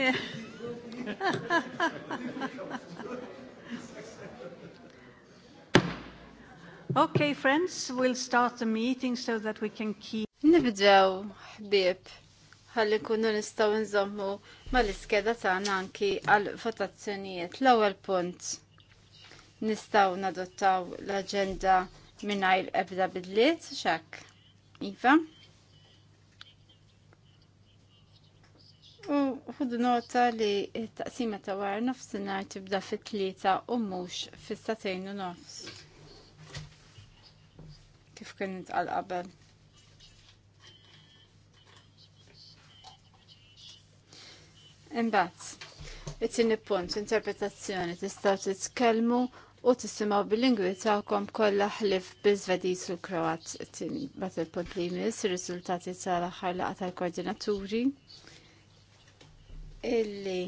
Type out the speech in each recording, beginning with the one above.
okay, friends, we'll start the meeting so that we can keep. Nibdew, ħbib, ħalli kunu nistaw nżommu mal-iskeda tagħna anki għal votazzjonijiet. L-ewwel punt nistaw nadottaw l-aġenda mingħajr ebda bidliet, xak. Iva. U ħud nota li t-taqsima ta' war nofsinhar tibda fit-tlieta u mhux fit-satajn u nofs. Kif kien għal qabel. Imbagħad, it-tieni punt interpretazzjoni tistgħu titkellmu u tisimgħu bil-lingwi tagħkom kolla ħlif bizvedis u u l-Kroat. Bat il-punt li jmiss ir-riżultati tal-aħħar laqgħa tal-koordinaturi illi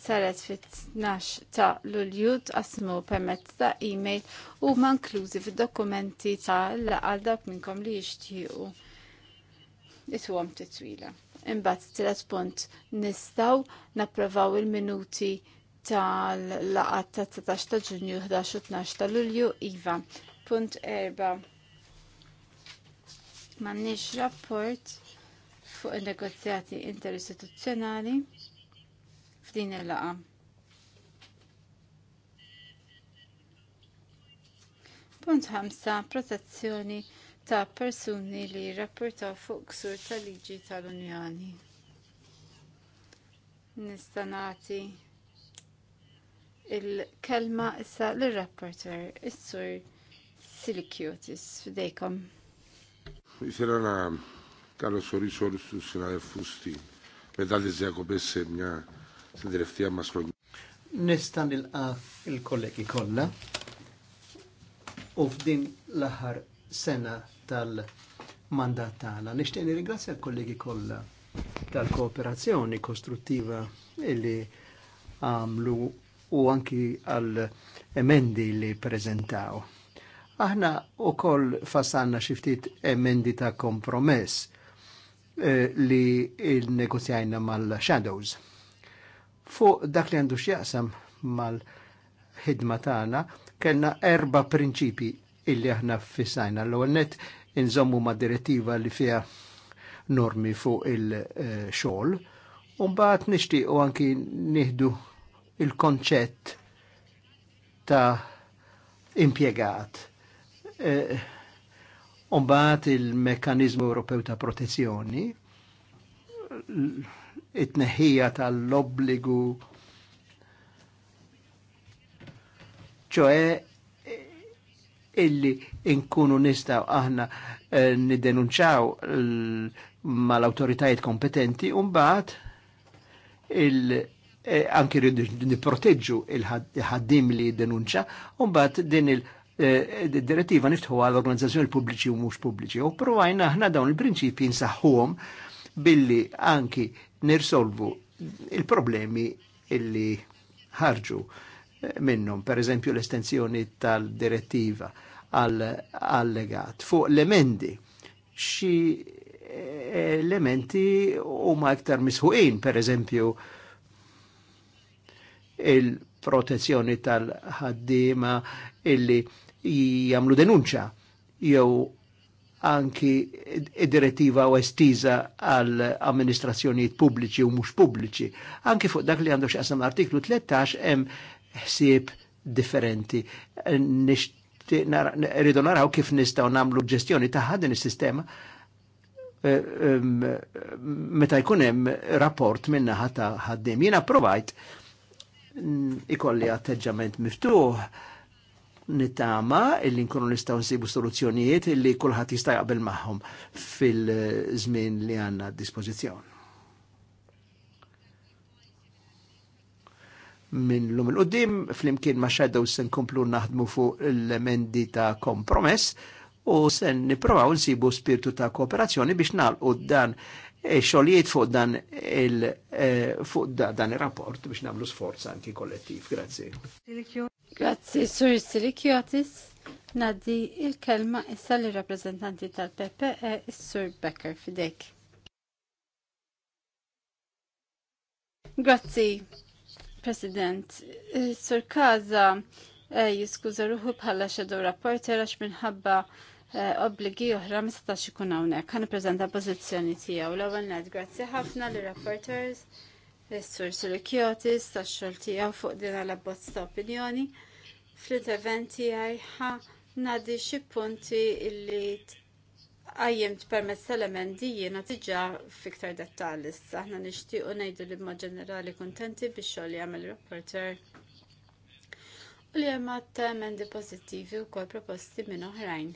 saret fit-12 ta' Lulju tqasmu permezz ta' email u manklużi fid-dokumenti ta' laqal dawk minnkom li jixtiequ itwom titwila. Imbagħad tret punt nistgħu napprovaw il-minuti tal-laqat ta' 13 ta' Ġunju 11 12 ta' Lulju iva. Punt erba' M'għandniex rapport fuq il-negozjati interistituzzjonali f'din il-laqa. Punt 5. Protezzjoni ta' persuni li rapportaw fuq ksur tal-liġi tal-Unjoni. Nista' nagħti il-kelma issa l-rapporter, is-sur Silikiotis, f'dejkom καλωσορίσω όλους τους συναδελφούς στην μετά τις διακοπές σε μια στην μας χρονιά. Nistan il-kollegi kolla u f'din l-aħħar sena tal-mandat tagħna. Nixtieq nirringrazzja l-kollegi kollha tal-kooperazzjoni kostruttiva għamlu u anki għal emendi li prezentaw. Aħna u koll fasanna xiftit emendi ta' kompromess Eh, li il-negozjajna mal-Shadows. Fuq dak li għandu xjaqsam mal-ħidma tagħna kellna erba' prinċipi illi aħna fissajna l-ewwel net inżommu ma' direttiva li fiha normi fuq il-xogħol u nixtiequ anki nieħdu il-konċett ta' impjegat. Eh, Umbat il-mekanizmu Ewropew ta' protezzjoni, it-neħija tal-obbligu, ċoe illi inkunu nistaw aħna eh, ma mal-autoritajiet kompetenti umbat il eh, anki anki niproteġġu il-ħaddim li denunċa un din il- Eh, direttiva niftħu għal organizzazzjoni pubbliċi u mux pubbliċi. U provajna ħna dawn il prinċipi nsaħħuhom billi anki nirsolvu il-problemi illi ħarġu eh, minnhom, per eżempju l-estensjoni tal-direttiva għal-legat fuq l-emendi. Xi eh, elementi ma iktar misħuqin, per eżempju il-protezzjoni tal-ħaddima illi jamlu denunċa jew anki id-direttiva u estiza għal amministrazzjonijiet pubbliċi u mhux pubbliċi. Anki fuq dak li għandu x'qasam artiklu 13 hemm ħsieb differenti. Rridu naraw kif nistgħu nagħmlu ġestjoni ta' din is-sistema eh, meta jkun hemm rapport min-naħa ta' ħaddiem. Jiena provajt mm, ikolli atteġġament miftuħ nitama illi nkunu nistgħu nsibu soluzzjonijiet illi kulħadd jista' jaqbel magħhom fil-żmien li għandna dispożizzjoni. Min lum il-qoddim fl-imkien ma' xedaw se nkomplu naħdmu fuq l-emendi ta' kompromess u se nipprovaw nsibu spirtu ta' kooperazzjoni biex nalqu dan e fuq dan il e, ir-rapport biex nagħmlu sforza anki kollettiv. Grazzi. Grazzi, Sur Silikiotis. Naddi il-kelma issa li rappresentanti tal e Sur Becker, fidek. Grazzi, President. Eh, Sur Kaza, eh, jiskuza ruħu bħalla xedu rapporter għax minħabba eh, obbligi oħra mistax ikun hawnhekk. Kan ippreżenta pożizzjoni tiegħu. L-ewwel grazzi ħafna li rapporters l-Sur Sirikjotis ta' xoltijaw fuq din għal abbozz ta' opinjoni. Fl-interventi għajħa nadi xi punti illi t-permess permezz tal-emendi jiena ġa fiktar dettalji. Aħna nixtiequ ngħidu li b'mod ġenerali kuntenti biex xogħol jagħmel reporter u li hemm għadd emendi pożittivi wkoll proposti minn oħrajn.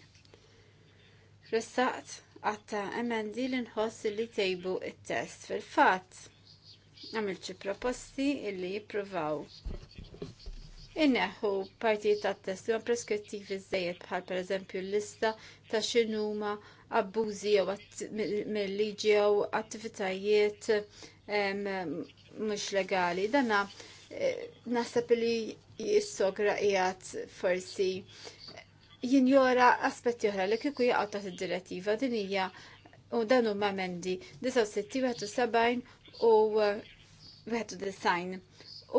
Ressaqt għatta emendi li nħoss li tejbu it-test fil-fatt għamilt xi proposti illi jippruvaw Inneħu partijiet ta' test li preskrittivi zzejiet bħal pereżempju l-lista ta' x'inhuma abbużi jew mill-liġi jew attivitajiet mhux legali. Dana eh, naħseb li jissogra qiegħed forsi jinjora aspetti oħra li kieku jaqgħu ta' id-direttiva din hija u dan huma mendi 1967 u wieħed design.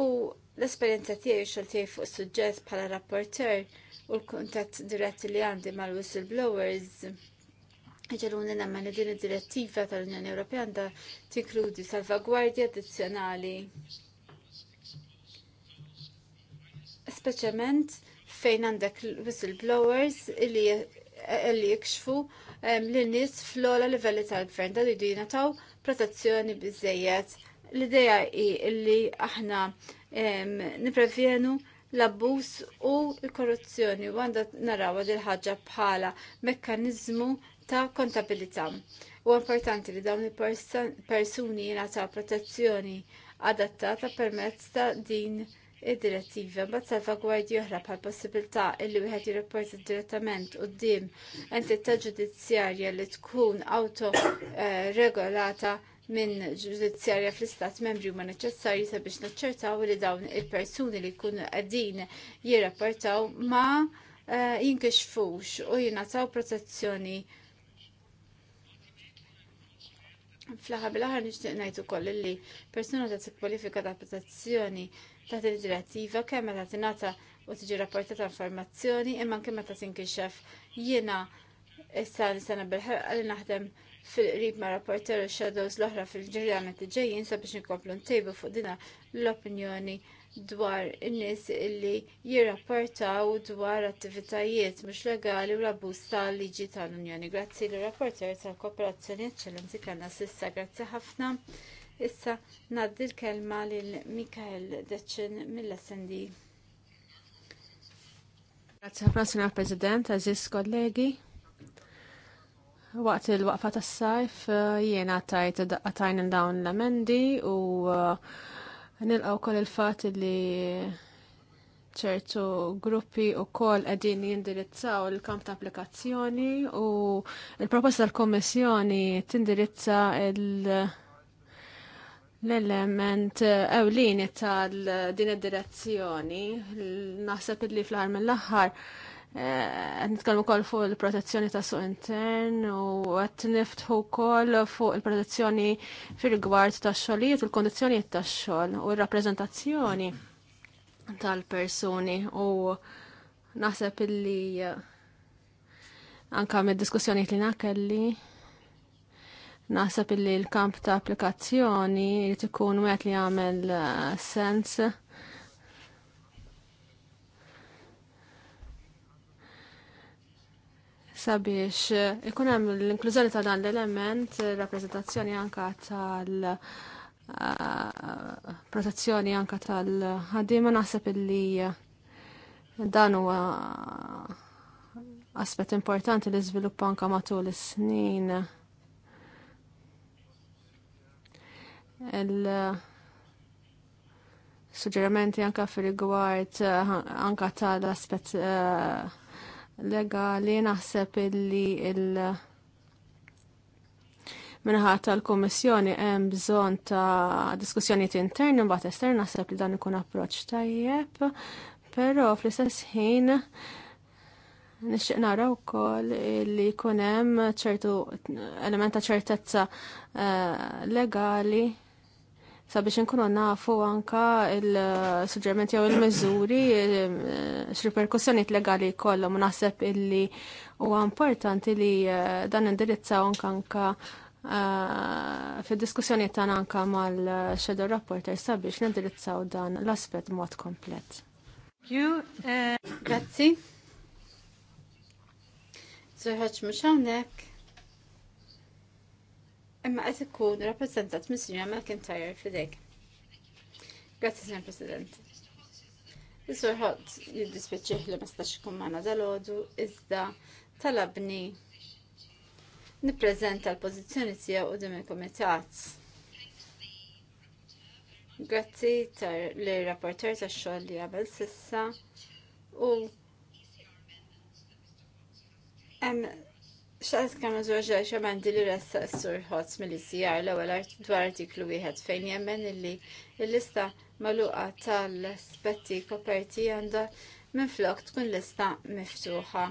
U l-esperjenza tiegħi xogħol tiegħi fuq suġġett bħala rapporter u l-kuntatt dirett li għandi mal-whistleblowers ġeruni nemmen li din id-direttiva tal-Unjoni Ewropea għandha tinkludi salvagwardji addizzjonali speċjalment fejn għandek whistleblowers illi li jikxfu l-nis fl ogħla livelli tal-gvern. Dan jridu jingħataw protezzjoni biżejjed L-ideja hi li aħna niprevjenu l-abbuż u l-korruzzjoni u għandha naraw il ħaġa bħala mekkaniżmu ta' kontabilità. U importanti li dawn il-persuni ta' protezzjoni adattata permezz ta' din id-direttiva bat salvagwardji oħra bħal possibilità li wieħed jirrapporta direttament quddiem entità ġudizzjarja li tkun auto eh, regolata minn ġudizzjarja fl-istat membri huma neċessarji sabiex naċċertaw li dawn il-persuni li jkunu qegħdin jirrapportaw ma eh, jinkixfux u jingħataw protezzjoni Fl-ħa bil-ħar nixtieq ngħid ukoll li persuna ta' tikkwalifika ta' protezzjoni ta' il-direttiva kemm meta tingħata u tiġi ta' informazzjoni imma kemm meta tinkixef jiena issa nistana bil-ħerqa li naħdem fil-qrib ma' rapporter u shadows l-oħra fil-ġurjanet ġejjin sabiex nkomplu ntejbu fuq dina l-opinjoni dwar in-nies illi jirrapportaw dwar attivitajiet mhux legali u l-abbuż tal-liġi tal-Unjoni. Grazzi l rapporter tal-Kooperazzjoni Eċċellenti kellna sissa, grazzi ħafna. Issa ngħaddi l-kelma lil Mikael Deċin mill-SND. Grazzi ħafna, President, Aziz kollegi. Waqt il-waqfa tas sajf uh, jiena tajt għatajn dawn l-amendi u uh, nilqaw kol il-fat li ċertu gruppi u kol għedin jindirizzaw il-kamp ta' applikazzjoni u il-proposta tal kummissjoni tindirizza l-element ewlini tal-din id-direzzjoni. Naħseb li fl-ħar mill-aħħar Eh, għed nitkellmu kol fuq il-protezzjoni ta' suq intern u għed niftħu kol fuq il-protezzjoni fil-gwart ta' xolijiet u l-kondizjonijiet ta' xol u r-rappreżentazzjoni tal-persuni u naħseb illi eh, anka mid diskussjoni li nakelli naħseb illi l-kamp ta' applikazzjoni li tkun wieħed li jagħmel eh, sens sabiex eh, ikun hemm l-inklużjoni ta' dan l-element, eh, rappreżentazzjoni anka tal eh, protezzjoni anka tal ħaddiema naħseb illi dan huwa aspett importanti li żviluppa anka matul is-snin. Il-suġġerimenti anka fil-rigward anka tal-aspett uh, legali naħseb illi il- minħat tal-Komissjoni hemm bżonn ta' diskussjonijiet interni mbagħad estern naħseb li dan ikun approċċ tajjeb, però fl-istess ħin nixtieq nara wkoll li jkun hemm ċertu element ta' ċertezza eh, legali sabiex inkunu nafu anka il-suġġerment jew il-miżuri eh, x'riperkussjonijiet legali jkollhom u naħseb illi huwa importanti li eh, dan anke anka eh, fid-diskussjoni tagħna anka mal-shadow rapporter sabiex nindirizzaw dan l-aspett mod komplet. Grazzi. Zerħaċ mux hawnhekk imma qed ikun rappreżentat mis Sinjora McIntyre fidejk. Grazzi, Sinjor President. Is-Sur Hott jiddispjaċih li ma stax ikun magħna dal-għodu iżda talabni nippreżenta l-pożizzjoni tiegħu qudiem il-Kumitat. Grazzi lir-rapporter tax-xogħol li qabel sissa u Xaqt kama żewġa xamendi li ressa s-sur ħodz mill-ICR l-ewwel dwar artiklu wieħed fejn jemmen illi l-lista magħluqa tal spetti koperti għandha minflok tkun lista miftuħa.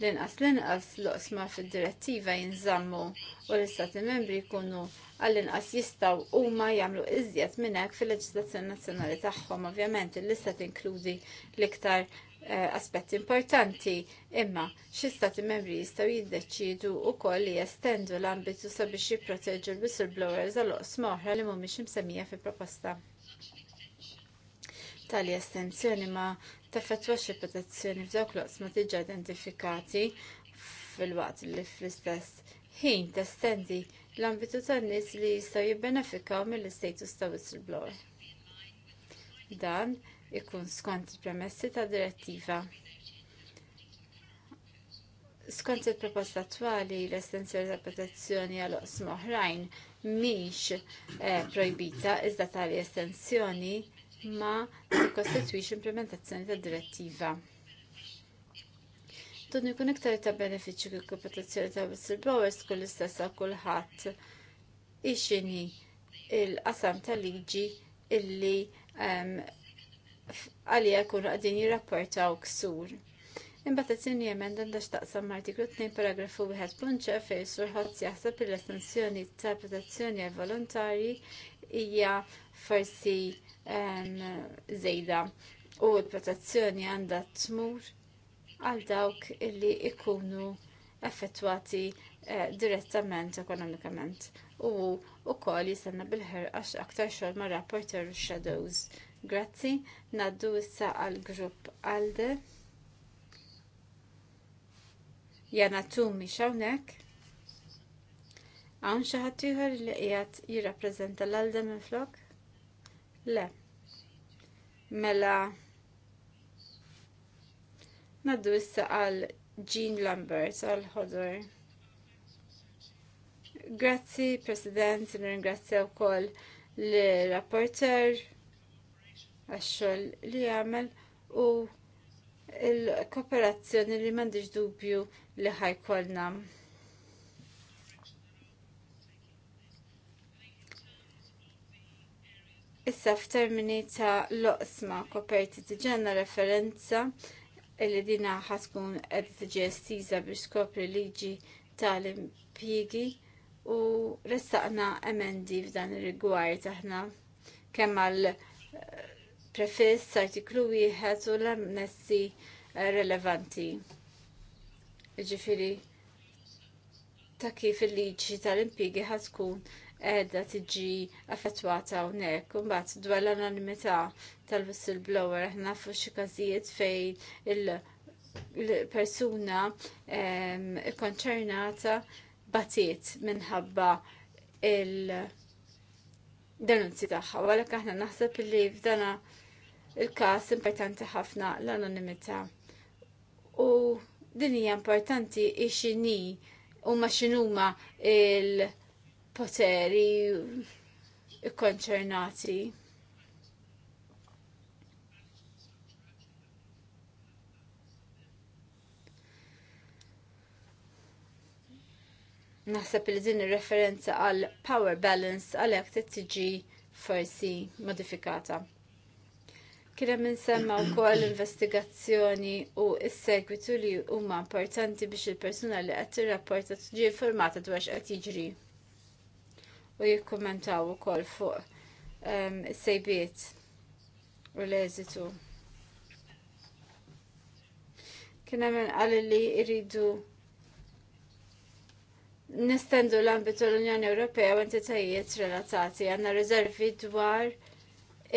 L-inqas l-inqas loqsma fid-direttiva jinżammu u l-istati membri jkunu għall-inqas jistgħu huma jagħmlu iżjed minn hekk fil-leġislazzjoni nazzjonali tagħhom. Ovvjament il-lista tinkludi l-iktar Eh, aspett importanti imma xi stati membri jistgħu jiddeċiedu wkoll li jestendu l-ambitu sabiex jipproteġu l-whistleblowers għal oqsma li mhumiex msemmija fil-proposta. Tali estensjoni ma teffettwax il-protezzjoni f'dawk l-oqsma tiġa identifikati fil-waqt li fl-istess ħin testendi l-ambitu tan-nies li jistgħu jibbenefikaw mill-istatus ta' whistleblower. Dan ikun skont il-premessi ta' direttiva. Skont il-proposta attuali, l-estensjoni ta' protezzjoni għal oqsma oħrajn miex eh, projbita iżda tali estensjoni ma kostituix implementazzjoni ta' direttiva. Tudni kun iktar ta' benefiċċju kif protezzjoni ta' whistleblowers kull istess għal kulħadd ixini il-qasam tal-liġi illi um, għalija kun għadin jirrapportaw ksur. Imbagħad it jemen emenda għandha x'taqsam artiklu 2 paragrafu 1 punċa fejn surħodz jaħseb l estensjoni ta' protezzjoni volontari hija forsi żejda u l-protezzjoni għandha tmur għal dawk illi ikunu effettwati eh, direttament ekonomikament u wkoll jistenna bil-ħer għax aktar xogħol mar rapporter u shadows Grazzi, naddu issa għal grupp Alde. Jana tumi xawnek. Għan xaħat juħar li jgħat jirrapprezenta l-Alde minn flok? Le. Mela. Naddu issa għal Jean Lambert għal ħodur Grazzi, President, ringrazzja u koll l-rapporter għax-xogħol li jgħamil u il-kooperazzjoni li m'għandix dubju li ħajkollna. Issa f'termini ta' loqsma koperti tiġenna referenza illi dina ħaskun qed tiġi biex skopri liġi tal-impjiegi u ressaqna emendi f'dan ir-rigward aħna kemm għal prefiss, artiklu wieħed u l-amnessi eh, relevanti. Ġifiri, ta' kif il-liġi tal-impigi ħatkun edha tiġi affettwata hawnhekk. bat dwar l-anonimità tal-whistleblower aħna nafu xi każijiet fejn il-persuna ehm, konċernata batiet minħabba il- denunzi tagħha, għalhekk aħna naħseb li f'dana il-każ importanti ħafna l-anonimità. U din hija importanti x'inhi u ma x'inhuma il-poteri ikkonċernati. Naħseb li din ir-referenza għal power balance għalhekk tiġi forsi modifikata. Kienem insemma u koll investigazzjoni u s-segwitu li huma importanti biex il-persuna li qed rapporta tġi informata dwar x'qed jiġri. U jikkommentaw ukoll fuq um, is-sejbiet u l-eżitu. Kien hemm inqal li jridu nistendu l-ambitu l-Unjoni Ewropea u entitajiet relatati għandna riservi dwar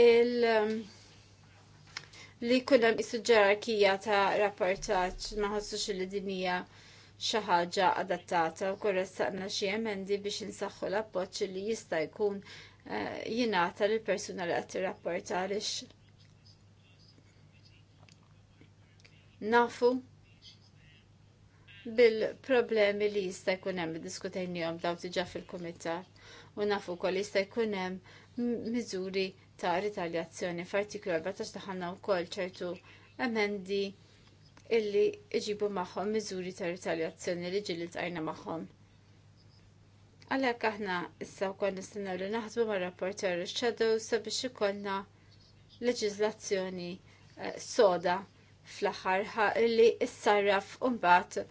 il- um, li kullam isu ġerarkija ta' rapportaċ maħossux li dinija xi ħaġa adattata u korra saqna xi emendi biex insaħħu l-appoġġ li jista' jkun eh, jingħata lil persuna li qed tirrapporta għaliex. Nafu bil-problemi li jista' jkun hemm diskutejnihom daw diġà fil-kumitat u nafu wkoll jista' jkun hemm miżuri ta' ritaljazzjoni f'artiklu 14 taħanna wkoll ċertu emendi illi iġibu magħhom miżuri ta' ritaljazzjoni li ġilli tajna magħhom. Għalhekk aħna issa wkoll nistennew li naħdmu mar-rapporter shadow sabiex ikollna leġiżlazzjoni eh, soda fl-aħħar illi issarraf u mbagħad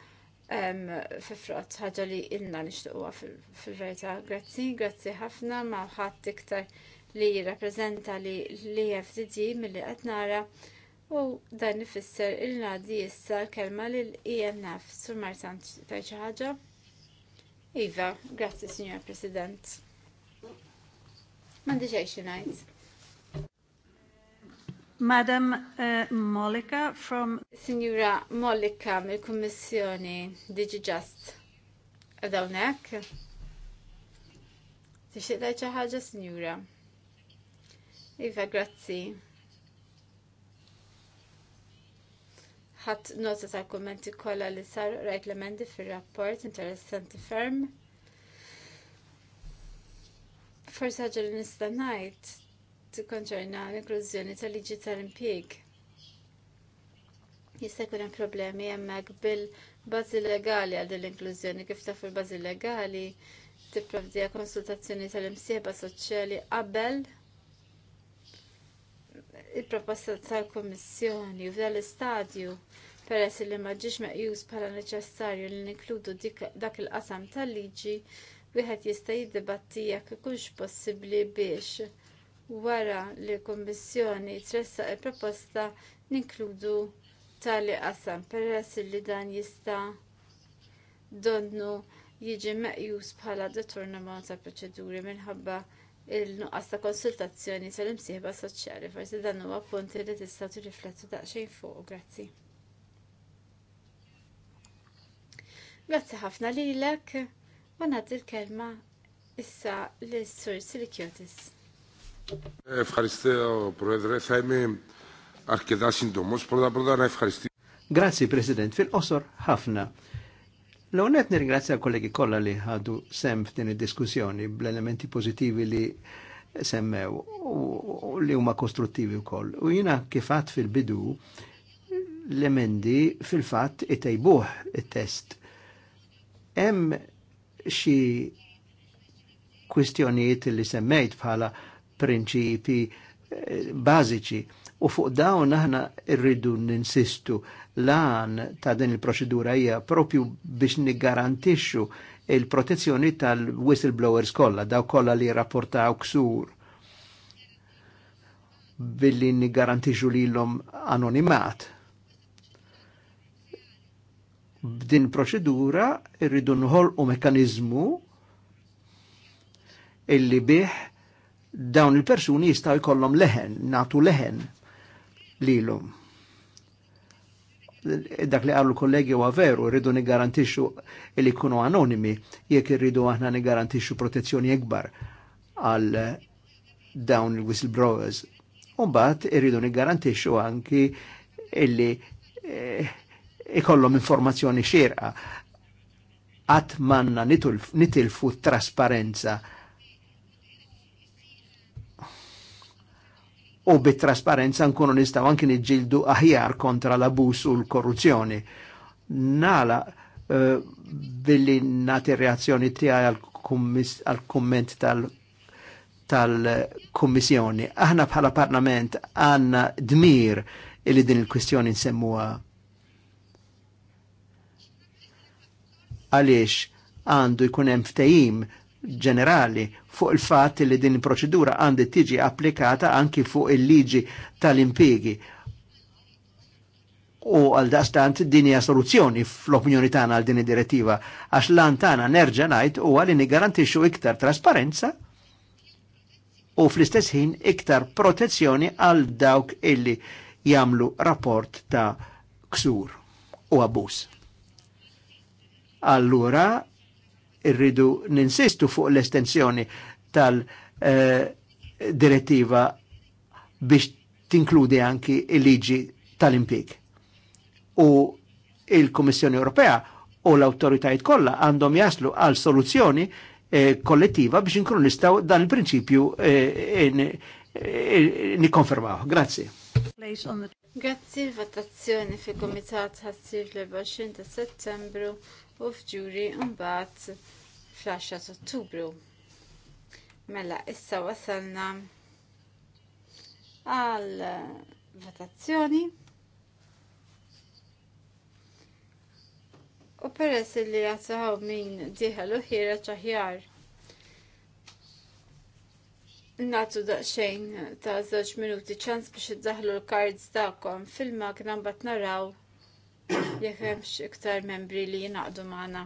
Fifrot, ħagġa li inna nishtuqwa fil-verita. Grazzi, grazzi ħafna, ma ħadd iktar li jirrappreżenta li l-EFDD milli qed nara u dan ifisser il ngħaddi issa l-kelma l emf sur Martan tajt xi ħaġa. Iva, grazie Signor President. Mandi xejn ngħid. Madam uh, Molika from Signora Molika mill-Kummissjoni DigiJust. Għadawnek? Tixtieq tgħid xi ħaġa, Signora? Iva, grazzi. ħadd nota tal kummenti kollha li sar rajt l-emendi fir-rapport interessanti ferm. Forse ħaġa li nista' ngħid tikkonċerna l-inklużjoni tal-liġi tal-impjieg. Jista' jkun hemm problemi hemmhekk bil-bażi legali għal din l-inklużjoni kif taf il-bażi legali tipprovdija konsultazzjoni tal-imsieba soċjali qabel il-proposta tal-Komissjoni u f'dal istadju peress li ma ġiex meqjus bħala neċessarju li nikludu dak il-qasam tal-liġi wieħed jista' jiddibatti jekk ikunx possibbli biex wara li l-Kummissjoni tressaq il-proposta ninkludu tali qasam peress li dan jista' donnu jiġi meqjus bħala deturnament ta' proċeduri minħabba il-nuqqas ta' konsultazzjoni tal-imsieħba soċjali, forsi dan huwa punti li tistgħu tirriflettu daqsxejn fuq, grazzi. Grazzi ħafna lilek u nagħti l-kelma issa lis sur Silikjotis. Ευχαριστώ, President. Fil-qosor, ħafna. L-għonet nirgrazzja kollegi kolla li ħadu sem f'din id-diskussjoni bl-elementi pozitivi li semmew u li huma kostruttivi wkoll. U jina kifat fil-bidu l-emendi fil-fat itejbuħ it-test. Hemm xi kwistjonijiet li semmejt bħala prinċipi eh, bażiċi U fuq dawn aħna rridu ninsistu lan ta' din il-proċedura hija propju biex niggarantixxu il-protezzjoni tal-whistleblowers kollha, daw kollha li rapportaw ksur billi niggarantixxu lilhom anonimat. B'din proċedura irridu nħolqu mekanizmu illi bih dawn il-persuni jistaw jkollhom leħen, natu leħen lilhom. Dak li għallu kollegi u għaveru, rridu nigarantixxu li kunu anonimi jekk irridu aħna nigarantixxu protezzjoni ikbar għal dawn il-whistleblowers. Umbat rridu nigarantixxu anki illi eh, ikollhom e, e informazzjoni xirqa għat manna nitilfu trasparenza u bit-trasparenza nkunu nistaw anki nġildu aħjar kontra l-abus u l-korruzzjoni. Nala eh, billi nati reazzjoni tiegħi għal-komment tal- tal-Kommissjoni. Aħna bħala Parlament għanna dmir illi din il-kwistjoni nsemmuha. Għaliex għandu jkun hemm ftehim ġenerali fuq il-fat li din il-proċedura għandi tiġi applikata anki fuq il-liġi tal impiegi U għal dastant din hija soluzzjoni fl-opinjoni tagħna għal din id-direttiva għax lan tagħna nerġa' ngħid huwa li nigarantixxu iktar trasparenza u fl-istess ħin iktar protezzjoni għal dawk illi jagħmlu rapport ta' ksur u abbuż. Allura irridu ninsistu fuq l-estensjoni tal-direttiva eh, biex tinkludi anki il-liġi tal-impik. U il-Kommissjoni Ewropea u l-autoritajiet kollha għandhom jaslu għal soluzzjoni eh, kollettiva biex inkunu nistgħu dan il-prinċipju eh, eh nikkonfermaw. Grazzi. Grazzi l-votazzjoni fil-Komitat ħassir l-20 ta' settembru u fġuri mbagħad fl-10 Ottubru. Mela issa wasalna għal votazzjoni. U peress li jazzaħaw min diħal u ħira ċaħjar. Natu daqxejn ta' zoċ minuti ċans biex iddaħlu l-kards dakom fil-magna bat naraw jekk hemmx iktar membri li jingħaqdu magħna.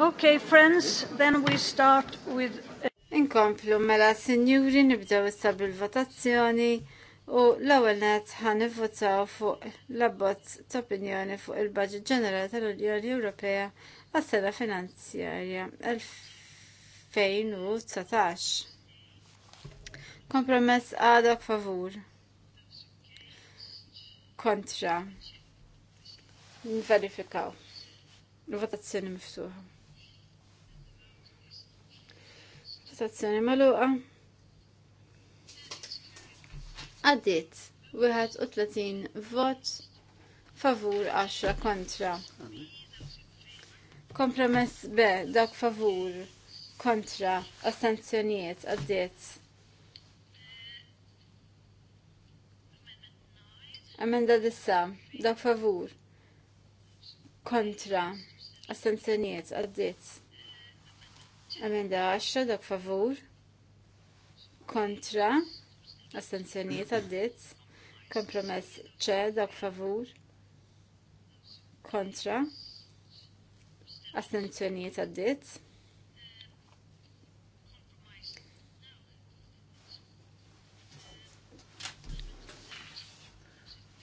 Okay, friends, then we start with... Uh, Inkomplu, mela, sinjuri nibdew issa bil-votazzjoni u l-ewwel net ħan nivvotaw fuq l-abbozz ta' opinjoni fuq il-Baġit Ġenerali tal-Unjoni Ewropea għas-sena finanzjarja 2019. Kompromess għadok favur. Kontra. Nverifikaw. Votazzjoni miftuħa. Votazzjoni maluqa. Għaddit 31 vot favur 10 kontra. Kompromess B dak favur kontra astenzjonijiet għaddit Amenda dissa dak favur kontra astenzjonijiet għaddit. Emenda 10 dak favur kontra astenzjonijiet għaddit. Kompromess ċe dak favur kontra astenzjonijiet għaddit.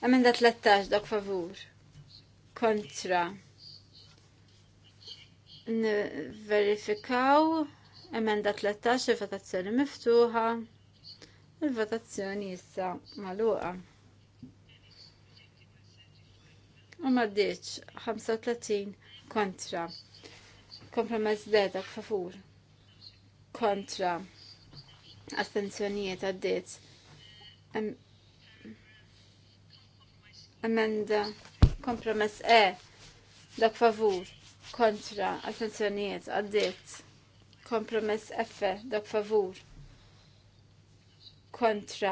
Emenda 13 dak favur kontra Verifikaw emenda 13 il-votazzjoni miftuħa, il-votazzjoni issa maluqa. U maddiċ 35 kontra. Kompromess deda favur. Kontra. Astenzjonijiet għaddiet. Emenda kompromess E. Dak favur kontra attenzjonijiet għaddiet kompromess F dak favur kontra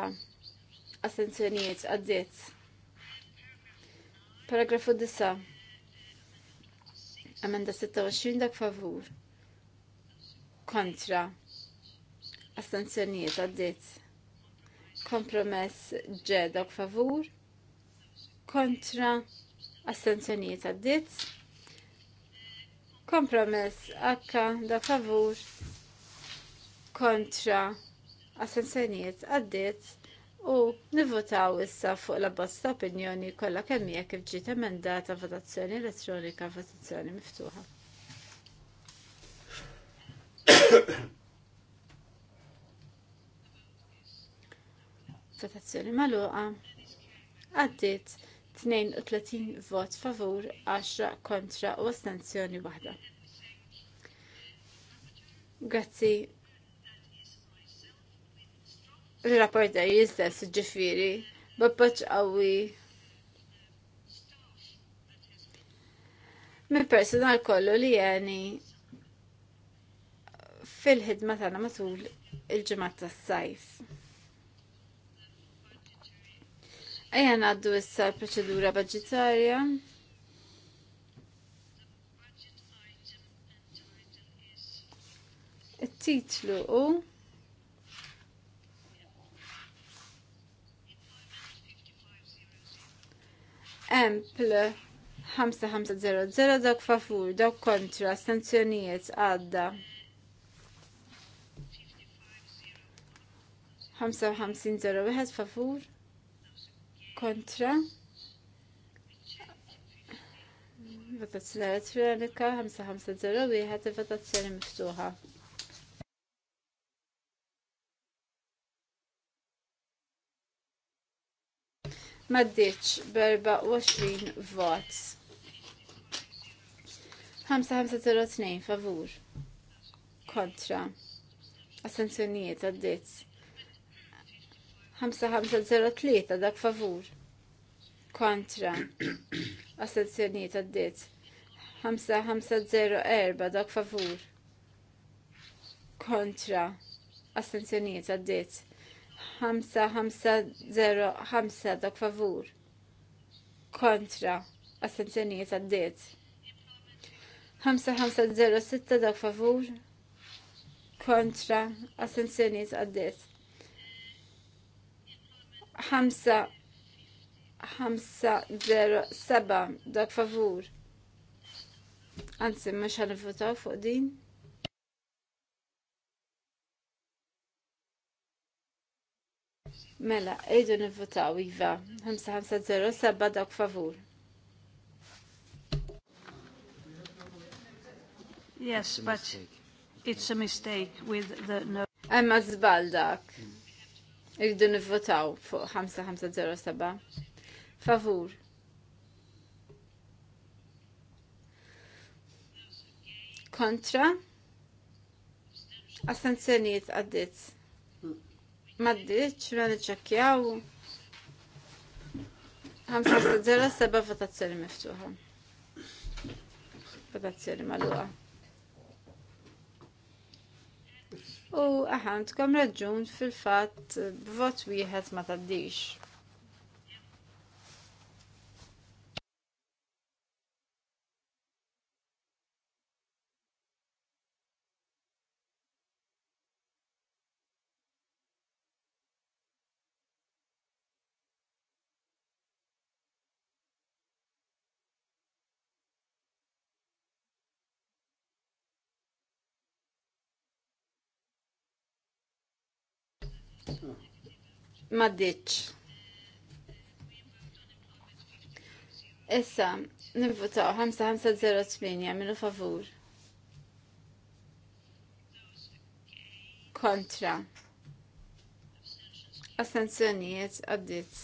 attenzjonijiet għaddiet paragrafu 9 amenda 26 dak favur kontra astenzjonijiet għaddiet kompromess ġe dak favur kontra astenzjonijiet għaddiet Kompromess akka da favur kontra assenzjonijiet għaddiet u nivvotaw issa fuq la bosta opinjoni kollha kemm kif ġiet emendata votazzjoni elettronika votazzjoni miftuħa. votazzjoni magħluqa għaddiet 32 vot favur, 10 kontra u astenzjoni waħda. Grazzi. Il-rapporter jistess ġifiri, babbaċ għawi. Min personal kollu li jeni fil-ħidma tagħna matul il-ġimgħat tas-sajf. Ejja naddu issa l-proċedura budgetarja. Il-titlu u Empl 5500 dak fafur, dak kontra, sanzjonijiet għadda. 5501 favur, kontra votazzjoni elettronika 5501 votazzjoni miftuħa. Maddiċ berba 20 vots. 5502 favur kontra. Assenzjonijiet għaddit 5503 dak favur kontra astenzjonijiet għaddit 5504 dak favur kontra assenzjonijiet għaddit 5505 dak favur kontra astenzjonijiet għaddit 5506 dak favur kontra assenzjonijiet għaddit 5-0-7 dak favur. Anzi, mux votaw fuq din. Mela, ejdu nivvotaw iva 5507 dak favur. Yes, but it's a mistake with the no. Emma zbal dak. Mm. Irridu nivvotaw fuq 5507. Favur. Kontra. Astenzjoniet għaddit. Maddit, xmela nċakjaw. 5507 votazzjoni miftuħa. Votazzjoni maluqa. u aħantkom raġun fil-fatt b'vot wieħed ma taddix. Maddiċ. Issa, nivvotaw 5508 minu favur. Kontra. Astenzjonijiet għaddit.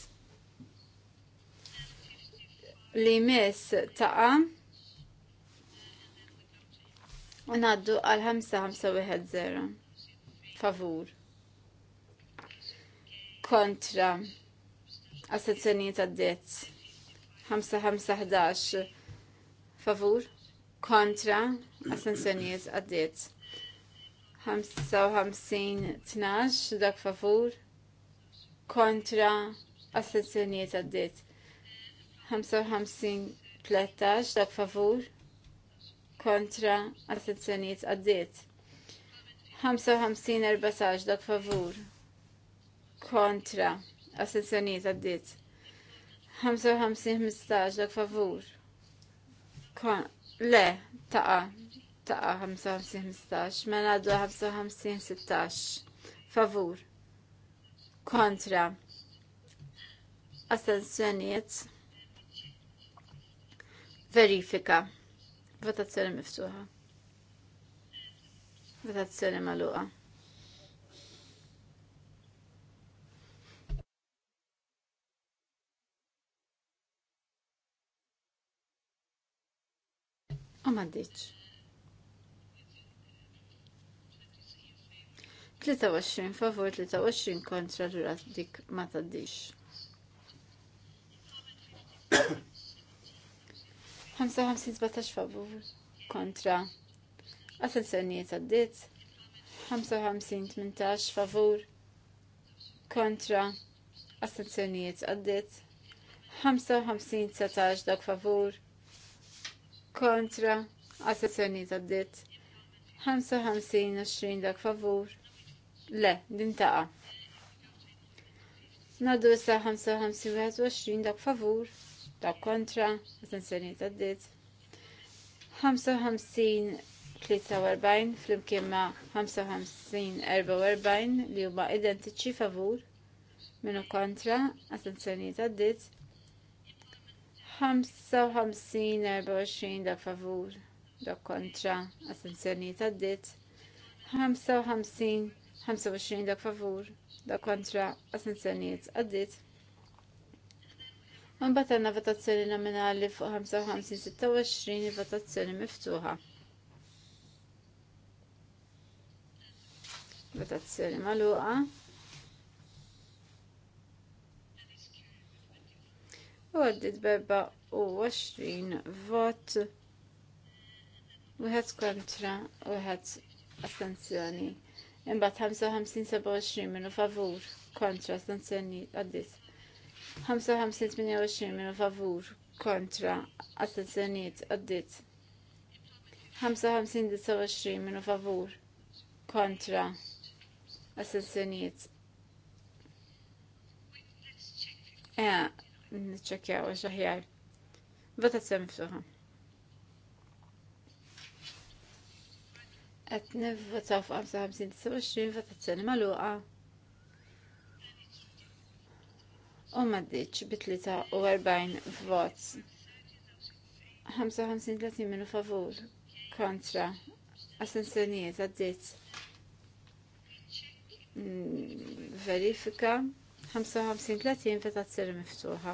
Li mis taqa Unaddu għal 5510. Favur kontra għas-sezzjonijiet għaddiet. 5-5-11 favur kontra għas-sezzjonijiet għaddiet. 55-12 dak favur kontra għas-sezzjonijiet għaddiet. 55-13 dak favur kontra għas-sezzjonijiet għaddiet. 55-14 dak favur kontra assenzjoniet għaddit 55-15 dak favur kon le taqa taqa 55-15 mela għaddu 55-16 favur kontra assenzjoniet verifika votazzjoni miftuħa votazzjoni maluqa u maddiċ. 23 favur, 23 kontra l dik ma taddix. 55-17 favur kontra għasensjonijiet għaddit. 55-18 favur kontra għasensjonijiet għaddit. 55-19 dak favur kontra għasazzjoni ta' bdiet 55-20 dak favur le din taqa Naddu sa 55-21 dak favur dak kontra għasazzjoni ta' bdiet 55-43 fl-imkien ma' 55-44 li huma identiċi favur minu kontra għasazzjoni ta' bdiet 55-24 da favur da kontra astenzjoni taddit 55-25 da favur da kontra astenzjoniet għaddit Mbagħad għandna votazzjoni nominali fuq 55-26 votazzjoni miftuħa. Votazzjoni magħluqa. u għaddit berba u 20 vot wieħed kontra u wieħed astenzjoni. Imbagħad 55-27 minu favur kontra astenzjoni għaddit. 55-28 minu favur kontra Hamsa għaddit. 55-29 minu favur kontra astenzjoniet. Eh, nċekjaw xaħjar. Vota semfruħa. Għet nivvotaw f 55 27 t votazzjoni maluqa. U maddiċ bitlita bi 43 vots. 55-30 minu favur kontra assenzjonijiet għaddit mm, verifika 55-30 votazzjoni miftuħa.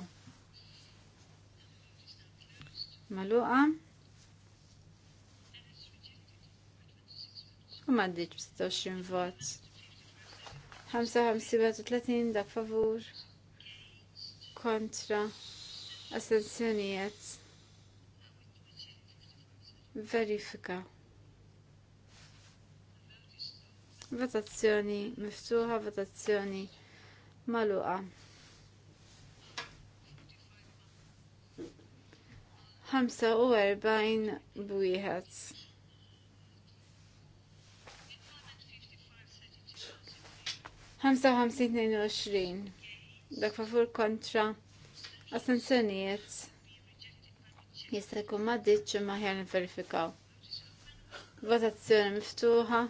Maluqa. U maddiċ b-26 vot. 55-30 dak favur. Kontra. Assenzjonijiet. Verifika. Votazzjoni miftuħa, votazzjoni miftuħa maluqa. 45 bwieħed. Ħamsa ħamsin tnejn uxrin. Dak favur kontra assenzjonijiet. Jista' jkun ma ditx imma ħjar nifverifikaw. Votazzjoni miftuħa.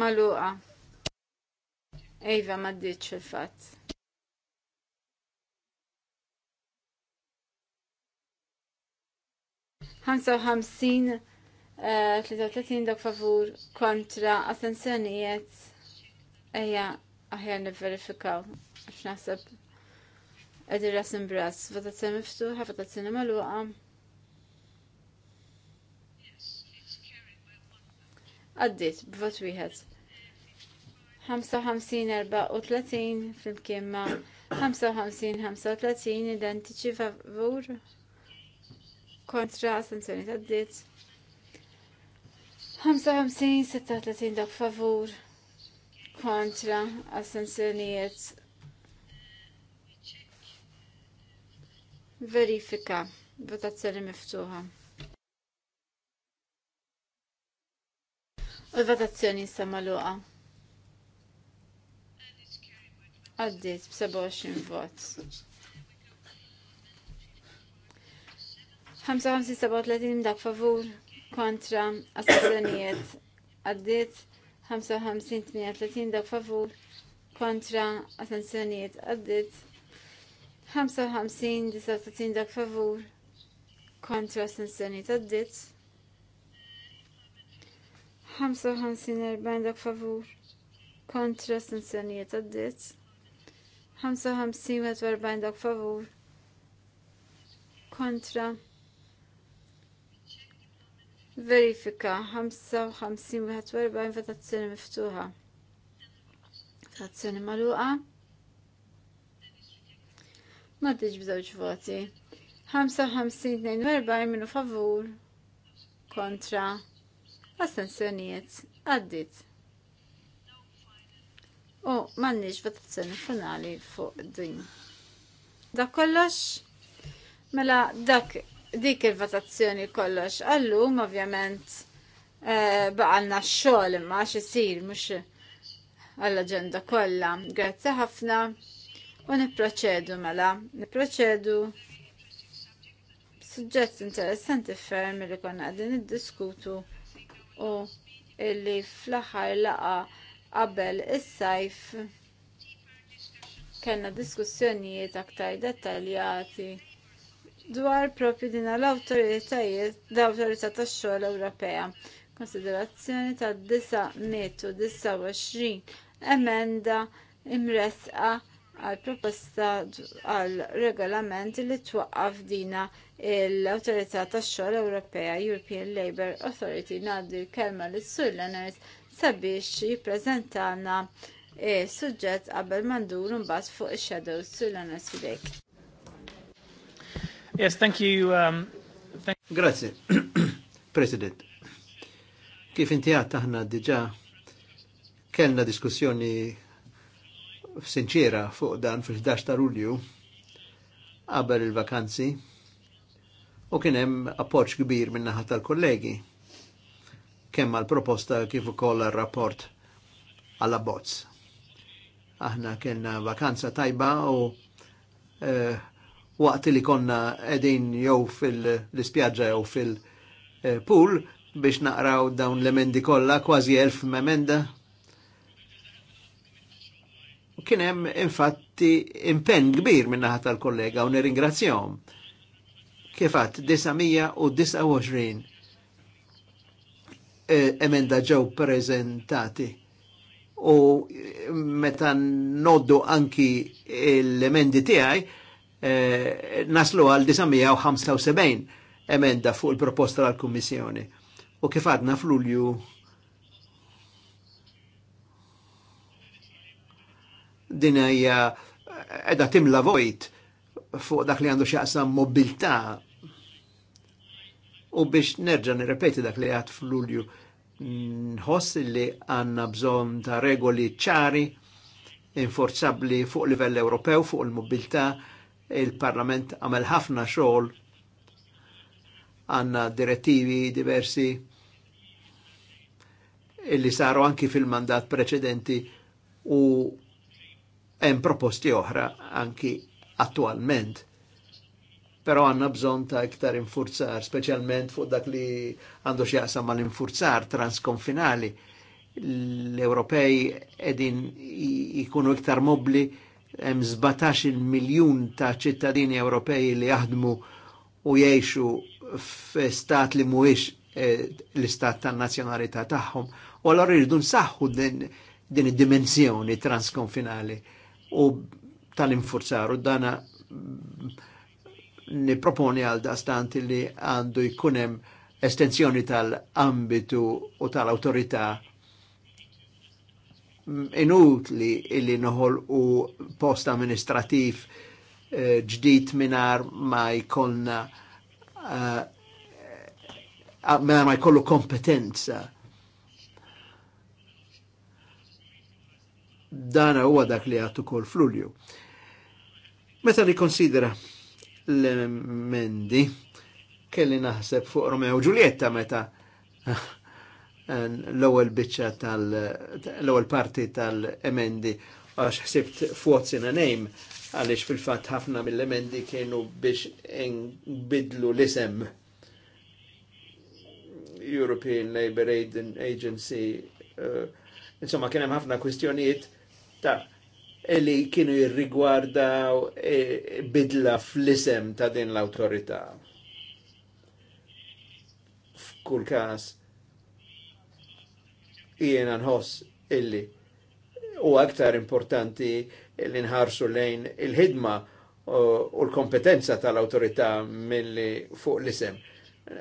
Maluqa. Ejva ma ddiċ il-fat. Ħamsa u ħamsin, eh, dak favur kontra attenzjonijiet. Ejja, aħjar niverifikaw, għax naħseb. Edir rasim bras, votazzjoni miftuħa, votazzjoni maluqa. għaddit b'vot wieħed. 55-34 flimkien ma' 55-35 identiċi favur kontra sanzjoni għaddit. 55-36 dak favur kontra assenzjonijiet verifika votazzjoni miftuħa. U l-votazzjoni issa magħluqa. b-27 vot. 55-37 dak favur kontra astenzjonijiet. Għaddiet 55-38 dak favur kontra astenzjonijiet. Għaddiet 55-39 dak favur kontra 55-39 favur astenzjonijiet. Għaddiet 55-40 dak favur kontra sanzjonijiet għaddit 55-40 dak favur kontra verifika 55-40 votazzjoni miftuħa votazzjoni maluqa ma tiġ bżewġ voti 55-42 minu favur kontra Astensjonijiet għaddit. U mannix votazzjoni finali fuq din. Dak kollox? Mela dak dik il-votazzjoni kollox għallum ovvjament eh, baqalna x-xogħol imma għax isir mhux għall-aġenda kollha. Grazzi ħafna u nipproċedu mela, nipproċedu suġġett interessanti ferm li konna għadin id-diskutu u illi fl-aħħar laqa qabel is-sajf kellna diskussjonijiet aktar dettaljati dwar propju din l-awtoritajiet l-awtorità tax-xogħol Ewropea. Konsiderazzjoni ta' 929 emenda imresqa għal proposta għal regolamenti li twaqqaf dina l-Awtorità tax-Xogħol Ewropea European Labour Authority ngħaddu l-kelma lis sur sabiex jippreżentana eh, suġġett qabel m'andur imbagħad fuq ix shadow sur Leonard fidejk. Yes, thank you. Um, thank Grazie, President. Kif inti aħna diġa kellna diskussjoni sinċera fuq dan fil-11 ta' Lulju qabel il-vakanzi u kien hemm appoġġ kbir minn naħa tal-kollegi kemm għal-proposta kif ukoll għal-rapport għall-abbozz. Aħna kellna vakanza tajba u eh, waqt li konna edin jew fil-ispjaġġa jew fil-pool biex naqraw dawn l-emendi kollha kważi elf memenda. U kien hemm infatti impenn kbir minn naħa tal-kollega u nirringrazzjahom kifat 929 eh, emenda ġew prezentati u eh, meta noddu anki l-emendi tiegħi eh, naslu għal 975 emenda fuq il-proposta tal-Kummissjoni. U kif għadna f'Lulju din hija qiegħda timla vojt fuq dak li għandu xaqsam mobilità U biex nerġa nirrepeti dak li għat fl-Ulju, nħoss li għanna bżon ta' regoli ċari, inforzabli fuq livell Ewropew, fuq il mobilta il-Parlament għamel ħafna xogħol għanna direttivi diversi illi saru anki fil-mandat preċedenti u hemm proposti oħra anki attualment Pero għanna bżon ta' iktar infurzar, specialment fuq dak li għandu xjaqsam mal infurzar transkonfinali. L-Ewropej edin ikunu iktar mobli hemm 17 miljun ta' ċittadini Ewropej li jaħdmu u jgħixu f'stat li mhuwiex e, l-istat tan-nazzjonalità tagħhom. U allora jridu nsaħħu din id-dimensjoni transkonfinali u tal-infurzar u dana niproponi għal dastant li għandu jkunem estensjoni tal-ambitu u tal-autorità inutli li noħol u post amministrativ eh, ġdid minar ma jkollna eh, ma jkollu kompetenza. Dana huwa dak li għattu kol flulju. Meta li konsidera l emendi kelli naħseb fuq Romeo Giulietta meta eh, l-ewwel biċċa tal l-ewwel parti tal-emendi għax ħsibt fuq sina nejm Name għaliex fil-fatt ħafna mill-emendi kienu biex inbidlu l-isem European Labour Aid Agency eh, insomma kien hemm ħafna kwistjonijiet ta' li kienu jirrigwardaw e, bidla fl-isem ta' din l-autorità. F'kull każ jiena nħoss illi u aktar importanti li nħarsu lejn il-ħidma u l-kompetenza tal-autorità mill-li fuq l-isem.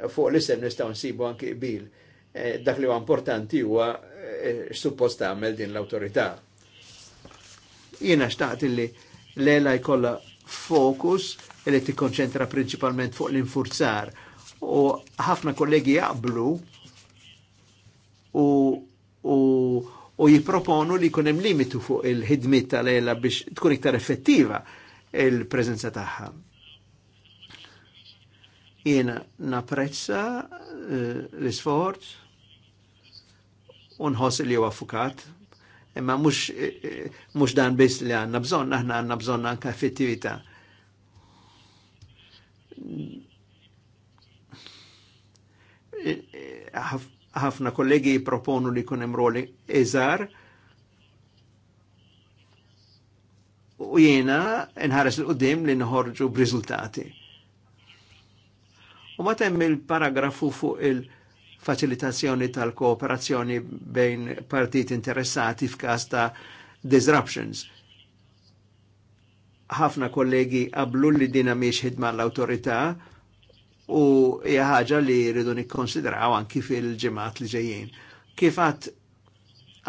Fuq l-isem nistaw nsibu anki bil. E, dak li huwa importanti huwa e, suppost tagħmel din l-autorità. Jiena xtaqt illi l-ela jkolla fokus illi tikkonċentra principalment fuq l-infurzar u ħafna kollegi jaqblu u, u, u jiproponu li kunem limitu fuq il-ħidmit tal-ela biex tkun iktar effettiva il-prezenza tagħha. Jiena naprezza eh, l-isforz u nħoss li huwa fukat Imma mhux dan biss li għandna bżonn, aħna għandna bżonn anke effettività. ħafna kollegi proponu li kun roli eżar u jiena nħares l-qoddim li nħorġu b'riżultati. U ma temm il-paragrafu fuq il- Facilitazzjoni tal-kooperazzjoni bejn partit interessati f'każ ta' disruptions. Ħafna kollegi qablu li dina miex ħidma l-autorità u hija ħaġa li rridu nikkonsidraw anki fil-ġimgħat li ġejjin. Kif għad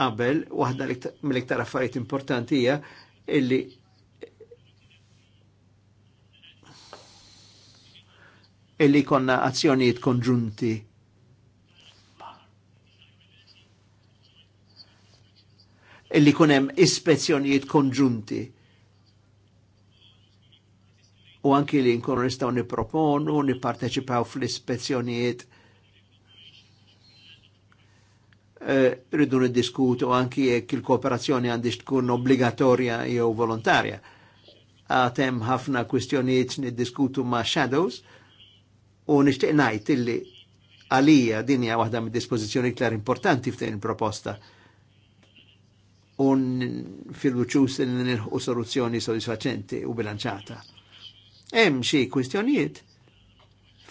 qabel, waħda mill-iktar affarijiet importanti hija illi illi konna azzjonijiet konġunti illi kunem ispezzjonijiet konġunti. U anki li nkunu nistaw niproponu, nipparteċipaw fl-ispezzjonijiet. Eh, rridu e, niddiskutu anki jekk il-kooperazzjoni għandix tkun obbligatorja jew volontarja. Għatem ħafna kwistjonijiet niddiskutu ma' shadows u nishtiq najt illi għalija dinja waħda mid dispozizjoni klar importanti f'din il-proposta. il proposta un fiduċus li nilħu soluzzjoni sodisfaċenti u bilanċata. Hemm xi kwistjonijiet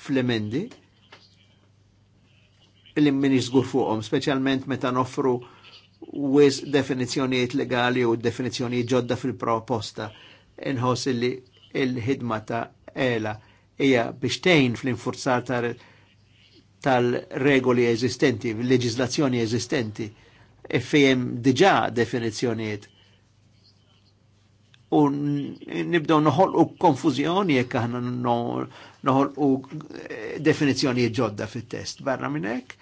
fl-emendi li minni żgur fuqhom, speċjalment meta noffru wis definizzjonijiet legali u definizzjonijiet ġodda fil-proposta inħoss li il-ħidma ta' ela hija biex tgħin fl infurzata tal-regoli eżistenti, l leġizlazzjoni eżistenti fejem diġa definizjoniet. U nibdow noħol u konfuzjoni jekk aħna noħol u eh, definizjoni ġodda fit-test. Barra minnek,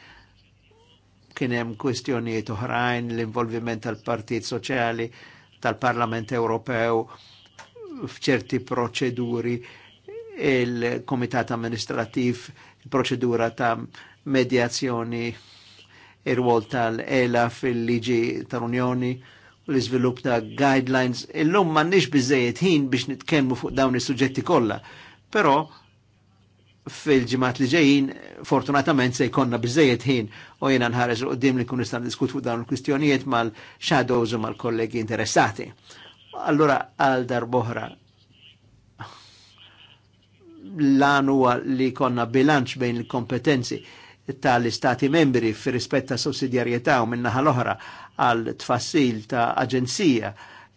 kienem kwestjoniet oħrajn, l-involviment tal-Partit Soċjali, tal-Parlament Ewropew, fċerti proċeduri, il-Komitat Amministrativ, il-proċedura ta' medjazzjoni ir-rwol tal-ELA fil-liġi tal-Unjoni u l-iżvilupp ta' guidelines. Illum m'għandniex bizzejiet ħin biex nitkellmu fuq dawn is-suġġetti kollha, però fil-ġimat li ġejjin fortunatament se jkonna bizzejiet ħin u jiena nħares qudiem li kun diskut fuq dawn il-kwistjonijiet mal-shadows u mal-kollegi interessati. Allura għal darboħra l-għan li konna bilanċ bejn il-kompetenzi tal-istati membri fir rispetta ta' sussidjarjetà u minnaħa l-oħra għal tfassil ta' aġenzija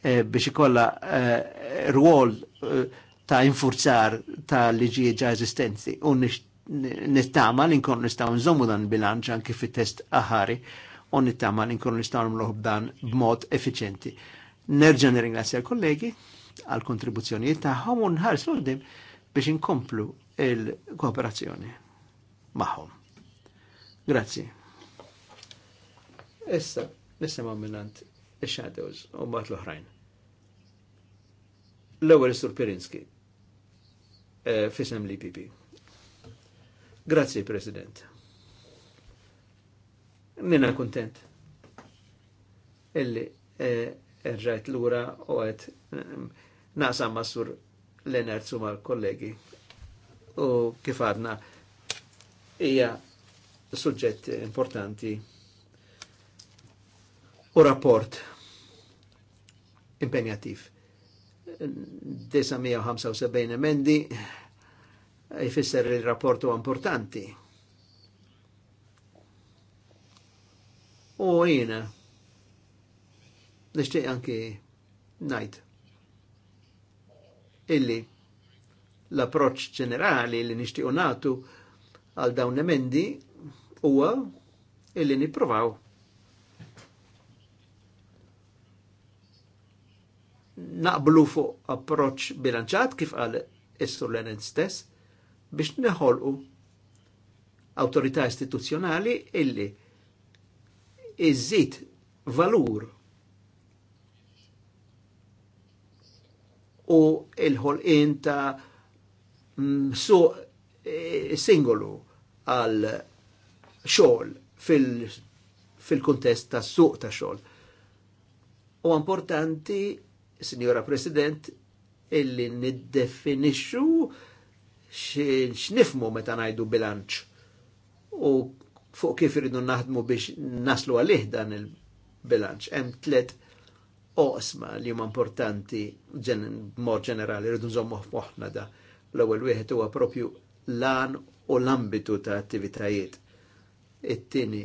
eh, biex ikolla e, rwol eh, ta' infurzar ta' liġijiet ġa eżistenti u nittama li nkun nistaw nżommu dan bilanċ anki fit-test aħari u nittama li nkun nistaw nmluħ dan b'mod effiċenti. Nerġa' nirringrazzja l-kollegi għal kontribuzzjonijiet tagħhom u nħares l biex inkomplu il-kooperazzjoni magħhom. Grazzi. Issa, nisimaw minnant il-Shadows u bat l-oħrajn. L-ewel Sur Pirinski, e, fisem l-IPP. Grazzi, President. Nina kontent. Illi eh, rġajt l-ura u għed eh, naqsam ma' Sur Lenert su mal-kollegi u kifadna, ija suġġett importanti u rapport impenjativ. 975 emendi jfisser il-rapport u importanti. U jina, nishtiq anki najt illi l-approċ ġenerali li nishtiq natu għal dawn emendi huwa illi nippruvaw naqblu fuq approċ bilanċat kif qal Istur Lenin stess biex neħolqu autorità istituzzjonali illi iżid valur u il-ħolqin ta' mm, suq eh, singolu għal xogħol fil-kuntest fil ta' suq ta' xogħol. U importanti, Signora President, illi niddefinixxu x'nifmu meta ngħidu bilanċ u fuq kif irridu naħdmu biex naslu għalih dan il-bilanċ. Hemm tliet oqsma li huma importanti b'mod ġenerali rridu nżommuh f'moħħna da. L-ewwel wieħed huwa propju lan u l-ambitu ta' attivitajiet. It-tieni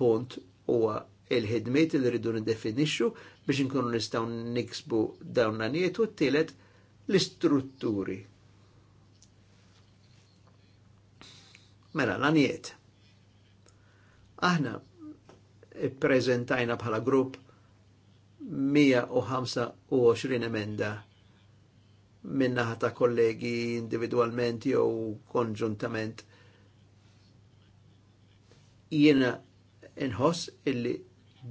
punt huwa il-ħidmiet li rridu nidefinixxu biex inkunu nistgħu niksbu dawn l u t-tielet l-istrutturi. Mela, l-għaniet. Aħna prezentajna bħala grupp 125 emenda minnaħa ta' kollegi individualment jew konġuntament jiena inħoss illi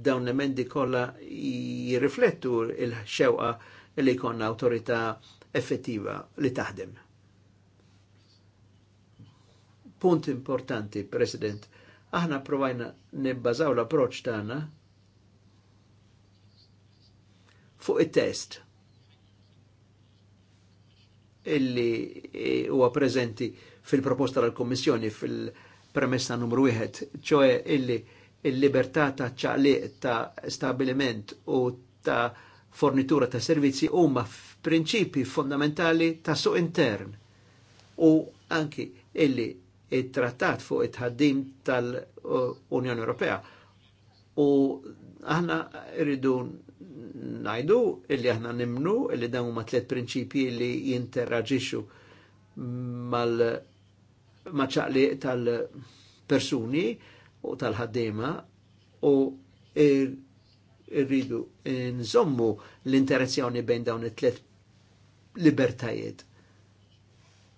dawn l-emendi kollha jirriflettu il-xewqa li jkollna autorita effettiva li taħdem. Punt importanti, President, aħna provajna nibbażaw l-approċ tagħna fuq it-test illi eh, huwa preżenti fil-proposta tal-Kommissjoni fil-, proposta tal kummissjoni fil proposta premessa numru wieħed, ċoe illi il-libertà ta' ċaqliq ta' stabiliment u ta' fornitura ta' servizzi huma prinċipi fondamentali ta' suq intern u anki illi it-trattat fuq it-ħaddim tal-Unjoni Ewropea. U aħna rridu najdu illi aħna nimnu illi dawn huma tliet prinċipji li jinteraġixxu mal- maċċaqli tal-persuni u tal-ħaddima u irridu nżommu l-interazzjoni bejn dawn it-tlet libertajiet.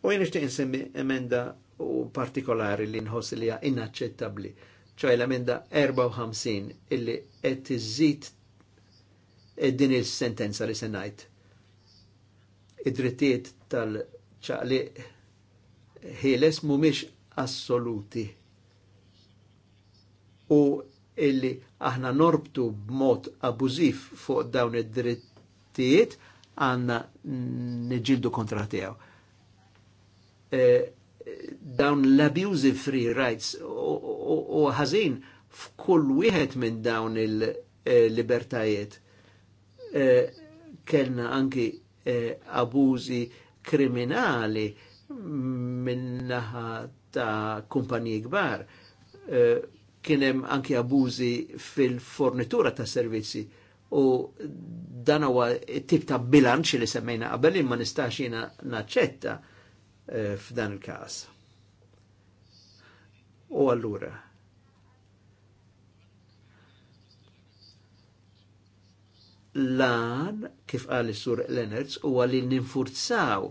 U jien ixtieq insemmi emenda u partikolari li nħoss li hija inaċċettabbli, ċoj l-emenda 54 illi qed iżid din il-sentenza li se ngħid. Id-drittijiet tal-ċaqliq ħieles mumiex assoluti. U illi aħna norbtu b'mod abuzif fuq dawn id-drittijiet għanna neġildu kontra tiegħu. E, dawn l-abusive free rights u ħażin f'kull wieħed minn dawn il-libertajiet. E, kellna anki e, kriminali minnaħa ta' kumpaniji kbar eh, kienem anki abuzi fil-fornitura ta' servizzi u dan huwa tip ta' bilanċ li semmejna qabel ma nistax jiena naċċetta eh, f'dan il-każ. U allura lan kif qal is-sur Lenertz huwa li ninfurzaw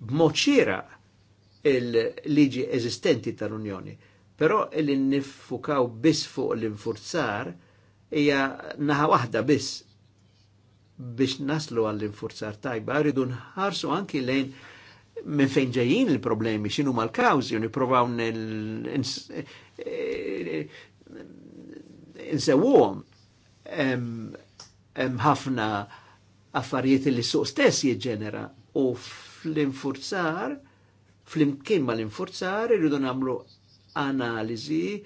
b'moċira il-liġi eżistenti tal-Unjoni. Però li nifukaw biss fuq l-infurzar hija naħa waħda biss biex naslu għall-infurzar tajba, rridu nħarsu anki lejn minn fejn ġejjin il-problemi, xinu mal-kawzi, uniprovaw nsewuhom hemm ħafna affarijiet li suq stess jiġġenera u fl-infurzar, fl-imkien ma l-infurzar, irridu namlu analizi,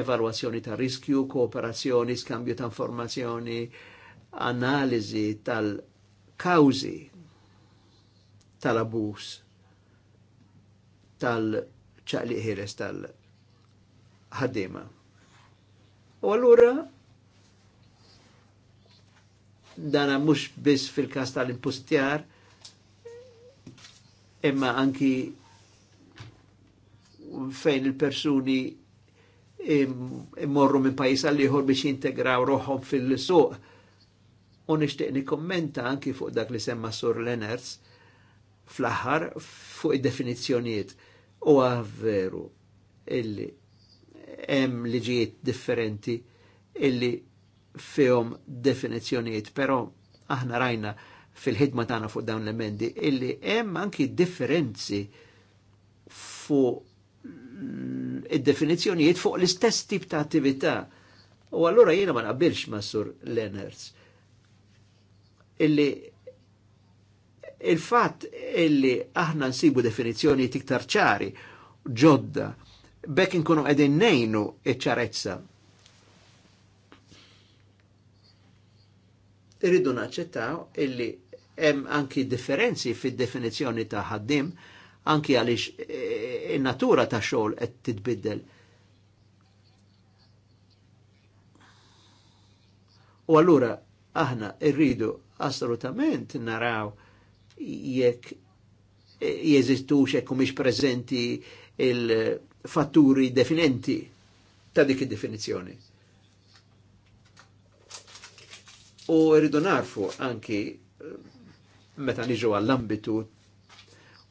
evalwazzjoni ta' riskju, kooperazzjoni, skambju ta' informazzjoni, analizi tal-kawzi tal-abus, tal ċaqliħires tal-ħaddima. U allura dana mux biss fil-kas tal-impustjar, imma anki fejn il-persuni immorru minn pajis għall biex jintegraw roħom fil-suq. U nishtiq nikommenta anki fuq dak li semma Sur Lenners fl-aħħar fuq id-definizzjonijiet. U veru illi hemm liġijiet differenti illi fihom definizzjonijiet, però aħna rajna fil-ħidma tagħna fuq dawn l-emendi illi hemm anki differenzi fuq mm, id-definizzjonijiet fuq l-istess tip ta' attività. U allura jiena ma naqbilx ma' Sur Lenners. Illi il-fatt illi aħna nsibu definizzjoni tiktar ċari, ġodda, bekk inkunu qegħdin nejnu iċ-ċarezza. Irridu naċċettaw illi hemm anki differenzi fid-definizzjoni ta' ħaddim anki għaliex eh, in-natura ta' xogħol qed titbiddel. U allura aħna rridu assolutament naraw jekk eh, jeżistux jekk mhix preżenti il-fatturi definenti ta' dik id-definizzjoni. U rridu narfu anki eh, meta niġu għall-ambitu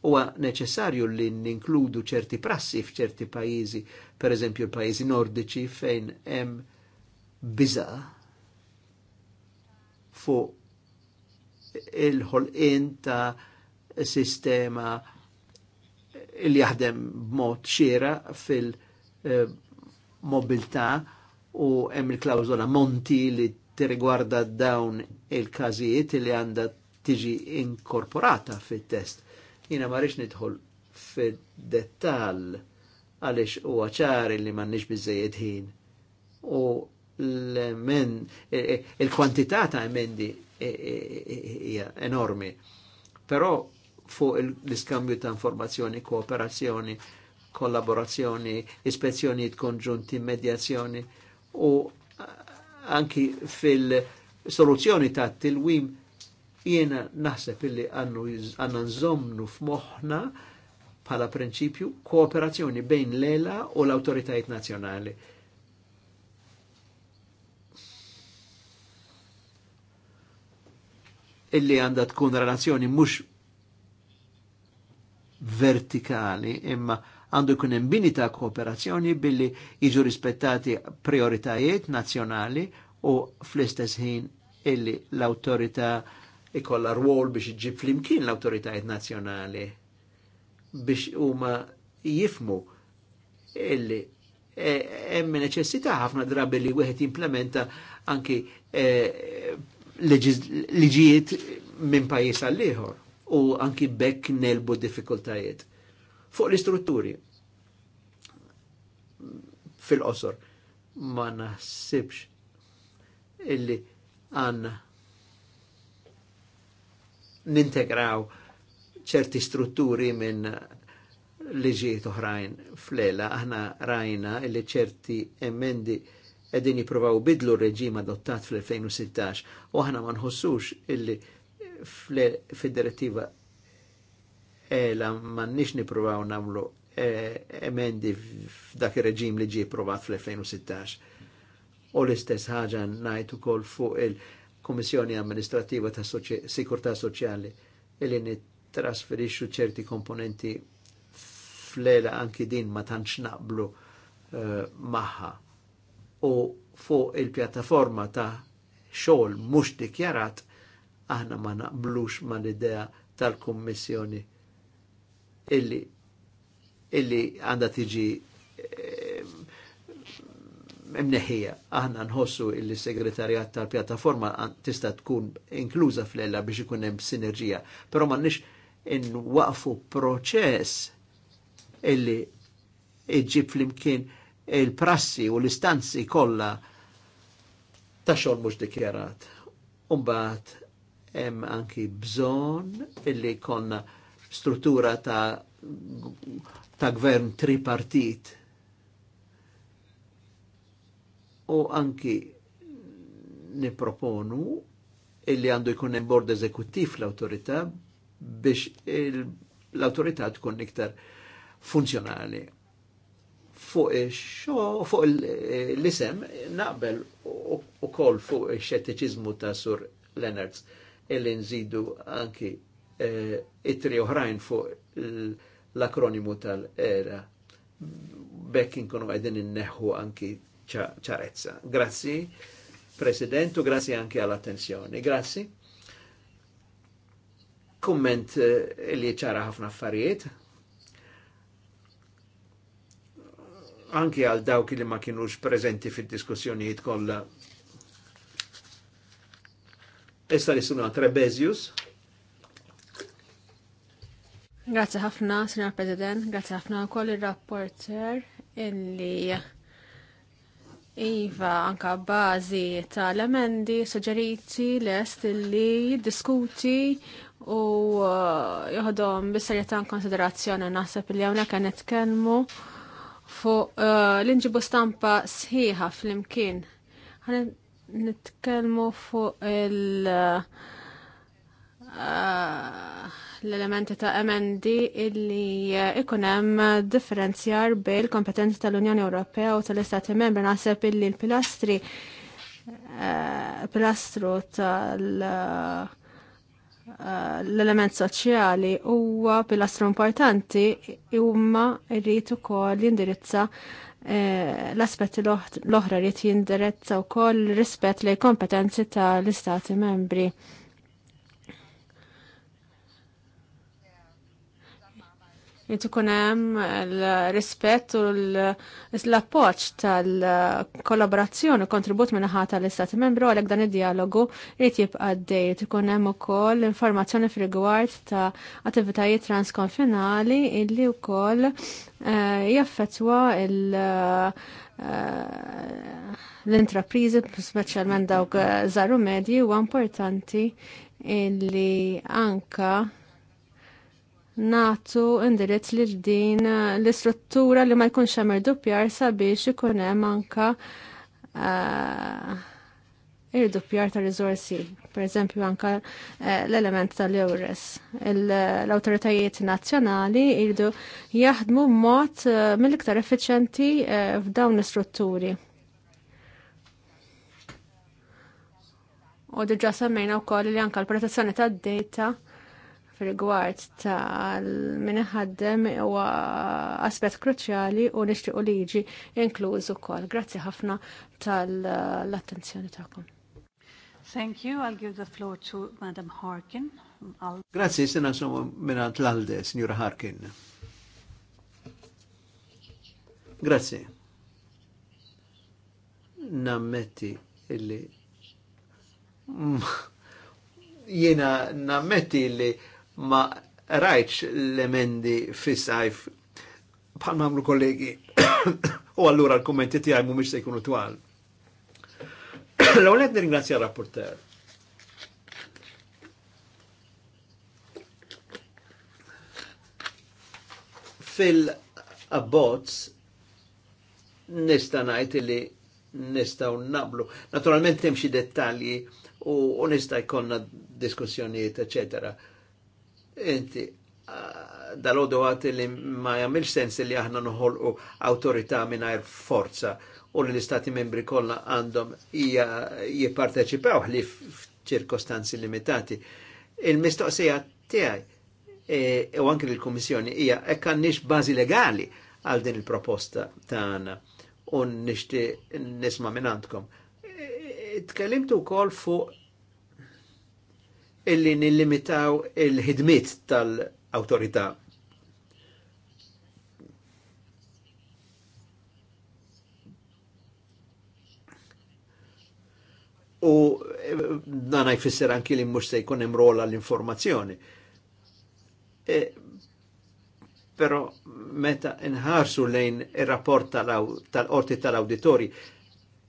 huwa neċessarju li ninkludu ċerti prassi f'ċerti pajjiżi, per eżempju l-pajjiżi nordiċi fejn hemm biża fuq il-ħolqien ta' sistema li jaħdem b'mod xiera fil-mobilità u hemm il-klawżola monti li tirrigwarda dawn il-każijiet li għandha tiġi inkorporata fit-test. Jina marriċ nidħol fit dettal għalix u għaċari li mannix bizzejed ħin u l-men, e- e- il-kwantità ta' emendi e- hija enormi. Però fuq l-iskambju ta' informazzjoni, kooperazzjoni, kollaborazzjoni, ispezzjonijiet konġunti, medjazzjoni u anki fil-soluzzjoni ta' til-wim Jiena naħseb illi għanna nżomnu f'moħħna bħala prinċipju kooperazzjoni bejn l-ELA u l-autoritajiet nazjonali. Illi għanda tkun relazzjoni mhux vertikali, imma għandu jkun imbini ta' kooperazzjoni billi jiġu rispettati prioritajiet nazzjonali u fl-istess ħin illi l-autorità ikolla rwol biex iġib flimkien l-autoritajiet nazjonali biex huma jifmu illi e, hemm e, neċessità ħafna drabi li wieħed implementa anki e, liġijiet minn pajjiż għall ieħor u anki bekk nelbu diffikultajiet. Fuq l-istrutturi fil-qosor ma naħsibx illi għanna nintegraw ċerti strutturi minn liġijiet oħrajn flela. Aħna rajna li ċerti emendi edin jiprovaw bidlu reġim adottat fl-2016 u aħna ma nħossux illi fil-direttiva ela ma nix niprovaw namlu eh, emendi f'dak il reġim li ġie provat fl-2016. U l-istess ħaġa najtu kol fuq il- Kommissjoni Amministrativa ta' Sikurtà Soċjali illi nittrasferixxu ċerti komponenti flela anki din ma tantx naqblu eh, magħha. maħħa u fuq il-pjattaforma ta' xogħol mhux dikjarat aħna ma naqblux ma l-idea tal-Kummissjoni illi illi għandha tiġi eh, mneħija, aħna nħossu il segretarjat tal-pjattaforma tista' tkun inkluża fl-ella biex ikun hemm sinerġija, però m'għandniex inwaqfu proċess illi iġib flimkien il-prassi u l-istanzi kollha ta' xogħol mhux dikjarat. Umbagħad hemm anki bżonn illi konna struttura ta' ta' gvern tripartit u anki niproponu illi għandu jkun hemm bord eżekuttiv l-awtorità biex l-awtorità tkun iktar funzjonali. Fuq ix-xo, fuq l-isem naqbel ukoll fuq ix-xettiċiżmu ta' Sur Leonards illi nżidu anki eh, it-tri oħrajn fuq l-akronimu tal-era. Bekk inkunu qegħdin inneħħu anki ċarezza. Grazzi, Presidentu, grazzi anche all'attenzione, attenzjoni Grazzi. Komment eh, li ċara ħafna affarijiet. Anki għal dawk li ma kienux prezenti fil-diskussjonijiet kollha. Esta li suna Trebezius. Grazie ħafna, Signor President, grazie ħafna koll il-rapporter illi Iva, anka bazi tal-emendi suġġeriti est li jiddiskuti u uh, joħodhom bis-serjetà konsiderazzjoni naħseb li hawnhekk kanet nitkellmu fuq uh, l-inġibu stampa sħiħa fl-imkien. Nitkellmu fuq il- Ah, l-elementi ta' emendi illi eh, ikunem differenzjar bil-kompetenzi tal-Unjoni Ewropea u tal-Istati Membri naħseb illi l-pilastri eh, pilastru tal- eh, l-element soċjali huwa pilastru importanti huma rrid ukoll jindirizza l-aspetti l-oħra rrid jindirizza wkoll rispett lejn kompetenzi tal-Istati Membri. li hemm l-rispett u l-appoġġ tal-kollaborazzjoni u kontribut minnaħa tal-Istati Membru għalek dan id-dialogu jrid jibqa' dejt ikun u koll informazzjoni fil-gwart ta' attivitajiet transkonfinali illi wkoll eh, jaffettwa il- eh, l-intraprizi, specialment dawk zaru medji, u importanti illi anka natu indirizz li din eh, l-istruttura li ma jkunx hemm irdupjar sabiex ikun hemm anka uh, irdupjar ta' riżorsi. pereżempju anka eh, l-element tal euris L-awtoritajiet nazzjonali jridu jaħdmu mod mill-iktar effiċenti f'dawn l-istrutturi. U diġa semmejna wkoll li anka l-protezzjoni tad-data fil-gwart tal ħaddem u aspet kruċjali u u liġi inkluż ukoll. Grazzi ħafna tal-attenzjoni tagħkom. Thank you. I'll give the floor to Madam Harkin. Grazzi, Grazie, sena somma minna tlalde, signora Harkin. Grazie. Nammetti illi jena nammetti illi ma rajċ l-emendi fissajf bħal mamlu kollegi u allura l-kommenti tijaj mu se jkunu twal. L-għonet nir-ingrazzja rapporter. Fil-abbozz nista najt li nistaw nablu. Naturalment hemm xi dettalji u nista' jkonna diskussjoniet, eccetera inti ah, dal-ħodu għat li ma jamilx sens li aħna nħolqu autorita minnajr forza u li l-istati membri kollha għandhom jipparteċipaw li f'ċirkostanzi limitati. Il-mistoqsija tiegħi e, u anke l-Kummissjoni hija hekk għandniex bażi legali għal din il-proposta tagħna u nixti nisma' minn għandkom. E, e, tkellimtu wkoll fuq illi nillimitaw il-ħidmit tal-autorità. U dan eh, jfisser anki li mhux se jkun hemm rola l-informazzjoni. E, eh, pero meta nħarsu lejn ir-rapport tal orti tal auditori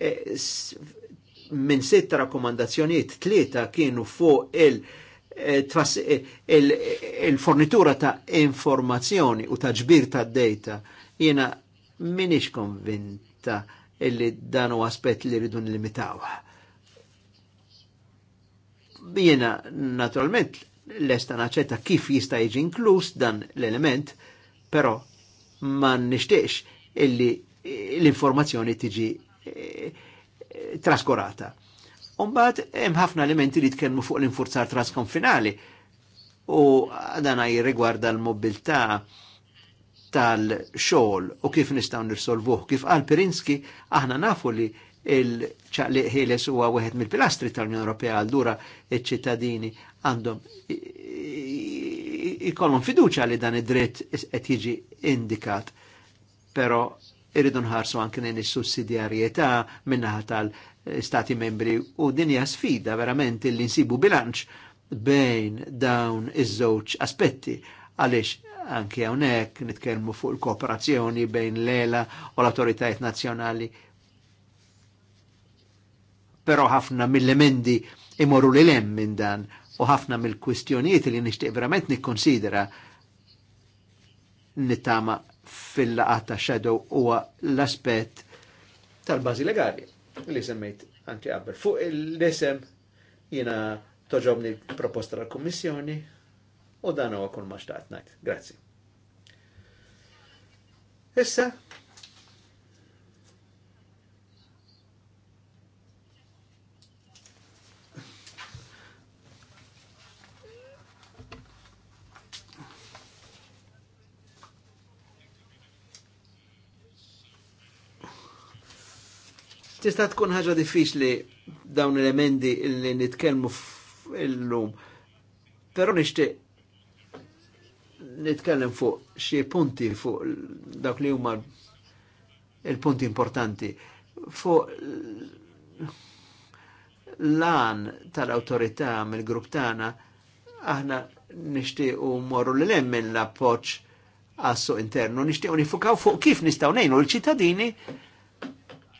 E, eh, minn sitt rakkomandazzjonijiet tlieta kienu fuq il- eh, eh, il-fornitura ta' informazzjoni u ta' ġbir ta' data jena minix konvinta illi dan u aspet li ridun limitaw. Jena naturalment lesta naċċetta kif jista' jiġi inkluż dan l-element, però ma nixtieqx illi l-informazzjoni tiġi eh, traskurata. Umbat, hemm ħafna elementi li tkellmu fuq l-infurzar transkonfinali u għadana jirrigwarda l-mobilità tal-xogħol u kif nistgħu nirsolvuħ. Kif qal Pirinski, aħna nafu li il-ċaqliq ħieles huwa wieħed mill-pilastri tal-Unjoni Ewropea għal dura il ċittadini għandhom ikollhom fiduċa li dan id-dritt qed jiġi indikat. Pero irridu nħarsu anke nejn is-sussidjarjetà minnaħa tal-Stati membri u din hija sfida verament li nsibu bilanċ bejn dawn iż-żewġ aspetti għaliex anke hawnhekk nitkellmu fuq il-kooperazzjoni bejn l-ELA u l awtoritajiet nazzjonali. Però ħafna mill-emendi imorru li lem minn dan u ħafna mill-kwistjonijiet li nixtieq verament nikkonsidera nittama fil-laqat ta' shadow huwa l-aspett tal-bażi legali li semmejt anki qabel. Fuq l-isem jiena toġobni proposta tal-Kummissjoni u dan huwa kull ma xtaqt ngħid. Grazzi. Issa Tista' tkun ħaġa diffiċli dawn l-emendi li nitkellmu illum. Però nixtieq nitkellem fuq xi punti fuq dak li huma il-punti importanti fuq lan tal-autorità mill-grupp tagħna aħna nixtiequ morru l lemmen l-appoġġ għas-suq internu, nixtiequ nifukaw fuq kif nistgħu ngħinu l-ċittadini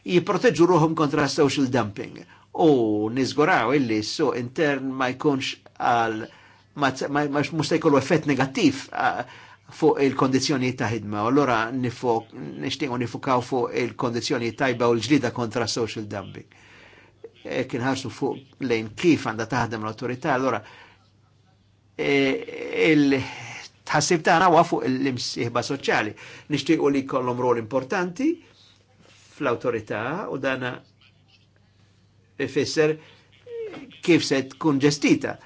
jiproteġu ruħum kontra social dumping u nizguraw illi su so intern ma jkunx għal ma musta jkollu effett negattiv fuq il-kondizjoni ta' ħidma. Allora nishtiqu nifukaw fuq il-kondizjoni tajba u l-ġlida kontra social dumping. E, kien ħarsu fuq lejn kif għanda taħdem l-autorità, l e, il ħassib ta' huwa fuq l-imsieħba soċjali. Nixtiequ li kollom rol importanti fl-autorità u dana ifisser kif se tkun ġestita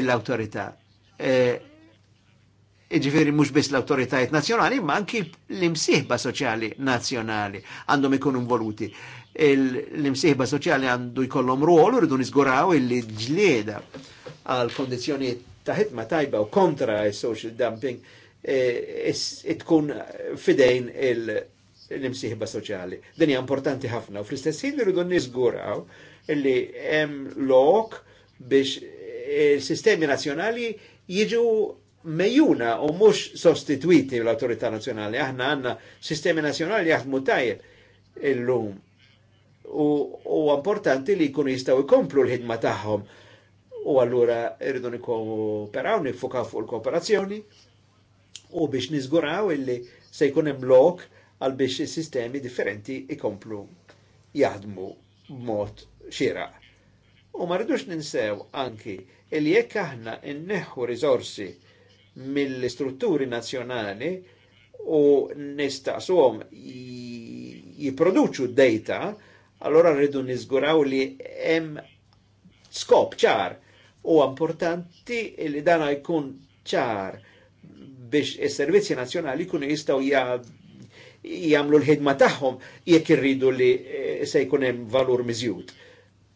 l-autorità. E, iġifiri mux biss l-autoritajiet nazjonali, ma anki l imsihba soċjali nazjonali għandhom ikun involuti. l imsihba soċjali għandu jkollhom ruol u rridu nizguraw illi ġlieda għal kondizjoni ta' ħidma tajba u kontra il social dumping e, tkun fidejn il- l-imsieħba soċjali. Din hija importanti ħafna u fl-istess ħin irridu niżguraw illi hemm lok biex il-sistemi eh, nazzjonali jiġu mejjuna u mhux sostituiti l-autorità nazzjonali. Aħna għandna sistemi nazzjonali jaħdmu tajjeb illum. U, u importanti li jkunu jistgħu jkomplu l-ħidma tagħhom. U allura irridu nikkooperaw, nifukaw fuq il-kooperazzjoni u biex niżguraw illi se jkun hemm lok għal biex sistemi differenti ikomplu jaħdmu b'mod xira. U ma rridux ninsew anki li jekk aħna inneħħu riżorsi mill-istrutturi nazzjonali u nistaqsuhom jipproduċu data, allora rridu niżguraw li hemm skop ċar u importanti li dana jkun ċar biex is-servizzi nazzjonali jkunu jistgħu Jamlu l-ħidma tagħhom jekk irridu li eh, se jkun hemm valur miżjud.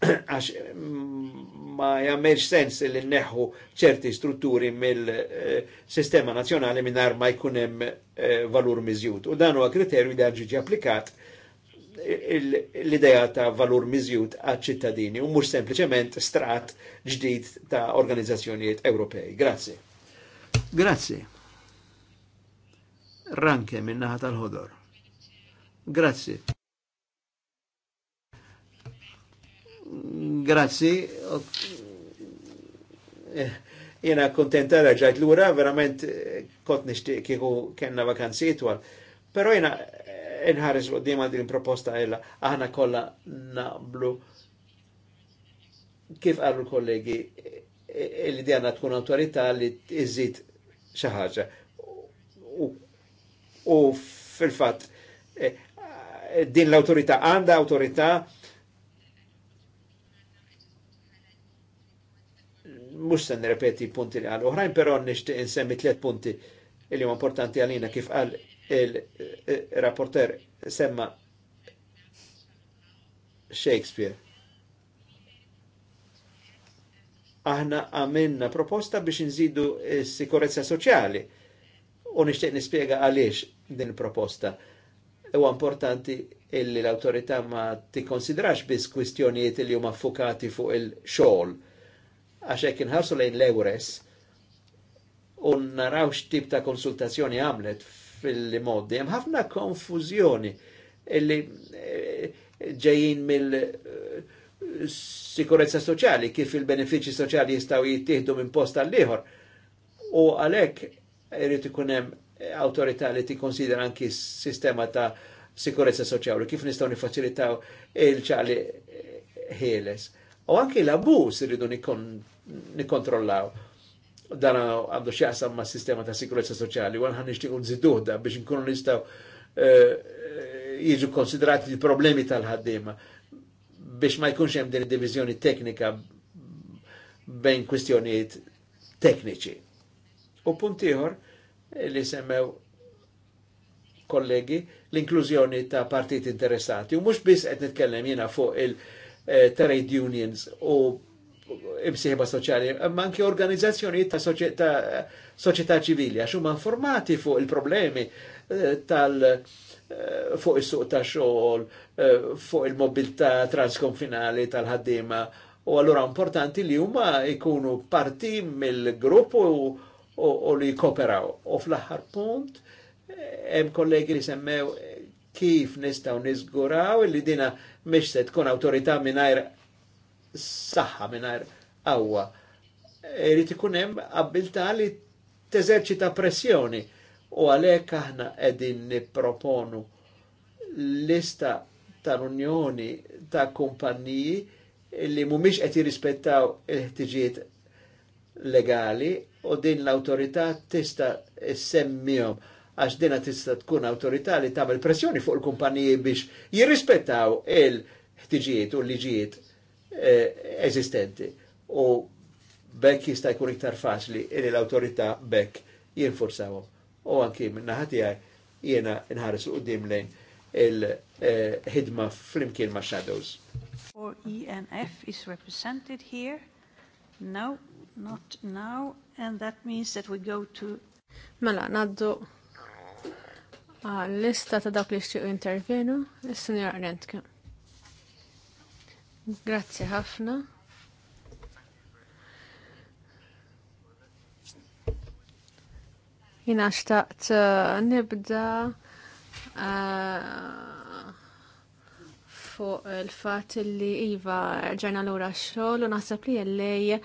Għax mm, ma jagħmelx sens li nneħħu ċerti strutturi mill-sistema eh, nazzjonali mingħajr ma jkun hemm eh, valur miżjud. U dan huwa kriterju li ġiġi applikat l-ideja ta' valur miżjud għad ċittadini u mhux sempliċement strat ġdid ta' organizzazzjonijiet Ewropej. Grazzi. Grazzi. Ranke minnaħa tal-ħodor. Grazie. Grazie. Eh, jena kontenta raġajt l-ura, verament eh, kot nishti kiku kena vakanzi itwal. Pero jena eh, nħares u dima din proposta illa, aħna kolla naqblu kif għarru kollegi li di għanna tkun autorita li izzit xaħġa. U fil-fat, din l-autorità għanda autorità mux se nirrepeti punti li għal uħrajn, pero nishtiq insemmi tliet punti li huma importanti għalina kif għal il-rapporter semma Shakespeare. Aħna għamilna proposta biex nżidu s-sikurezza soċjali u nishtiq nispiega għaliex din proposta. proposta huwa importanti illi l-autorità ma tikkonsidrax biss kwistjonijiet li huma affukati fuq il-xogħol. Għax hekk inħarsu lejn l-Ewres u narawx tip ta' konsultazzjoni għamlet fil-modi. Hemm ħafna konfużjoni illi eh, ġejjin mill- eh, sikurezza soċjali, kif il-benefiċi soċjali jistgħu jittieħdu minn post għall ieħor U għalhekk irid ikun hemm autorità li ti konsidera anki sistema ta' sikurezza soċjali, kif nistgħu nifaċilitaw il-ċali ħieles. U anki l-abus irridu nikkontrollaw. Dan għandu xjaqsam ma' sistema ta' sikurezza soċjali, u għanħan nixtiequ nżidduda biex nkunu nistaw eh, jiġu konsiderati il-problemi tal ħaddima biex ma jkunx hemm din divizjoni teknika bejn kwistjonijiet tekniċi. U punt ieħor, Eh, li semmew kollegi l-inklużjoni ta' partit interessanti U mux biss qed nitkellem jiena fuq il-trade eh, unions u imsieħba soċjali, ma anki organizzazzjoni ta' soċjetà ċivili, għax huma informati fuq il-problemi eh, tal- fuq is-suq ta' xogħol, fuq il-mobilità transkonfinali tal-ħaddiema. U allura importanti li huma jkunu parti mill gruppu u li jkoperaw. U fl-aħħar punt, hemm kollegi li semmew kif nistaw nizguraw illi dina mish se tkun autorità mingħajr saħħa mingħajr qawwa. Irid ikun hemm abbiltà li teżerċita pressjoni u għalhekk aħna qegħdin nipproponu lista tal-Unjoni ta' kumpanniji li mhumiex qed jirrispettaw il-ħtiġijiet legali u din l-autorità tista semmijom għax dina tista tkun autorità li tagħmel pressjoni fuq il-kumpaniji biex jirrispettaw il-ħtiġijiet u l-liġijiet eh, eżistenti. U bekk jista' jkun iktar faċli li l-autorità bekk jinforzawhom. U anki minn naħa tiegħi jiena nħares l qudiem lejn il-ħidma flimkien ma' Shadows. Or ENF is represented here? No, not now and that means that we go to Mela, naddu għal-lista ta' dawk li xtiq intervenu, il-Sinjor Rentke. Grazie ħafna. Jina xtaqt uh, nibda uh, fuq il-fat li Iva ġarna l-ura xol u naħseb li jellej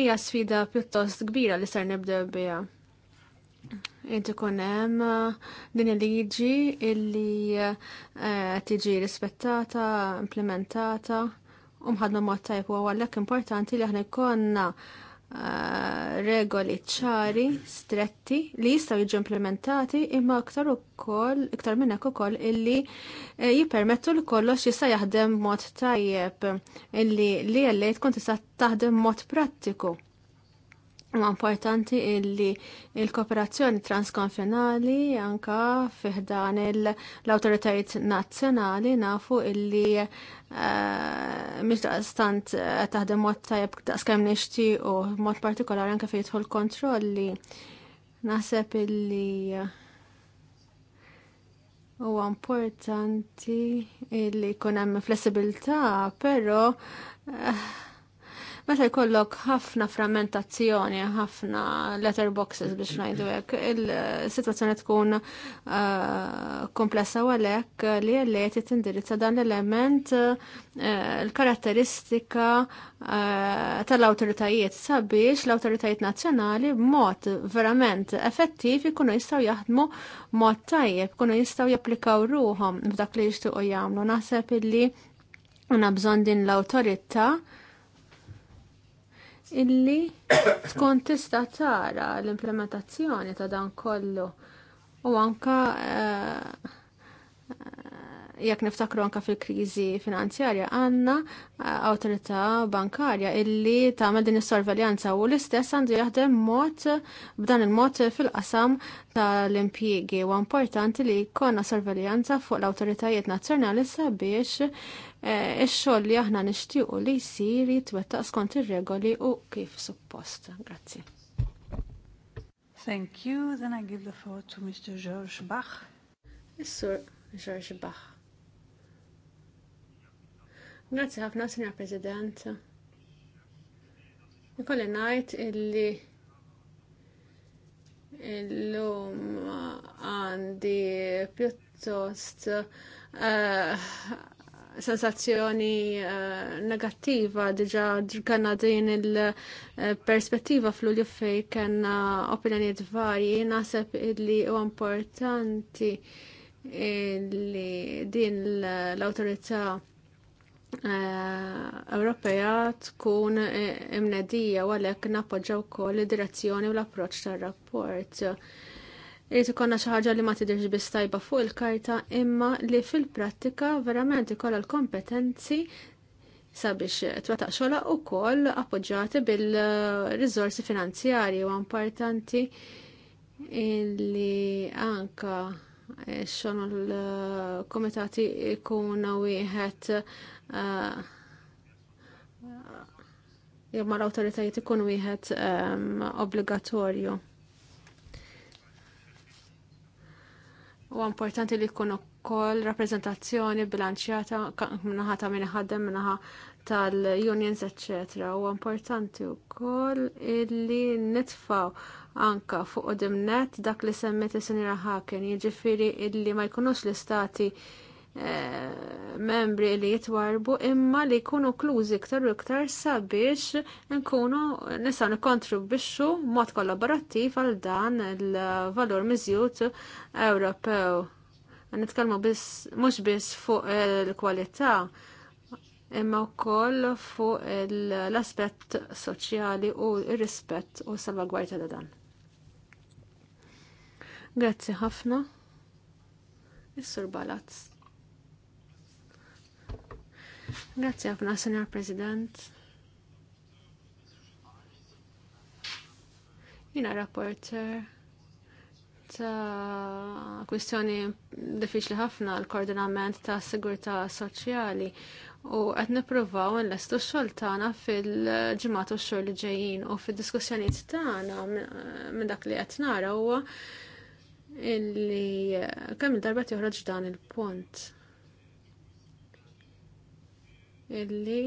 Ija sfida pjuttost kbira li ser nibdew biha. Inti kun hemm uh, din il-liġi illi uh, tiġi rispettata, implementata, u mod tajjeb huwa għallek importanti li aħna jkollna regoli ċari, stretti, li jistaw jiġu implementati imma aktar ukoll, iktar minn hekk ukoll illi eh, jippermettu li kollox jista' jaħdem mod tajjeb illi li għallejt tkun tista' taħdem mod prattiku. Ma importanti illi il-kooperazzjoni transkonfinali anka fiħdan l-autoritajiet nazzjonali nafu illi Eh, mis daqstant eh, taħdem mod tajjeb daqskemm nixtieq u mod partikolari anke fejn jidħol kontrolli naħseb illi eh, huwa importanti illi jkun hemm flessibilità, però Meta jkollok ħafna frammentazzjoni, ħafna letterboxes biex ngħidu hekk, il-sitwazzjoni tkun eh, komplessa u għalhekk li għallieti tindirizza dan l-element eh, l-karatteristika eh, tal-awtoritajiet sabiex l-awtoritajiet nazzjonali b'mod verament effettiv jkunu jistgħu jaħdmu mod tajjeb, jkunu jistgħu japplikaw ruhom f'dak li jixtiequ jagħmlu. Naħseb illi għandna bżonn din l-awtorità' illi tkun tista tara l-implementazzjoni ta' dan kollu u anka uh, jekk niftakru anka fil-kriżi finanzjarja għandna eh, awtorità bankarja illi tagħmel din is-sorveljanza u l-istess għandu jaħdem mod b'dan il-mod fil-qasam tal-impjiegi u importanti li jkollna sorveljanza fuq l-awtoritajiet nazzjonali sabiex eh, ix-xogħol li aħna nixtiequ li jsir jitwettaq skont ir-regoli u kif suppost. Grazzi. Thank you. Then I give the floor to Mr. George Bach. Yes, sir. George Bach. Grazzi ħafna, Signor President. Nikolli najt illi illum għandi pjuttost uh, sensazzjoni uh, negattiva diġa kanna din il-perspettiva fl-ulju fej kanna opinjoniet varji nasab illi u importanti illi din l-autorità Eh, Ewropea tkun eh, imnedija u għalhekk nappoġġaw kol id-direzzjoni u l-approċċ tar-rapport. Irrid ikollna xi ħaġa li ma tidirx biss tajba fuq il-karta imma li fil-prattika verament ikollha l-kompetenzi sabiex twataq xogħla wkoll appoġġjati bil-riżorsi finanzjarji u importanti li anka Eh, xon l-komitati ikuna wieħed jew mal awtoritajiet ikun wieħed eh, eh, obbligatorju. U importanti li jkun ukoll rappreżentazzjoni bilanċjata minnaħa ta' minħaddem minnaħa tal-unions, etc. U importanti u koll illi nitfaw anka fuq dimnet dak li semmet il-sinira ħaken, jġifiri illi ma jkunux l-istati eh, membri li jitwarbu imma li jkunu klużi iktar u iktar sabiex nkunu nistgħu nikontribwixxu mod kollaborattiv għal dan il-valur miżjut Ewropew. Nitkellmu biss mhux biss fuq il-kwalità imma wkoll fuq l-aspett soċjali u r-rispett u salvagwardja ta' dan. Grazzi ħafna. Is-Sur Balazz. Grazzi ħafna, Senjor President. Jina rapporter ta' kwistjoni diffiċli ħafna l-koordinament ta' sigurtà soċjali u qed nippruvaw nlestu x-xogħol tagħna fil-ġimgħat u x-xogħol li ġejjin u fid-diskussjonijiet tagħna minn dak li qed nara huwa illi kemm il-darba joħroġ dan il-punt. Illi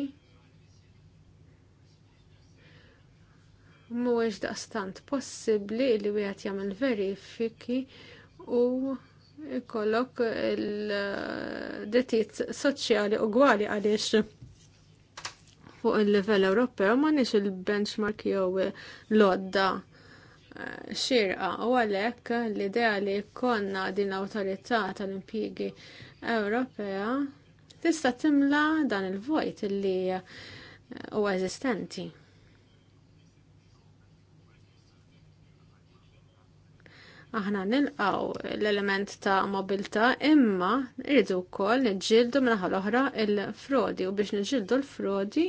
mhuwiex daqstant possibbli li wieħed jagħmel verifiki u kollok il-drittijiet soċjali ugwali għaliex fuq il-livell Ewropew ma nix il-benchmark jew l-odda eh, xirqa u għalhekk l-idea li konna din l-awtorità tal-impjiegi Ewropea tista' timla dan il-vojt li huwa eżistenti. Aħna nilqaw l-element ta' mobilta imma rridu wkoll niġġieldu minħa l-oħra l frodi u biex niġġieldu l-frodi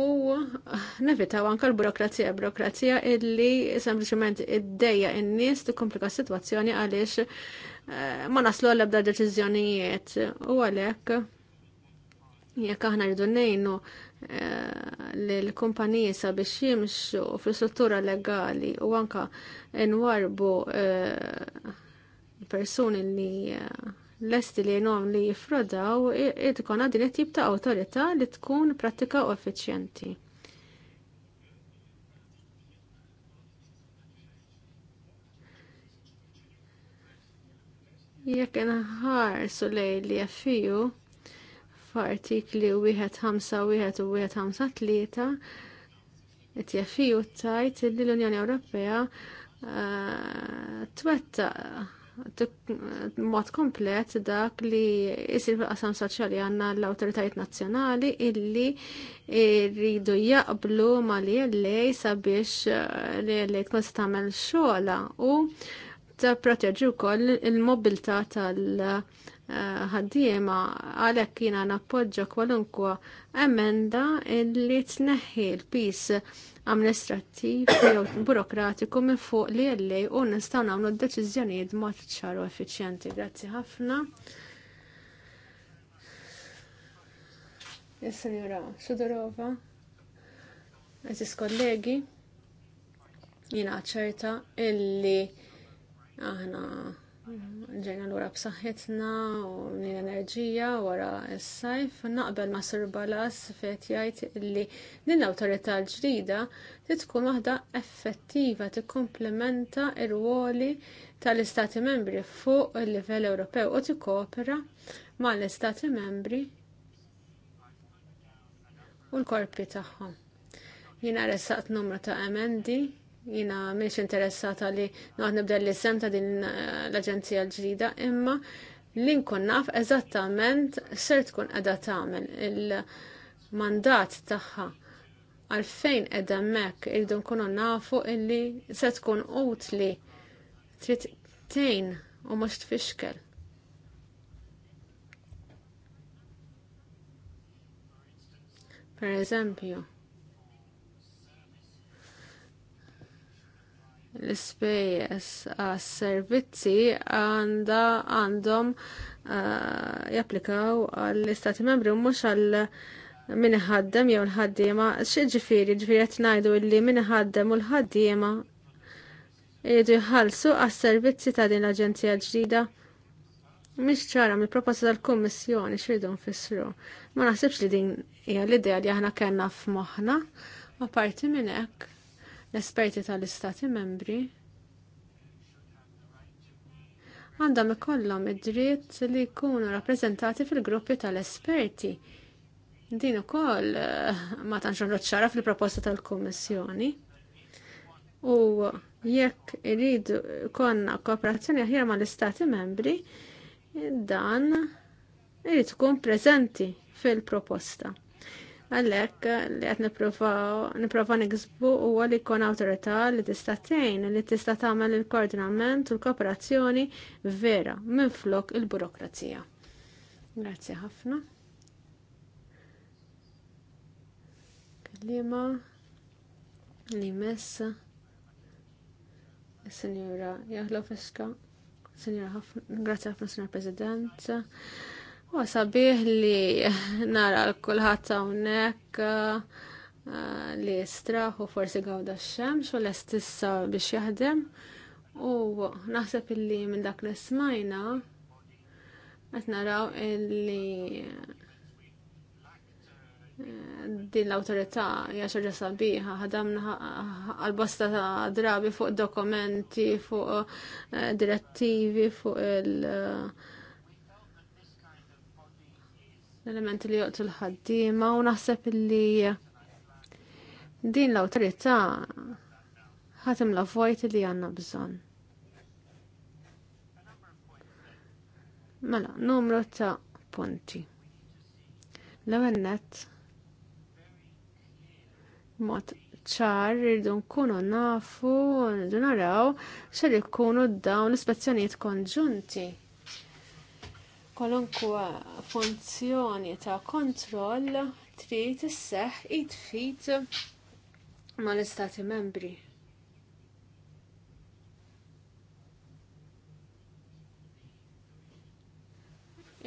U nevitaw anka l-burokrazija, burokrazija illi sempliciment id deja in-nies tikkomplika s-sitwazzjoni għaliex eh, ma naslu għal ebda deċiżjonijiet u għalhekk Jekk aħna rridu ngħinu eh, li l-kumpaniji sabiex jimxu fl-struttura legali u anka nwarbu eh, persuni li eh, lesti li jnom li jifrodaw tkun din it-tip ta' awtorità li tkun pratika u effiċjenti. Jekk inħarsu lej li jaffiju, f'artikli wieħed ħamsa wieħed u wieħed ħamsa tlieta qed jaffiju tajt li l-Unjoni Ewropea eh, twetta mod komplet dak li jisir fil-qasam soċjali għanna l-autoritajiet nazzjonali illi rridu jaqblu ma li lej sabiex li eh, lej tkun se tagħmel xogħla u ta' proteġu wkoll il mobilta tal- ħaddiema għalhekk jiena nappoġġa kwalunkwa emenda li tneħħi l-pis amministrattiv jew burokratiku minn fuq li jellej u nistgħu nagħmlu d-deċiżjonijiet mod ċaru effiċjenti. Grazzi ħafna. Is-Sinjura Sudorova, eżis kollegi, jina ċerta illi aħna ġejna l-ura b'saħħitna u l enerġija wara s-sajf, naqbel ma' Sir Balas fejt jgħid li din l-awtorità l-ġdida li waħda effettiva komplementa r ruoli tal-Istati membri fuq il-livell Ewropew u tikkopera mal l-Istati membri u l-korpi tagħhom. Jiena ressaqt numru ta' emendi Jina minx interessata li noħd nibda l-isem ta' din eh, l-Aġenzija l-ġdida, imma li nkun naf eżattament ser tkun qiegħda tagħmel il-mandat tagħha għalfejn qiegħda hemmhekk irridu nkunu nafu illi se tkun utli trid tejn u mhux tfixkel. per eżempju. l-ispejjeż għas-servizzi għandha għandhom uh, japplikaw għall-Istati Membri u mhux għall min ħaddem jew l-ħaddiema. Xi ġifieri qed ngħidu li min ħaddem u l-ħaddiema jridu jħallsu għas-servizzi ta' din l-Aġenzija ġdida. Mhix ċara mill-proposta tal-Kummissjoni x'ridu nfissru. Ma naħsibx li din hija l-idea li aħna kellna f'moħħna, apparti minn hekk L-esperti tal-istati membri għandhom ikollhom id-dritt li jkunu rappreżentati fil-gruppi tal-esperti. Din ukoll eh, ma tantx ċara fil-proposta tal-Kummissjoni. U jekk iridu konna kooperazzjoni aħjar mal-Istati membri, dan irid tkun preżenti fil-proposta. Għallek li għat niprofa niksbu u li kon autorita li tista' tgħin li tista' tagħmel il-koordinament u l-kooperazzjoni vera minn flok il-burokrazija. Grazzi ħafna. Kelliema li messa Signora Jahlofiska, Signora ħafna, grazie ħafna, Signor President. U sabiħ li nara l-kulħat hawnhekk eh, li straħ u forsi gawda x-xemx u l-estissa biex jaħdem. U naħseb illi minn dak li smajna qed naraw illi eh, din l-autorità hija xaġa sabiħa, ħadamna għal-bosta ta' drabi fuq dokumenti, fuq eh, direttivi, fuq il- l-elementi li joqtu l-ħaddima u naħseb li din l-autorità ħatim la vojt li għanna bżon. Mela, numru ta' punti. L-għennet mod ċar rridu nkunu nafu, rridu naraw xal ikunu dawn l-ispezzjonijiet konġunti Kolunkwa funzjoni ta' kontroll trid isseħħ id-fit mal-Istati membri.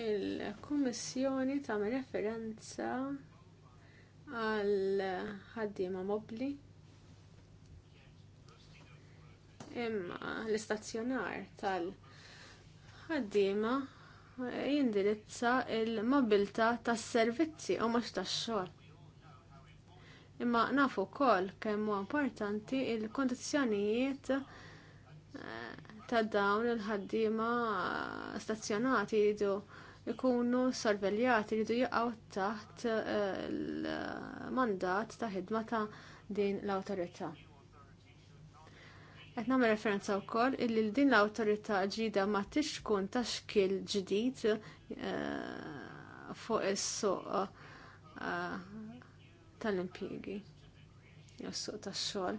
il-Kummissjoni ta' referenza għal ħaddiema mobbli imma l-istazzjonar tal-ħaddiema jindirizza il-mobilta tas-servizzi u mhux tax-xogħol. Imma nafu wkoll kemm huwa importanti l kondizzjonijiet eh, ta' dawn il-ħaddiema stazzjonati jridu ikunu sorveljati jridu jaqgħu taħt eh, il-mandat ta' ħidma ta' din l-awtorità. Qed nagħmel referenza wkoll illi din l-awtorità ġdida ma tix tkun ta' xkil ġdid eh, fuq is-suq eh, tal-impjiegi is-suq tax-xogħol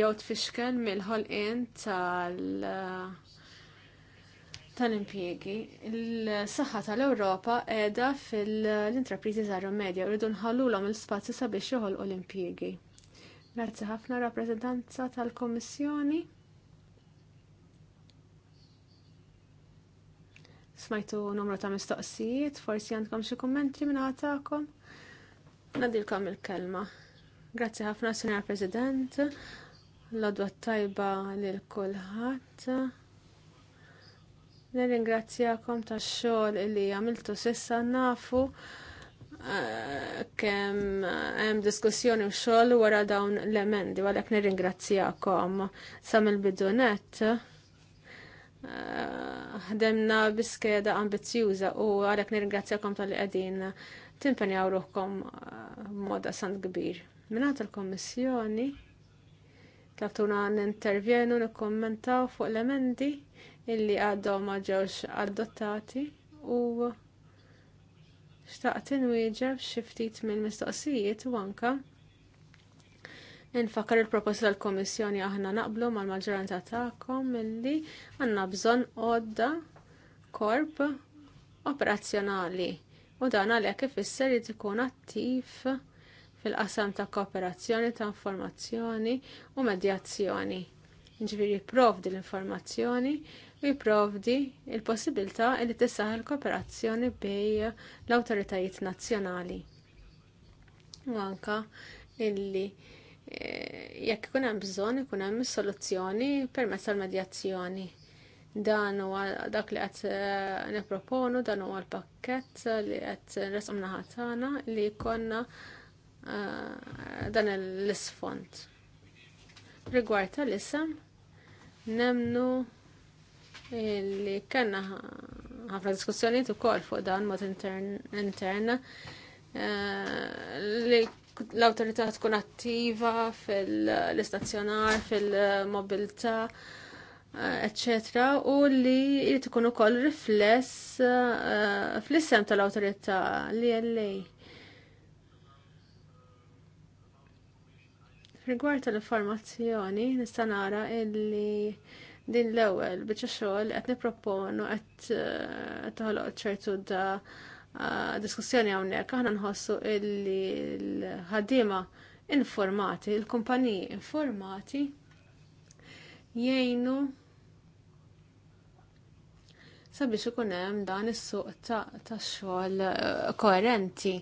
jew tfixkel mill-ħolqien tal- eh, tal-impjiegi. Il-saħħa tal-Ewropa qiegħda fil-intrapriżi żgħar medja rridu nħallulhom l-spazju sabiex joħolqu l-impjiegi. Grazzi ħafna rappresentanza tal kommissjoni Smajtu numru ta' mistoqsijiet, forsi għandkom xi kummenti minn għatakom. Nadilkom il-kelma. Grazzi ħafna, Sinjar President. L-odwa tajba lil kulħadd. Nirringrazzjakom tax-xogħol li għamiltu sissa nafu kemm eh, hemm diskussjoni u wara dawn l-emendi għalhekk nirringrazzjakom sa mill-bidunet eh, ħdemna biskeda ambizjuża u għalhekk nirringrazzjakom tal-li qegħdin timpenjaw ruħkom eh, b'mod sant kbir. Minat il-Kommissjoni taftuna n-intervjenu nikkummentaw fuq l-emendi illi għadhom ma ġewx adottati u Xtaqt inwieġeb xi ftit mill-mistoqsijiet u anke Infakar il-proposta tal-Komissjoni aħna naqblu mal-maġġoranza tagħkom milli għandna bżonn għodda korp operazzjonali u dan għalhekk ifisser li tkun attiv fil-qasam ta' kooperazzjoni ta' informazzjoni u medjazzjoni. Ġviri provdi l-informazzjoni u jiprovdi l possibilità li tissaħ il-kooperazzjoni bej l-awtoritajiet nazzjonali. U anka illi eh, jekk ikun hemm bżonn ikun hemm soluzzjoni permezz tal-medjazzjoni. Dan huwa dak li qed eh, nipproponu, dan huwa l-pakkett li qed nresqom naħatana li jkollna eh, dan l-isfond. Rigward tal-isem, nemnu li kanna ħafna diskussjoni tu kol fuq dan mod interna eh, li l-autorità tkun attiva fil-istazzjonar, fil-mobilità, eh, etc. u li tkun ukoll rifless eh, fl-issem tal awtorità li għallej. Rigward tal-informazzjoni, nista' nara illi din l-ewwel biċċa xogħol qed nipproponu qed eh, toħloq ċertu da eh, diskussjoni hawnhekk aħna nħossu illi l-ħaddiema informati, l kumpaniji informati jgħinu sabiex ikun hemm dan is-suq ta' xogħol eh, koerenti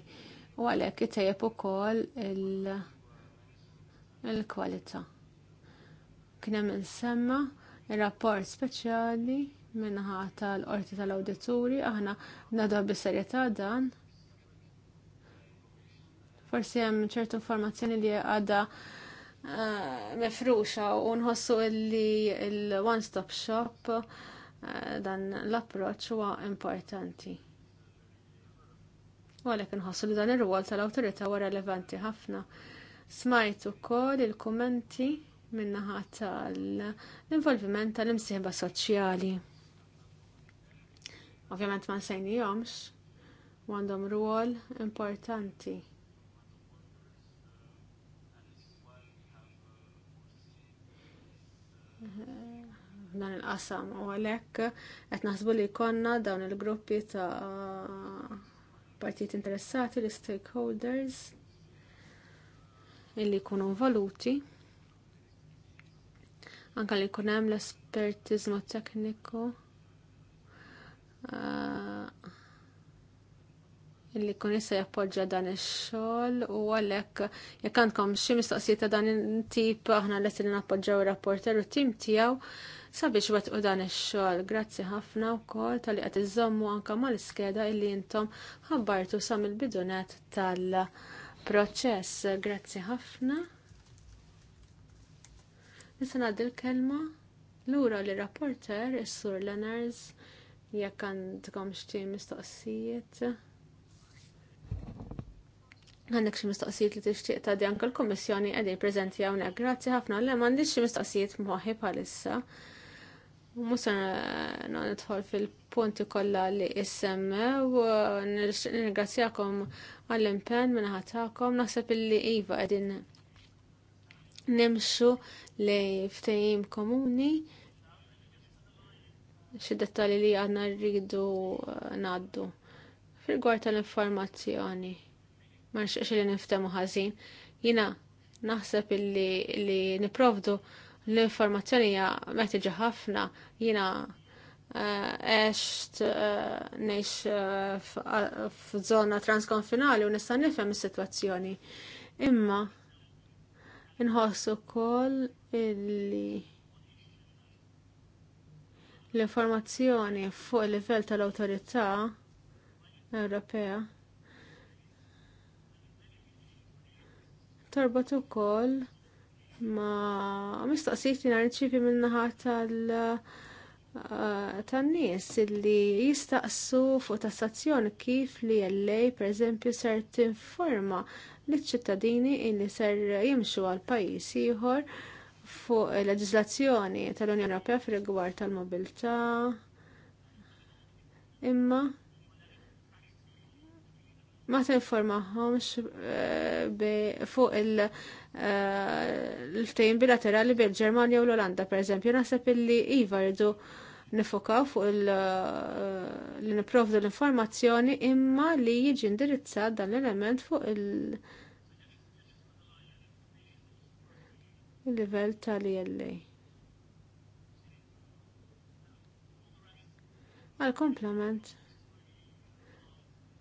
u għalhekk itejjeb ukoll il-kwalità. Kien hemm insemma rapport speċjali minnaħa tal-qorti tal-awdituri, aħna nadu bis-serjetà dan. Forsi hemm ċertu informazzjoni li għadha eh, mefruxa u nħossu li l-one-stop shop eh, dan l-approċ huwa importanti. U għalhekk inħossu li dan ir-rwol tal-awtorità huwa relevanti ħafna. Smajtu ukoll il-kummenti minnaħa tal-involviment tal-imsieħba soċjali. Ovvjament ma nsejni jomx, għandhom ruol importanti. dan il-qasam u għalhekk qed naħsbu li jkollna dawn il-gruppi ta' partijiet interessati, l-stakeholders, illi jkunu involuti anka li jkun hemm l-espertiżmu tekniku eh, illi kun jista jappoġġa dan ix-xogħol u għalhekk jekk għandkom xi mistoqsijiet ta' dan it-tip aħna lesti li nappoġġaw ir-rapporter u tim tiegħu sabiex wettqu dan ix-xogħol. Grazzi ħafna wkoll tal-li qed iżommu anke mal-iskeda illi intom ħabbartu sa mill-bidunet tal-proċess. Grazzi ħafna. Issa kelma l-kelma lura li rapporter is-sur Leners jekk għandkom xi mistoqsijiet. Għandek xi mistoqsijiet li tixtieq di anke l-Kummissjoni qegħdin preżenti hawnhekk. Grazzi ħafna le m'għandix xi mistoqsijiet moħħi bħalissa. Musa se nidħol fil-punti kollha li u issemmew nirringrazzjakom għall-impenn minn ħatakom naħseb illi iva qegħdin nimxu li ftehim komuni xi dettali li għanna rridu eh, naddu. Fil-gwar tal-informazzjoni, ma nxiex li niftemu ħażin, jina naħseb li, li niprovdu l-informazzjoni hija meħtieġa ħafna jina eh, għext eh, ngħix f'żona transkonfinali u nista' nifhem is-sitwazzjoni. Imma Nħossu wkoll illi l-informazzjoni fuq il-livell tal-awtorità Ewropea torbot ukoll ma mistaqsijiet jina narċivi minnaħat tal- uh, Eh, tan-nies illi jistaqsu fuq tassazzjoni kif li LA pereżempju ser tinforma liċ ċittadini illi ser jimxu għal pajjiż ieħor fuq leġiżlazzjoni tal-Unjoni Ewropea fir-rigward tal-mobilità. Imma ma tinformahomx eh, fuq il- l-ftejn bilaterali bil ġermanja u l-Olanda, per eżempju, naħseb illi iva rridu nifokaw fuq li niprovdu l-informazzjoni imma li jiġi indirizzat dan l-element fuq il- il-livell tal-ILA. Għal-komplement,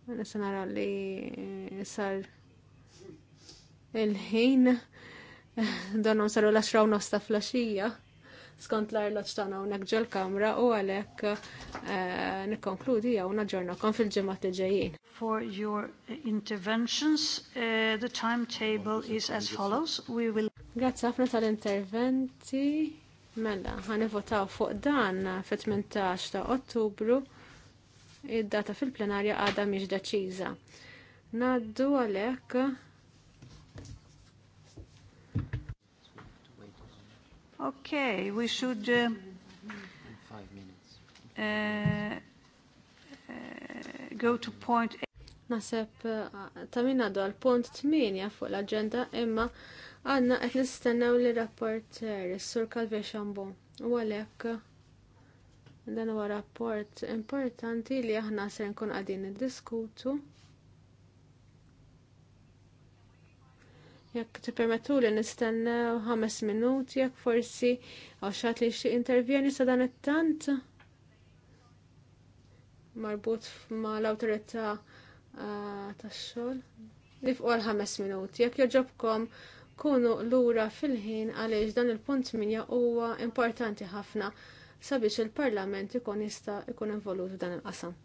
nisa nara li sar il-ħin dan saru l-10 nofs ta' flaxija skont l-arloċ tagħna hawnhekk ġol kamra u għalhekk eh, nikkonkludi jew kon fil-ġimgħat li For your interventions, uh, the timetable is as follows. We will Grazzi ħafna tal-interventi. Mela, votaw fuq dan fit-18 ta' Ottubru id-data fil-plenarja għadha mhix deċiża. Naddu għalhekk Okay, we should... Uh, five minutes. Uh, uh, go to point... Naseb uh, ta' min do għal punt 8 fuq l-agenda imma għanna qed nistennew li rapporter is-Sur Calvi Xambo. U għalhekk dan huwa rapport importanti li aħna ser nkun qegħdin niddiskutu. Jekk tippermettu li nistennew ħames minuti, jekk forsi għax xat li xie intervjeni sa dan it-tant marbut ma l-autorita eh, tax-xogħol. Nifqu għal ħames minuti. Jekk joġobkom kunu lura fil-ħin għaliex dan il-punt minja huwa importanti ħafna sabiex il-Parlament ikun jista' ikun involut f'dan il-qasam.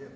Yeah.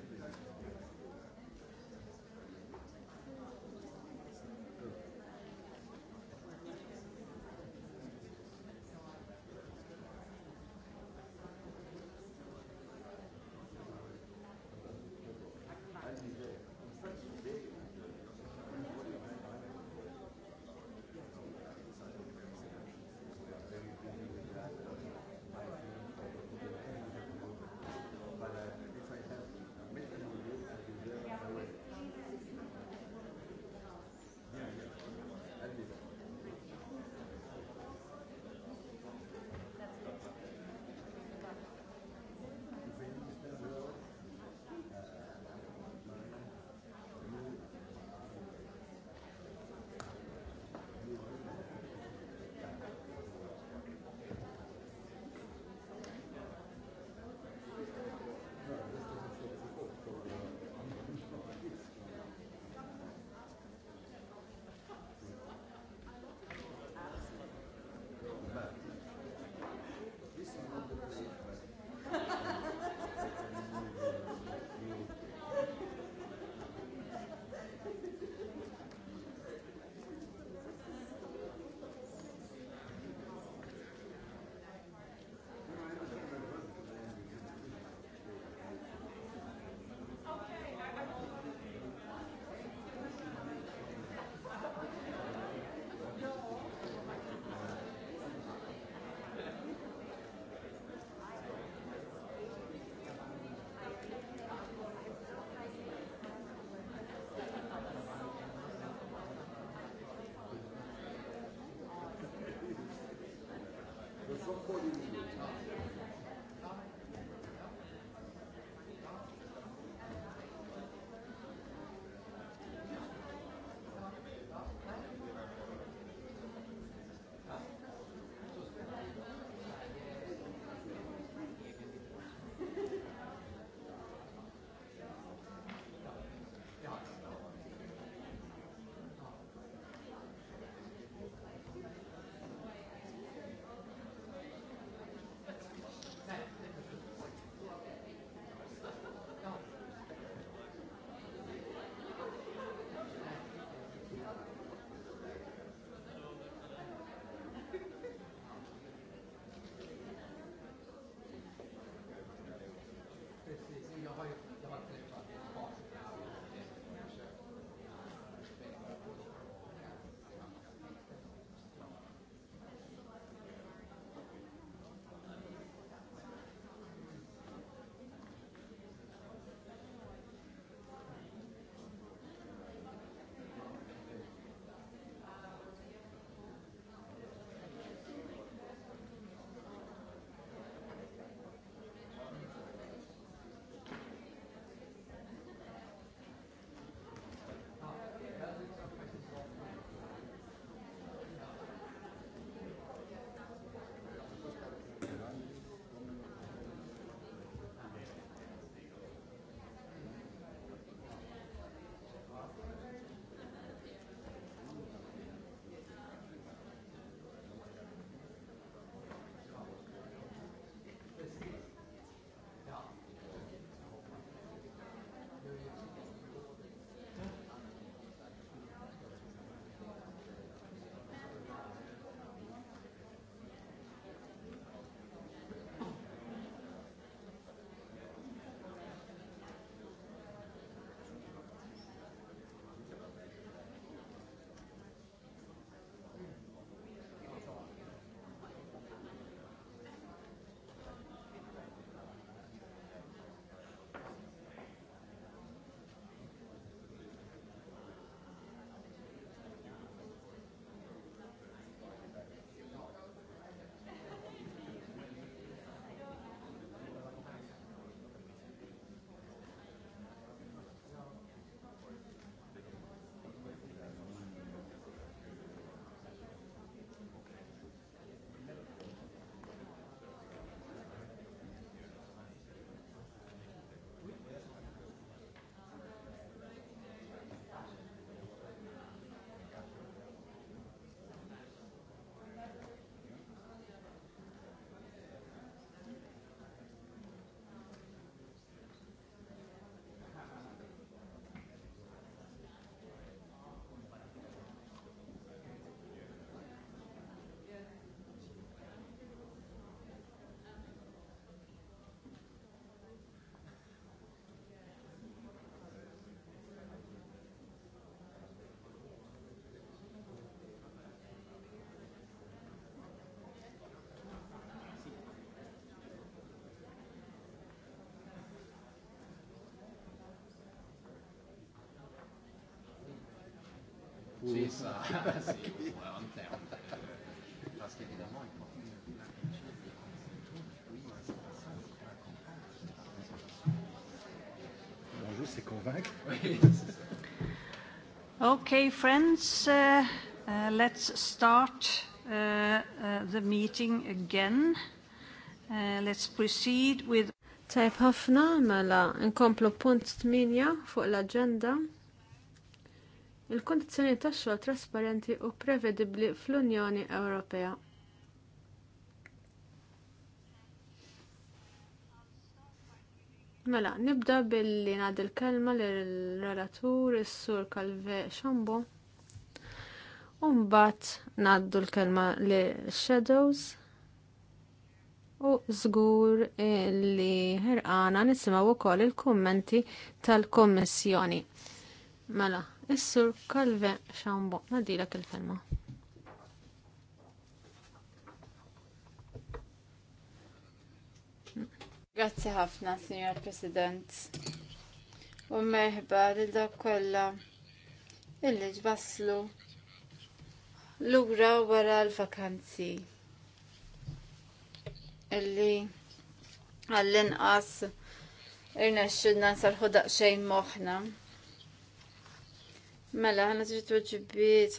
kompodini. Bonjour, c'est convaincre. okay, friends, uh, uh, let's start uh, uh, the meeting again. Uh, let's proceed with... Tajb ħafna mela nkomplu punt 8 fuq l-agenda il-kondizzjoni tax-xogħol trasparenti u prevedibbli fl-Unjoni Ewropea. Mela, nibda billi ngħaddi l-kelma lill-relatur is-sur Calve Xambo. U mbagħad ngħaddu l-kelma lix Shadows u żgur li ħirqana nisimgħu wkoll il-kummenti tal kummissjoni Mela, Is-sur Kalve Xambo, nadilek il-kelma. Grazzi ħafna, Signor President. U meħba li dak kollha illi ġbaslu l-ugra wara l-vakanzi. Illi għall-inqas irnexxilna sarħu daqsxejn moħħna. Mela, ħana tiġi tuġibiet,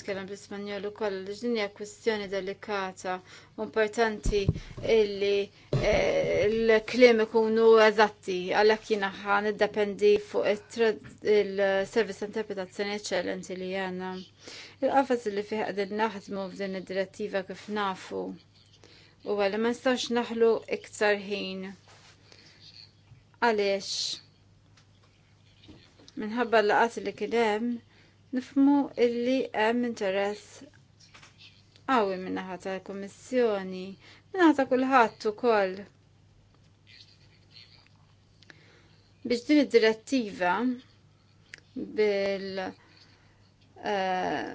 tkellem bl-Ispanjol u koll, l ġinja kwestjoni delikata, importanti illi eh, l-klim ikunu eżatti, għallak jina ħan id-dependi fuq il servis interpretazzjoni eccellenti li jena. Il-qafas li fiħ għadin naħdmu f'din id-direttiva kif nafu u għalli ma nistax naħlu iktar ħin. Għaliex? minħabba l-laqat li kienem nifmu illi hemm interess qawwi minnaħa tal-Kummissjoni, minnaħa ta' kulħadd ukoll. Biex din id-direttiva bil eh,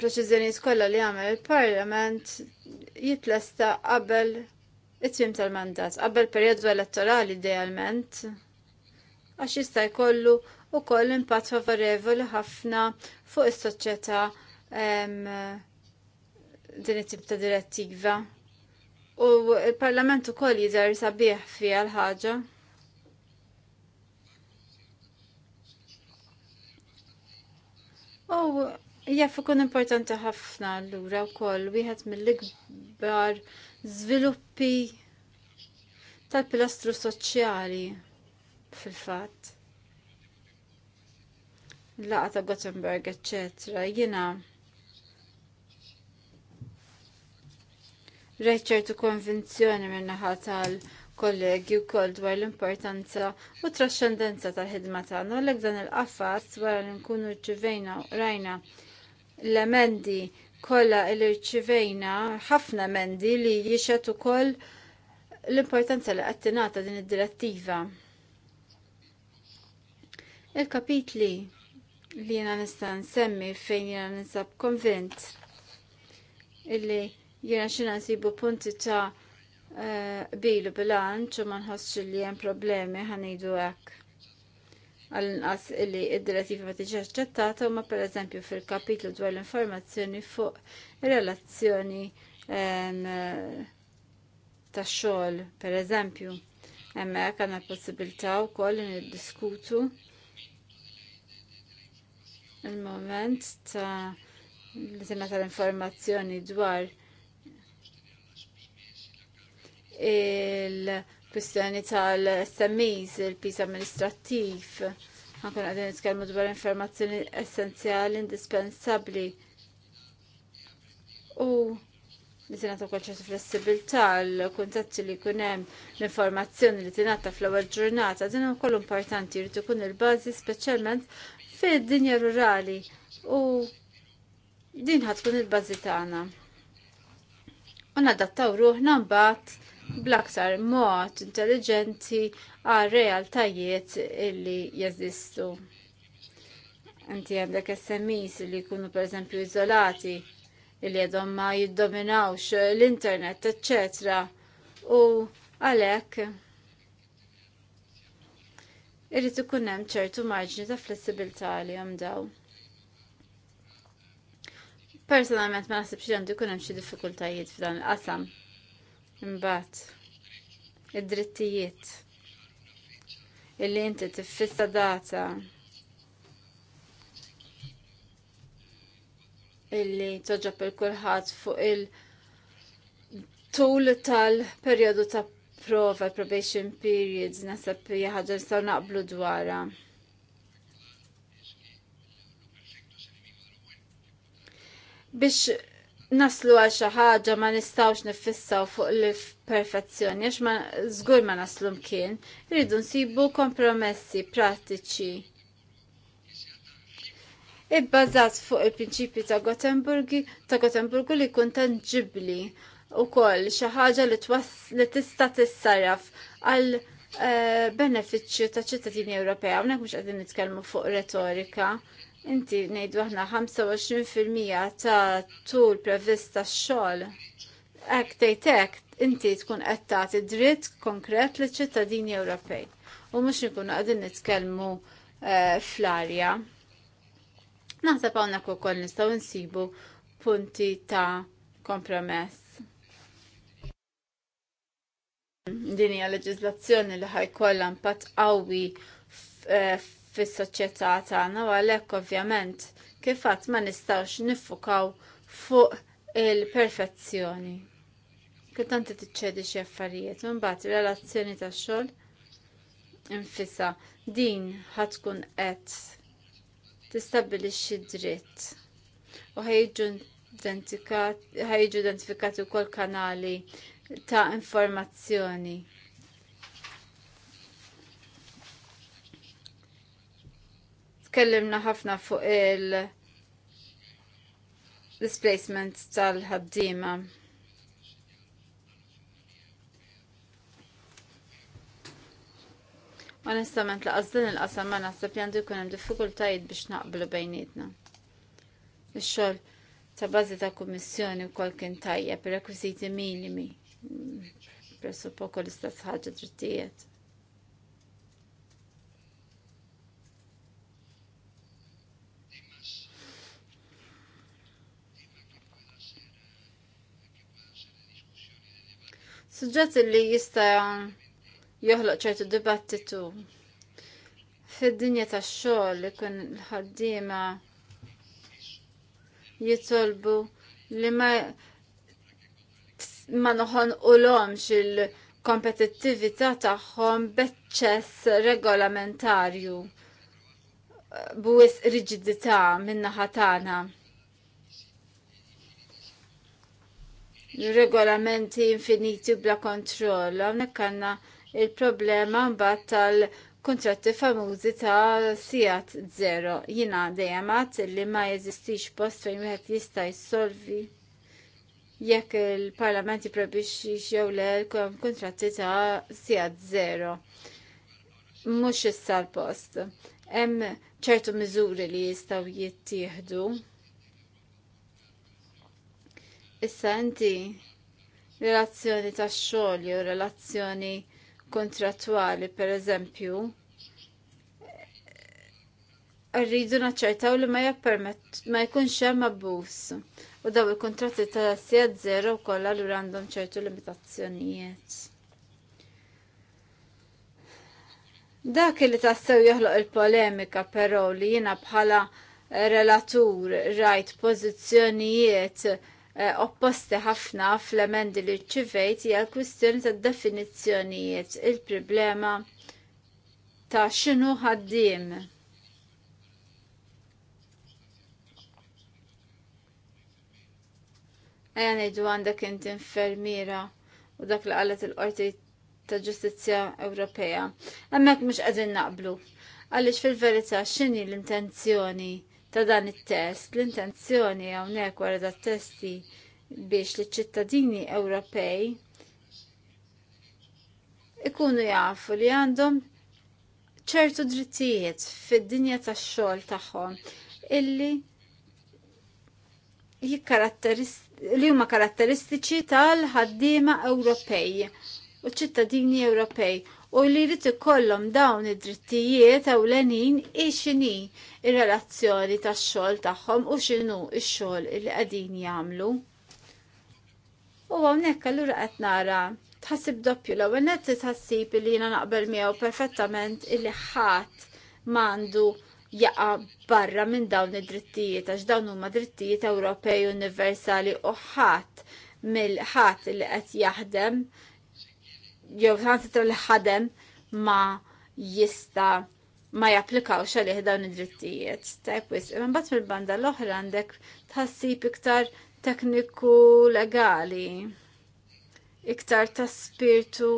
preċiżjoni kollha li għamel il-Parlament jitlesta qabel it-tmim tal-mandat, qabel perjodu elettorali idealment għax jista' jkollu wkoll impatt favorevoli ħafna fuq is-soċjetà din it-tip ta' direttiva. U l parlament ukoll jidher sabiħ fiha l-ħaġa. U jaff ikun importanti ħafna allura wkoll wieħed mill-ikbar żviluppi tal-pilastru soċjali fil-fatt. Laqa ta' Gothenburg, eccetera, jina rejt ċertu konvinzjoni min-naħa tal-kollegi u koll dwar l-importanza u trascendenza tal-ħidma tagħna għalhekk dan il-qafas wara li nkunu rċivejna rajna l-emendi kollha li rċivejna ħafna emendi li jixet ukoll l-importanza li qed tingħata din id-direttiva. Il-kapitli li jena nista' nsemmi fejn jena nisab konvint illi jena xina nsibu punti ta' uh, eh, bilu bilanċ u nħossx li jen problemi ħanidu hekk. għal nqas illi id-direttiva ma tiġi aċċettata ma per eżempju fil-kapitlu dwar l-informazzjoni fuq relazzjoni um, ta' xogħol, per eżempju. Hemmhekk għandna l-possibilità wkoll niddiskutu il-moment ta' li tina tal-informazzjoni dwar il-kwistjoni tal-SMEs, il piż amministrattiv, għankun għadin nitkellmu dwar informazzjoni essenzjali, indispensabli. U Nizinata ta' ċertu flessibilta l-kuntatti li kunem l-informazzjoni li tinata fl-ewwel ġurnata din kollu importanti jirtu ikun il-bażi speċjalment fid-dinja rurali u din ħatkun il-bażi tagħna. U nadattaw ruħna mbagħad bl-aktar mod intelligenti għal realtajiet illi jeżistu. Inti għandek SMEs li jkunu pereżempju iżolati illi għadhom ma jiddominawx l-internet, eccetera. U għalhekk irrid ikun hemm ċertu marġni ta' flessibilità li hemm daw. Personalment ma naħsibx li għandu jkun hemm xi diffikultajiet f'dan il-qasam. Imbagħad id-drittijiet illi inti tiffissa data illi toġob il kulħadd fuq il-tul tal-perjodu ta' prova probation periods nasab jaħadu nistaw naqblu dwara. Biex naslu għal xi ħaġa ma nistgħux nifissaw fuq l-perfezzjoni għax ma żgur ma naslu mkien, irridu nsibu kompromessi pratiċi. Ibbażat fuq il-prinċipji ta' Gotemburgi ta' Gotemburgu li kuntan ġibli u xi ħaġa li li tista' tissarraf għal eh, benefiċċju ta' ċittadini Ewropea. Hawnhekk mhux qegħdin nitkellmu fuq retorika. Inti nejdu għahna 25% ta' tul prevista tax-xogħol. Hekk tgħid hekk inti tkun qed tagħti dritt konkret li ċittadini Ewropej. U mhux nkunu qegħdin nitkellmu eh, fl-arja. Naħseb hawnhekk ukoll nistgħu nsibu punti ta' kompromess. Din hija leġiżlazzjoni li ħajkollha impatt qawwi eh, fis-soċjetà tagħna u għalhekk ovvjament kif ma nistgħux niffukaw fuq il-perfezzjoni. Kultant tiċċedi xi affarijiet, imbagħad ir-relazzjoni tax-xogħol infissa din ħatkun qed tistabbilixxi dritt u ħajġu identifikati wkoll kanali ta' informazzjoni. Tkellimna ħafna fuq il- displacement tal-ħaddima. Onestament, laqas din il-qasam ma naħseb jandu għandu jkun hemm diffikultajiet biex naqblu bejnietna. Ix-xogħol ta' bażi ta' kummissjoni wkoll kien tajjeb ir-rekwiżiti minimi presso poco l ħaġa drittijiet. Suġġett li jista' joħloq ċertu dibattitu fid-dinja tax-xogħol li kun l-ħaddiema jitolbu li ma ma noħon l-omx il-kompetittivita tagħhom beċċess regolamentarju buwis rigidità minnaħa tagħna. Regolamenti infiniti bla kontroll, hawnhekk għandna il-problema mbagħad tal-kuntratti famużi ta' sijat zero. Jina dejjem li ma jeżistix post fejn wieħed jista' jissolvi jekk il-Parlament jiprobix jew le kontratti ta' sijad zero. Mhux issa l-post. Hemm ċertu miżuri li jistgħu jittieħdu. Issa inti relazzjoni ta' xogħol jew relazzjoni kontrattwali pereżempju rridu naċċertaw li ma jappermett ma jkunx hemm abbuż u daw il-kontratti ta' sijad zero u kolla l għandhom ċertu limitazzjonijiet. Dak li tassew joħloq il-polemika però li jina bħala relatur rajt pozizjonijiet eh, opposti ħafna fl-emendi li ċivejt hija l-kwistjoni ta' definizzjonijiet il-problema ta' xinu ħaddim Ejja ngħidu għandek inti infermira u dak li qalet il-qorti ta' ġustizzja Ewropea. Hemmhekk mhux qegħdin naqblu. Għaliex fil-verità x'inhi l-intenzjoni ta' dan it-test, l-intenzjoni hawnhekk wara da' testi biex liċ ċittadini Ewropej ikunu jafu li għandhom ċertu drittijiet fid-dinja tax-xogħol tagħhom illi jikkaratteristi li huma karatteristiċi tal-ħaddiema Ewropej u ċittadini Ewropej u li rrit ikollhom dawn id-drittijiet ewlenin ixini ir-relazzjoni tax-xogħol tagħhom u x'inhu x-xogħol li qegħdin jagħmlu. U hawnhekk allura qed nara tħassib doppju l-ewwel nett tħassib li jiena naqbel miegħu perfettament illi ħadd m'għandu jaqa barra minn dawn id-drittijiet għax dawn huma drittijiet Ewropej universali u ħadd mill-ħadd li qed jaħdem jew ħadd li ħadem ma jista ma japplikawx għalih dawn id-drittijiet. Tajb wis, imma mbagħad mill-banda l-oħra għandek tħassib iktar tekniku legali, iktar ta' spirtu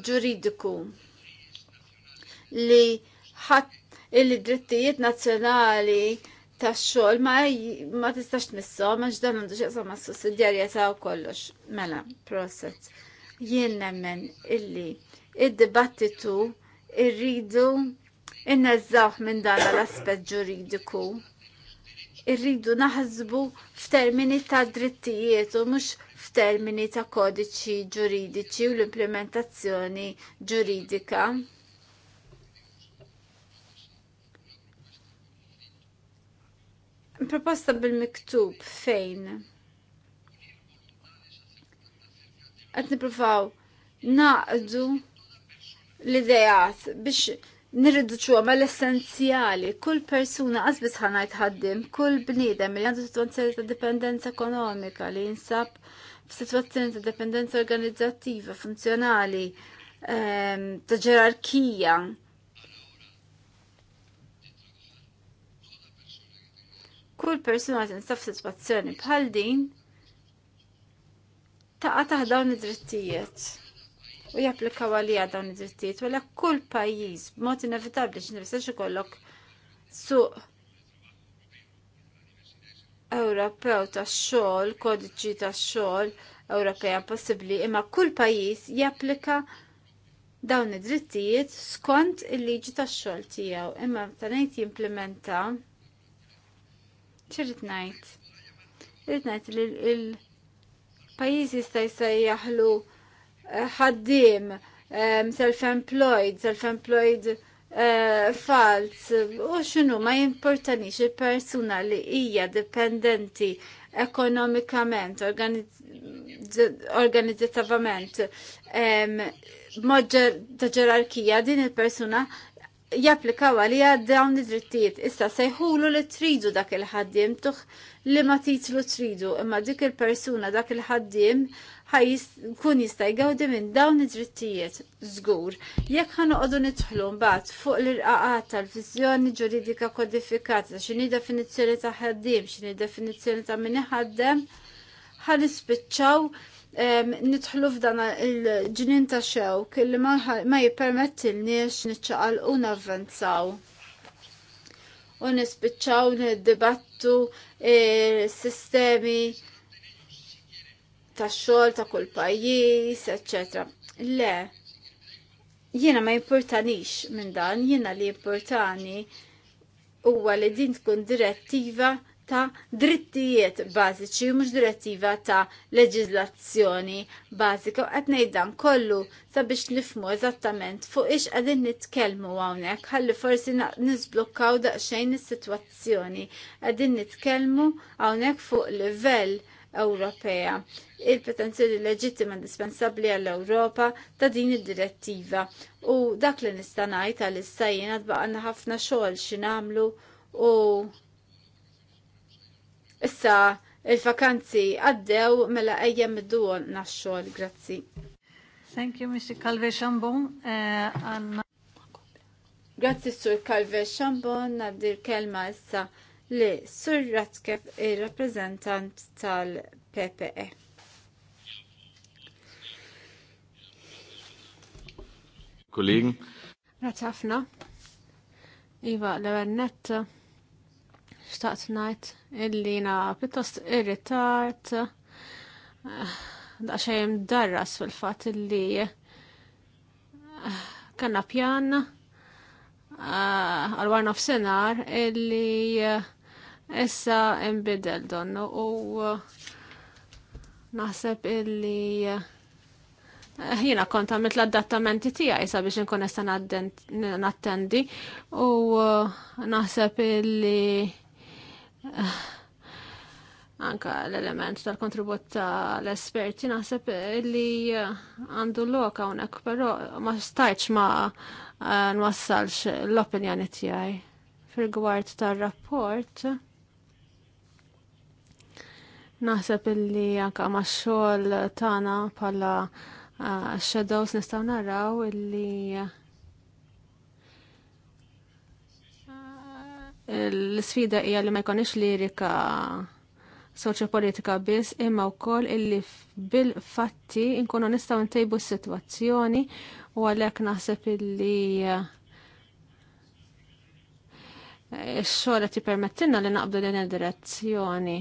ġuridiku li ħadd il-drittijiet nazzjonali tax xogħol ma, ma tistax tmissom għax dan għandu x'jaqsam ma' sussidjarjetà u kollox. Mela, process Jien nemmen illi id-dibattitu irridu inneżawh minn dan l-aspett ġuridiku irridu naħsbu f'termini ta' drittijiet u mhux f'termini ta' kodiċi ġuridiċi u l-implementazzjoni ġuridika. Proposta bil-miktub fejn? Qed nippruvaw naqdu l-idejat biex nirriduċu għamel essenzjali, kull persuna għazbis ħanajt ħaddim, kull bnidem li għandu situazzjoni ta' dipendenza ekonomika li jinsab f'sitwazzjoni ta' dipendenza organizzattiva, funzjonali, ehm, ta' ġerarkija. Kull persuna tinsab f'sitwazzjoni bħal din ta' taħdawn id-drittijiet u japplikaw għalija dawn id-drittijiet. Wala kull pajjiż b'mod inevitabbli x'nifsex ikollok suq Ewropew tax-xogħol, kodiċi tax-xogħol Ewropea possibbli, imma kull pajjiż japplika dawn id-drittijiet skont il-liġi tax-xogħol tiegħu, imma meta ngħid jimplementa ċirrit ngħid. Irrid ngħid li l-pajjiż jista' jsejjaħlu ħaddim, self-employed, self-employed eh, fals, u xinu ma jimportanix il-persuna li hija dipendenti ekonomikament, organizzativament, moġġer ta' ġerarkija din il-persuna japplikaw għalija dawn id-drittijiet. Issa sejħulu li tridu dak il-ħaddim tuħ li ma titlu tridu imma dik il-persuna dak il-ħaddim kun jista' jgawdi minn dawn id-drittijiet żgur. Jekk noqogħdu nidħlu mbagħad fuq l-irqaqat tal-viżjoni ġuridika kodifikata x'inhi definizzjoni ta' ħaddiem, x'inhi definizzjoni ta' min iħaddem, nispiċċaw nidħlu f'dan il-ġnien ta' xew kelli ma jippermettilniex niċċaqalqu navvenzaw u nispiċċaw niddibattu s eh, sistemi tax-xogħol ta' kull pajjiż, eċċetera. Le, jiena ma importanix minn dan, jiena li importani huwa li din tkun direttiva ta' drittijiet bażiċi u mhux direttiva ta' leġiżlazzjoni bażika u qed ngħid dan kollu sabiex nifmu eżattament fuq ix qegħdin nitkellmu hawnhekk ħalli forsi nisblukkaw daqsxejn is-sitwazzjoni. Qegħdin nitkellmu hawnhekk fuq livell Ewropea. Il-pretenzjoni leġittima indispensabbli għall-Ewropa ta' din id-direttiva u dak li nista' ngħid għal issajjien għadbaqna ħafna xogħol xi nagħmlu u issa il-vakanzi għaddew mela ejjem id-duol nax-xogħol. Grazzi. Thank you, Mr. Calve Chambon. Uh, Grazzi, Sur Calve Chambon, għaddi l-kelma issa li Sir Ratkeb ir-rappreżentant tal-PPE. Kollegen. Ratafna. Iva, l-għennet xtaqt najt il-lina pittost irritat daċxajem darras fil-fat il-li kanna pjan għal-warna f-senar illi Issa imbidel donnu u uh, naħseb illi uh, jina kont għamilt l-adattamenti tiegħi sabiex inkun nista' nattendi u uh, naħseb illi anka l-element tal-kontribut tal-esperti naħseb li għandu lok hawnhekk, però ma stajtx ma nwassalx l-opinjoni tiegħi fil-gwart tar-rapport. Naħseb illi anka ma' xogħol tagħna bħala uh, shadows nistgħu naraw illi uh, l-sfida hija li ma jkunx lirika uh, soċjopolitika biss imma wkoll illi bil-fatti nkunu nistgħu ntejbu s-sitwazzjoni u għalhekk naħseb illi x-xogħol qed jippermettilna li naqbdu din id-direzzjoni.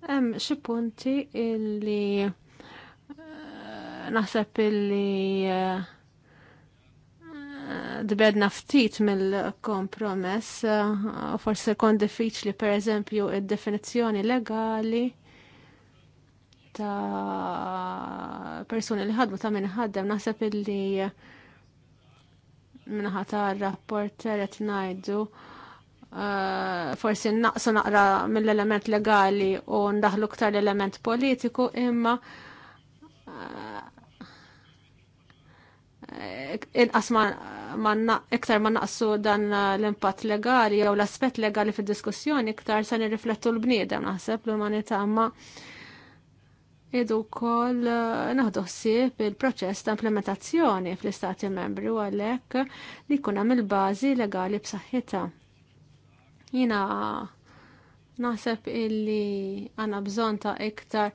Hemm xi punti illi eh, naħseb illi eh, dbedna ftit mill-kompromess, eh, forse kon diffiċli per eżempju id-definizzjoni legali ta' persuni li ħadmu ta' minn ħaddem naħseb illi minnaħat ta' rapporter qed ngħidu Eh, forsi naqsa naqra mill-element legali u ndaħlu ktar l-element politiku imma eh, inqas iktar ma naqsu dan l-impatt legali jew l-aspett legali fid-diskussjoni iktar se nirriflettu l-bniedem naħseb l-umanità ma idu kol eh, naħdu ħsieb il-proċess ta' implementazzjoni fl-istati membri u għalhekk li jkun hemm il-bażi legali b'saħħitha. Jina naħseb illi għana bżon ta' iktar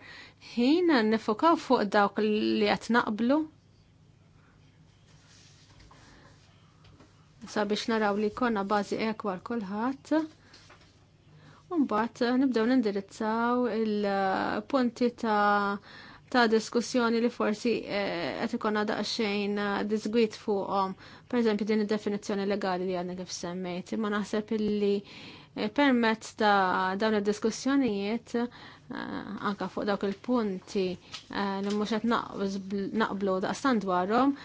jina nifokaw fuq dawk li qed naqblu. Sabiex naraw li konna bażi ekwar kulħadd. bat nibdew nindirizzaw il-punti ta' ta' diskussjoni li forsi eh, qed ikonna daqsxejn eh, disgwit fuqhom. Pereżempju din id-definizzjoni legali li għandna kif semmejt, ma naħseb illi eh, permezz ta' dawn id-diskussjonijiet anka fuq dawk il-punti li mhux qed naqblu daqstan dwarhom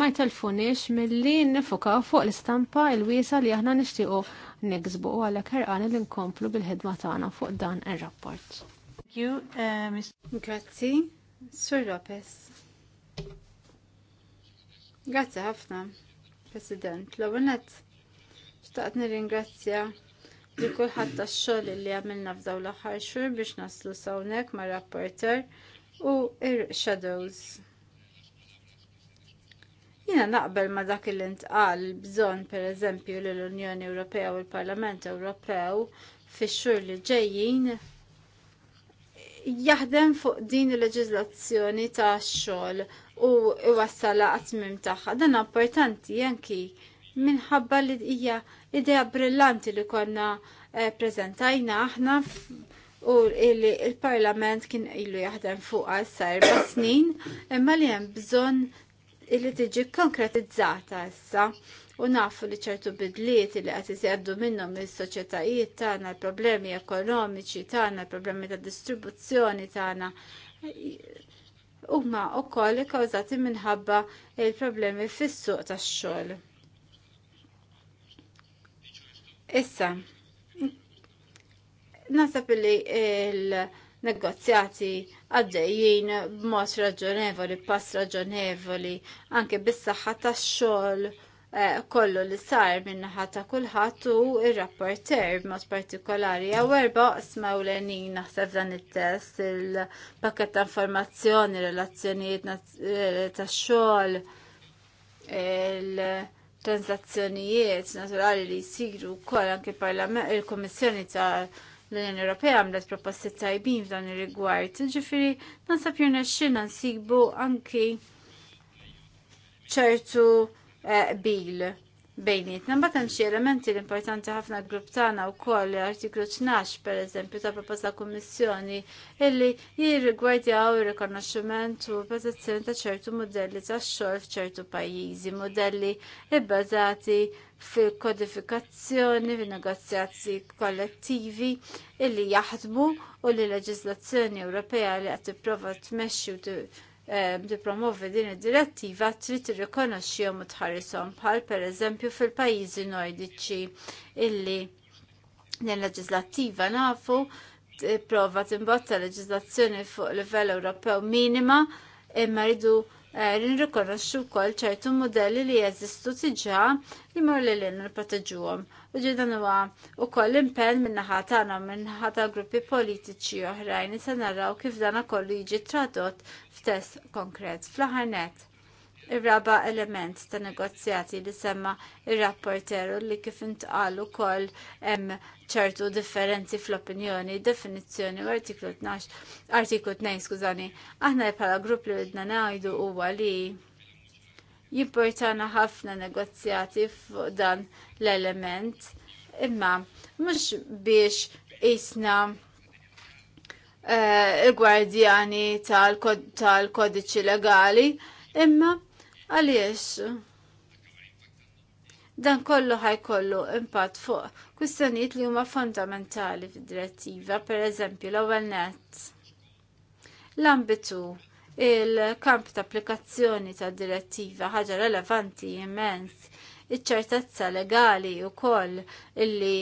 ma jtelfunix milli nifukaw fuq l-istampa il-wiesa li aħna nixtiequ niksbu għalhekk ħerqani li nkomplu bil-ħidma tagħna fuq dan ir-rapport. You, uh, Ms. Grazzi, Sur Lopez. Grazzi ħafna, President. L-għonet, xtaqt nir-ingrazzja li kullħat tax-xogħol li għamilna f'daw l-aħħar xhur biex naslu sawnek ma' rapporter u ir-shadows. Jiena naqbel ma' dak il intqal bżonn pereżempju lill unjoni Ewropea u l-Parlament Ewropew fix-xhur li ġejjin jaħdem fuq din il-leġizlazzjoni ta' xogħol u iwassala għatmim tagħha. Dan importanti anki minħabba li hija idea brillanti li konna eh, prezentajna aħna u li il-parlament kien ilu jaħdem fuq għal erba snin imma li hemm bżonn li tiġi konkretizzata issa u nafu li ċertu bidliet li qed iżjaddu minnhom is-soċjetajiet tagħna, l-problemi ekonomiċi tagħna, l-problemi ta' distribuzzjoni tagħna huma wkoll ikkawżati minħabba il-problemi fis-suq tax-xogħol. Issa, nasab li il- negozjati għaddejjin b'mod raġonevoli, pass raġonevoli, anke bis-saħħa tax-xogħol Eh, kollu li sar minnaħa ta' kulħadd u ir-rapporter mod partikolari għaw erba' smaw l-enin naħseb dan it-test il-pakket ta' informazzjoni, relazzjonijiet eh, ta' xogħol, il-transazzjonijiet naturali li jsiru wkoll anke il-Kummissjoni ta' l-Unjoni Ewropea għamlet proposti tajbin f'dan ir-rigward. Ġifieri nansab jirnexxilna nsibu anki ċertu Eh, bil bejnietna. Ma hemm xi elementi l-importanti ħafna grupp tagħna wkoll artiklu 12 pereżempju ta' proposta kummissjoni illi jirrigwardjaw ir-rikonoxximent u l-pożizzjoni ta' ċertu modelli tax-xogħol f'ċertu pajjiżi, modelli bbażati fil-kodifikazzjoni, fil-negozjazzi kollettivi illi jaħdmu u li leġislazzjoni Ewropea li qed tipprova tmexxi u tipromovi eh, din id-direttiva trid tirrikonoxxihom u tħarrishom bħal pereżempju fil-pajjiżi nordiċi illi nel-leġislattiva nafu prova timbotta leġislazzjoni fuq livell Ewropew minima imma rridu eh, nirrikonoxxu wkoll ċertu modelli li jeżistu diġà li mor li l nipproteġuhom. U ġidan huwa wkoll impenn min-naħa tagħna min ta' gruppi politiċi oħrajn se naraw kif dan ukoll jiġi tradott f'test konkret. Fl-ħarnet, ir-raba element ta' negozjati li semma ir-rapporteru li kif intqal ukoll hemm ċertu differenzi fl-opinjoni, definizzjoni u artiklu 12, artiklu 2, skużani, aħna bħala grupp li ridna ngħidu huwa li jimportana ħafna negozjati fuq dan l-element imma mhux biex isna Eh, il-gwardjani tal-kodiċi legali, imma għaliex dan kollu ħajkollu impatt fuq kwistjonijiet li huma fondamentali fid-direttiva, per eżempju l-ewwel net. L-ambitu il-kamp ta' applikazzjoni ta' direttiva ħaġa relevanti immens, iċ-ċertezza legali u koll illi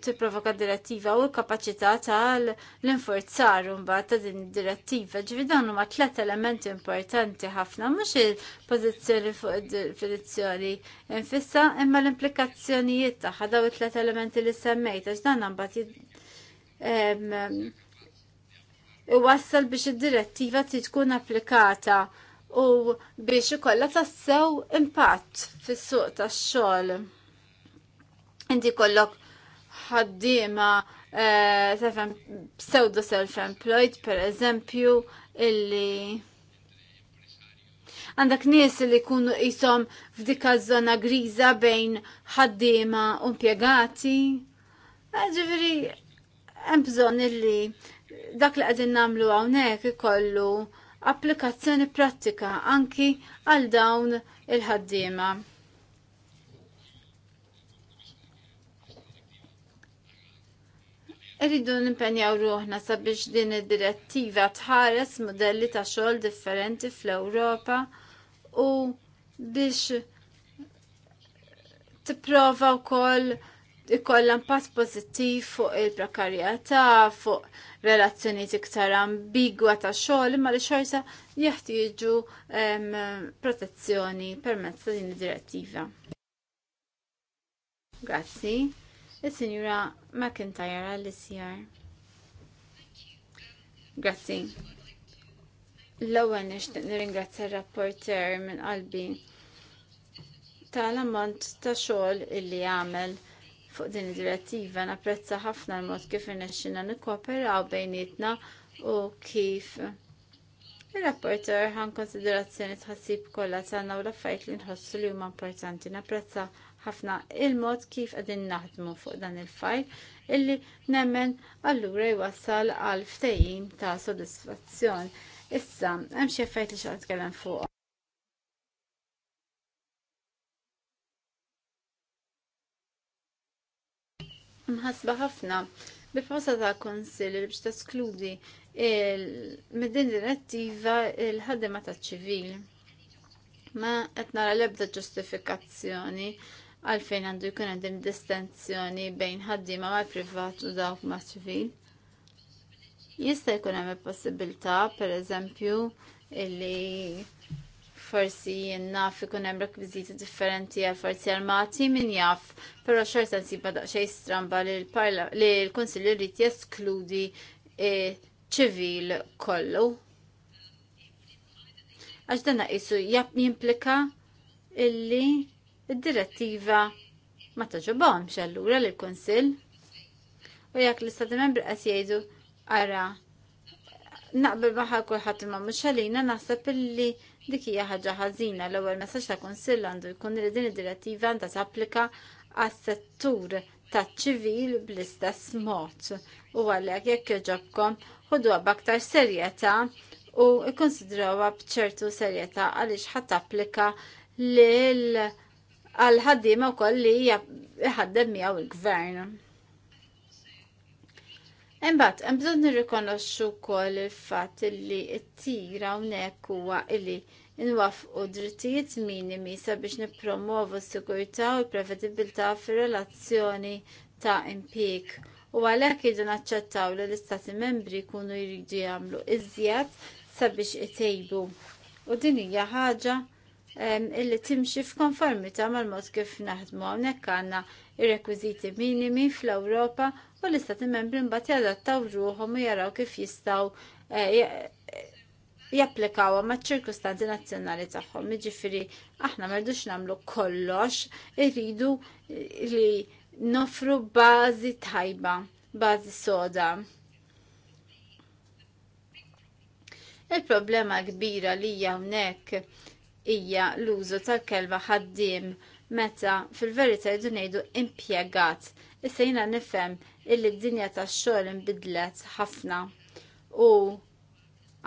tipprovoka direttiva u l-kapacità tal un mbagħad ta' din id-direttiva. Ġifi dawn huma tliet elementi importanti ħafna mhux il-pożizzjoni fuq id definizjoni infissa imma l-implikazzjonijiet ta' ħadaw it elementi li semmejt għax dan mbagħad iwassal biex id-direttiva tkun applikata u biex ikollha tassew impatt fis-suq tax-xogħol inti kollok ħaddiema uh, eh, pseudo self-employed per eżempju illi għandak nies li kunu jisom f'dika zona griża bejn ħaddiema u impjegati. Eh, ġifiri, hemm bżonn illi dak li qegħdin nagħmlu hawnhekk ikollu applikazzjoni prattika anki għal dawn il-ħaddiema. Irridu nimpenjaw ruħna sabiex din id-direttiva tħares modelli ta' xogħol differenti fl-Ewropa u biex tipprova wkoll ikollha impatt pożittiv fuq il-prekarjetà, fuq relazzjonijiet iktar ambigwa ta' xogħol imma li xorta jeħtieġu protezzjoni permezz ta' din id-direttiva. Grazzi. Signora sinjura McIntyre għall-ISR. Grazzi. L-ewwel nixtieq nirringrazzja r-rapporter minn qalbi tal-ammont ta' xogħol illi għamel fuq din id-direttiva napprezza ħafna l-mod kif irnexxina nikkooperaw bejnietna u kif ir-rapporter ħan konsiderazzjoni tħassib kollha tagħna u l-affarijiet li nħossu li huma importanti. Napprezza ħafna il-mod kif qegħdin naħdmu fuq dan il-fajl illi nemmen allura jwassal għal ftejim ta' sodisfazzjon. Issa, hemm xi effett li xaqt kellem fuq. Mħasba ħafna bi proposta ta' konsil li biex taskludi il din direttiva il-ħaddima ta' ċivil. Ma qed nara l-ebda ġustifikazzjoni għalfejn għandu jkun għandim distenzjoni bejn ħaddiema mal privat u dawk ma' ċivil. Jista' jkun hemm il-possibilità, pereżempju, illi forsi naf ikun hemm rekwiżiti differenti għal forzi armati min jaf, però xorta nsiba daqsxejn stramba li l-Kunsill irid jeskludi e, ċivil kollu. Għax dan qisu jimplika illi id-direttiva ma taġobomx allura lill kunsill U jekk l-istati membri qed jgħidu ara naqbel maħal kulħadd imma mhux ħalina naħseb illi dik hija ħaġa ħażina l-ewwel messaġġ ta' kunsill għandu jkun li din id-direttiva għandha tapplika għas-settur taċ-ċivil bl-istess mod. U għalhekk jekk jogħġobkom ħuduha b'aktar serjetà u ikkonsidrawha b'ċertu serjetà għaliex ħadd tapplika lil għal u wkoll li jħaddem miegħu il-gvern. Imbagħad hemm bżonn nirrikonoxxu wkoll il-fatt li t-tira hawnhekk huwa illi u drittijiet minimi sabiex nipromovu s-sigurtà u l-prevedibilità fir-relazzjoni ta' impik. u għalhekk jiġu naċċettaw li l-istati membri jkunu jridu jagħmlu iżjed sabiex it-tejbu. U din hija ħaġa illi timxi f'konformità mal-mod kif naħdmu hawnhekk għandna ir-rekwiżiti minimi fl-Ewropa u l-istati membri mbagħad jadattaw ruħhom u jaraw kif jistgħu eh, japplikaw ma' ċirkustanzi nazzjonali tagħhom. Jiġifieri aħna m'rdux nagħmlu kollox, irridu li nofru bażi tajba, bażi soda. Il-problema kbira li hawnhekk hija l-użu tal kelba ħaddim meta fil-verità jridu ngħidu impjegat. Issa jiena nifhem illi d-dinja tax-xogħol inbidlet ħafna u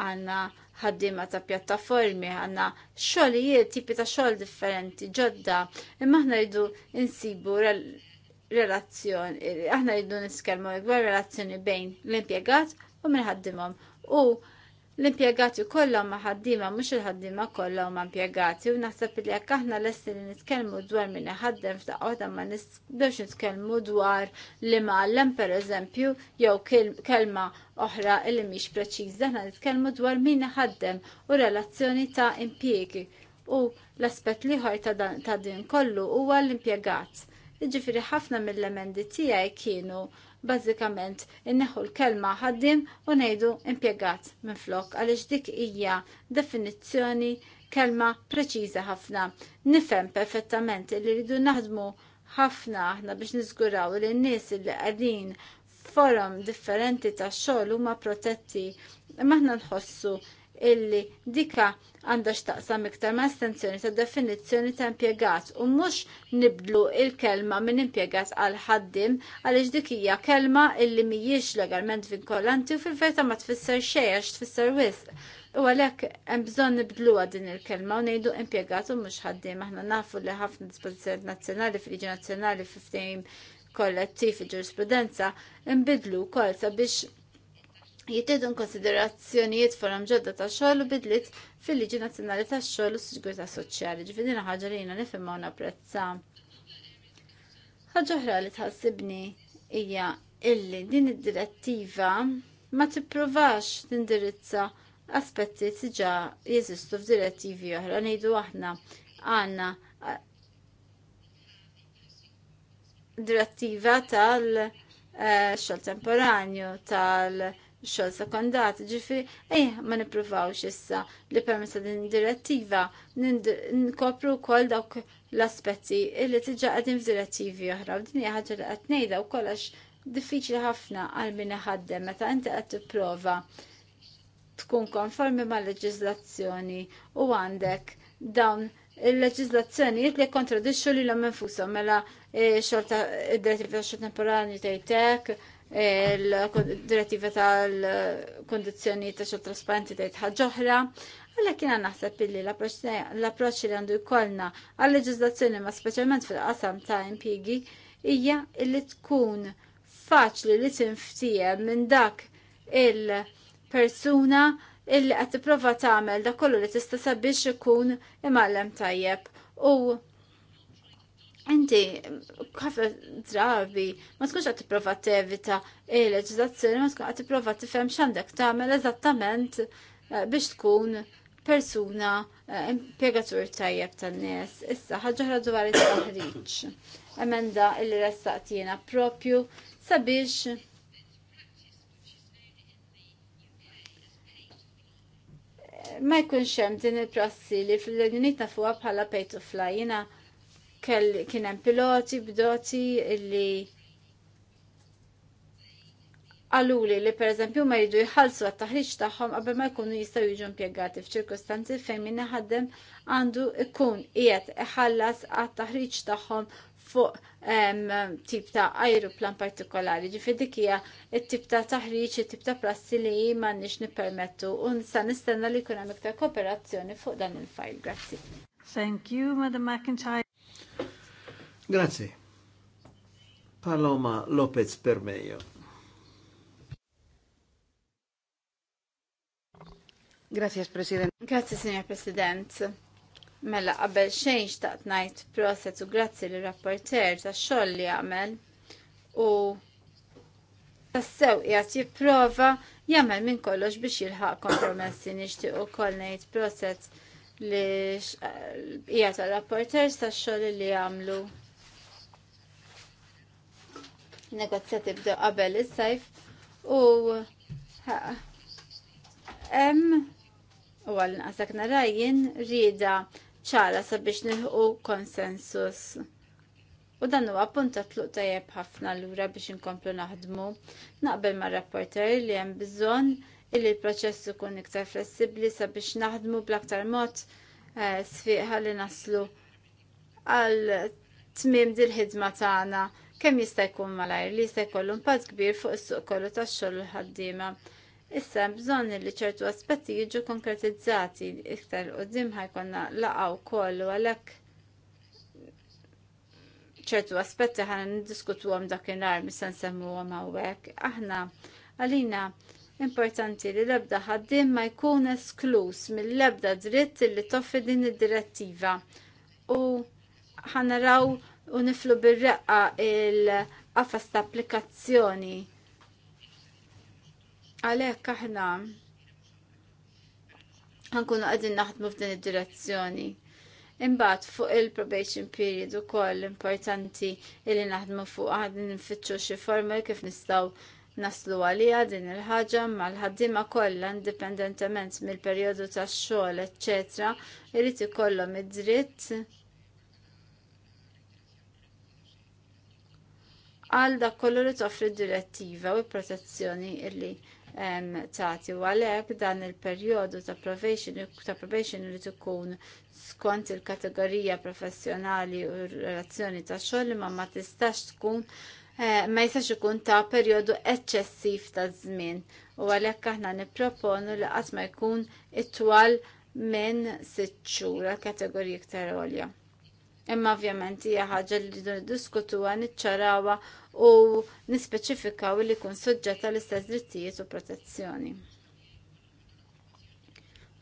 għandna ħaddima ta' pjattaformi, għanna xogħlijiet, tipi ta' xogħol differenti, ġodda, imma aħna rridu insibu relazzjoni, aħna rridu niskelmu għal relazzjoni bejn l-impjegat u minn ħaddimhom. U l-impjegati kollha ma ħaddiema mhux il-ħaddiema kollha huma impjegati u naħseb li jekk aħna lesti li nitkellmu dwar min iħaddem f'daqgħoda ma nistgħux nitkellmu dwar li mgħallem pereżempju jew kelma oħra li mhix preċiża aħna nitkellmu dwar min iħaddem u relazzjoni ta' impjiegi u l-aspett liħor ta' din kollu huwa l-impjegat. Jiġifieri ħafna mill-emendi tiegħi kienu bażikament inneħu l-kelma ħaddim u ngħidu impjegat minn flok għaliex dik hija definizzjoni kelma preċiża ħafna. Nifhem perfettament li rridu naħdmu ħafna aħna biex niżguraw li n-nies li għadin forum differenti ta' xogħol huma protetti. Imma aħna nħossu illi dika għandha x'taqsam iktar ma' estensjoni ta' definizzjoni ta' impjegat u mhux nibdlu il-kelma minn impjegat għal ħaddim għaliex dik hija kelma illi mhijiex legalment vinkolanti u fil verta ma tfisser xejja tfisser wisq. U għalhekk hemm bżonn nibdluha din il-kelma u ngħidu impjegat u mhux ħaddiem. Aħna nafu li ħafna dispożizzjonijiet nazzjonali fil-liġi nazzjonali fi kollettiv ġurisprudenza imbidlu kol sabiex jittedu konsiderazzjonijiet forum ġodda ta' xogħol u fil-Liġi Nazzjonali ta' xogħol u s-Sigurtà Soċjali. Ġifieri ħaġa li jina nifhimha u napprezza. Ħaġa li tħassibni hija illi din id-direttiva ma tippruvax tindirizza aspetti tiġa jeżistu f'direttivi oħra ngħidu aħna għandna eh, direttiva tal- eh, xogħol temporanju tal- xogħol sekondat, ġifi, ej, eh, ma nippruvawx issa li permessa din direttiva nkopru wkoll dawk l-aspetti illi tiġa qegħdin f'direttivi oħra. Din hija ħaġa li qed ngħidha wkoll għax diffiċli ħafna għal min iħaddem meta inti qed tipprova tkun konformi mal-leġiżlazzjoni u għandek dawn il-leġizlazzjoni li kontradixxu li l-om infushom mela eh, xorta id-direttiva xorta temporani tajtek, il-direttiva tal-kondizjoni ta' xol trasparenti ta' ħagġoħra, għalla kiena naħseb illi l-approċċ li għandu jkollna għal-leġizlazzjoni ma' specialment fil-qasam ta' impigi hija illi tkun faċli li tinftijeb minn dak il-persuna illi qed ta' tagħmel dak kollu li tista' sabiex ikun imallem tajjeb u Inti, ħafna drabi, ma tkunx għat t-prova t-evita il-leġizazzjoni, ma tkun għat t-prova t-fem xandek tamel eżattament eh, biex tkun persuna eh, impiegatur tajjeb tan-nies. Issa, ħagġoħra dwar it-taħriċ. Emenda il jena propju sabiex ma jkunx hemm din il-prassi li fil-Unit fuqha bħala pay to fly. Jina, kien hemm piloti b'doti illi għaluli li per eżempju ma jridu jħalsu għat-taħriġ tagħhom qabel ma jkunu jistgħu jiġu impjegati f'ċirkostanzi fejn min ħaddem għandu jkun qiegħed iħallas għat-taħriġ tagħhom fuq tip ta' ajruplan partikolari. Ġifi dik hija t-tip ta' taħriġ, it-tip ta' prassi li m'għandniex nippermettu u nista' nistenna li jkun hemm iktar kooperazzjoni fuq dan il-fajl. Grazzi. Thank you, Madam McIntyre. Grazie. Paloma Lopez Permejo. Grazie, President. Grazie, Signor President. Mela, qabel xejn xtaqt ngħid proċess u grazzi li rapporter tax xogħol li għamel. u tassew qiegħed jipprova jagħmel minn kollox biex jilħaq kompromessi nixtieq ukoll ngħid proċess li qiegħed rapporter tax xogħol li għamlu negozjati bdew qabel is-sajf u hemm u għal naqsak narajjin rida ċara sabiex nilħu konsensus. U dan huwa punta tluq tajjeb ħafna lura biex inkomplu naħdmu. Naqbel ma' rapporter li hemm bżonn illi l-proċess ikun iktar flessibbli sabiex naħdmu bl-aktar mod eh, sfiqħa li naslu għal tmim dil-ħidma tagħna kemm jista' jkun malajr li jista' jkollu impatt kbir fuq is-suq kollu tax-xogħol ħaddiema. Issa bżonn li ċertu aspetti jiġu konkretizzati iktar qudiem ħajkonna laqgħu wkoll u għalhekk ċertu aspetti ħana niddiskutuhom dakinhar mista nsemmuhom hawnhekk. Aħna għalina importanti li l-ebda ħaddiem ma jkun esklus mill-ebda dritt li toffi din id-direttiva. U ħanaraw u niflu bir-reqqa il-qafas ta' applikazzjoni. Għalhekk aħna għankunu qegħdin naħdmu f'din id-direzzjoni. Imbagħad fuq il-probation period ukoll importanti li naħdmu fuq għadin nfittxu xi forma kif nistgħu naslu għalija din il-ħaġa mal-ħaddiema kollha indipendentement mill-perjodu tax-xogħol, eċċetera, irid ikollhom id-dritt għal da kollu li toffri d-direttiva u protezzjoni illi tagħti u għalhekk dan il-perjodu ta' probation ta' probation li tukun skont il-kategorija professjonali u relazzjoni ta' xogħol ma ma tistax tkun eh, ma jistax ikun ta' perjodu eċċessiv ta' żmien u għalhekk aħna nipproponu li qatt ma jkun itwal minn sitt xhur għal kategorija iktar għolja. Imma ovvjament hija ħaġa li rridu niddiskutuha, niċċarawha u nispeċifikaw li jkun suġġett għall istess drittijiet u protezzjoni.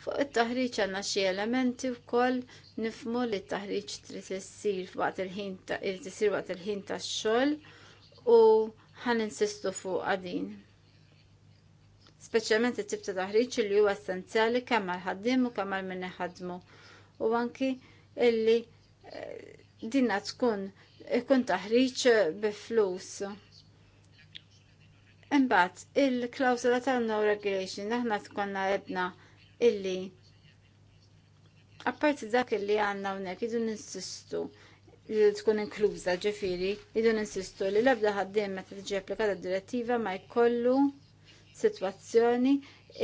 Fuq it-taħriġ għandna xi elementi wkoll nifmu li t-taħriġ trid issir waqt il-ħin irid isir waqt il-ħin tax-xogħol u ħan insistu fuq għadin. Speċjalment it-tip ta' taħriġ li huwa essenzjali kemm għal ħaddiem u kemm għal min iħaddmu u anki illi dinna tkun ikun taħriġ bi flus. Imbagħad il klawsula tal-no regulation aħna tkunna ebna illi apparti dak illi għandna hawnhekk idu insistu li tkun inkluża ġifieri idu ninsistu li l-ebda ħaddiem meta tiġi applikata direttiva ma jkollu sitwazzjoni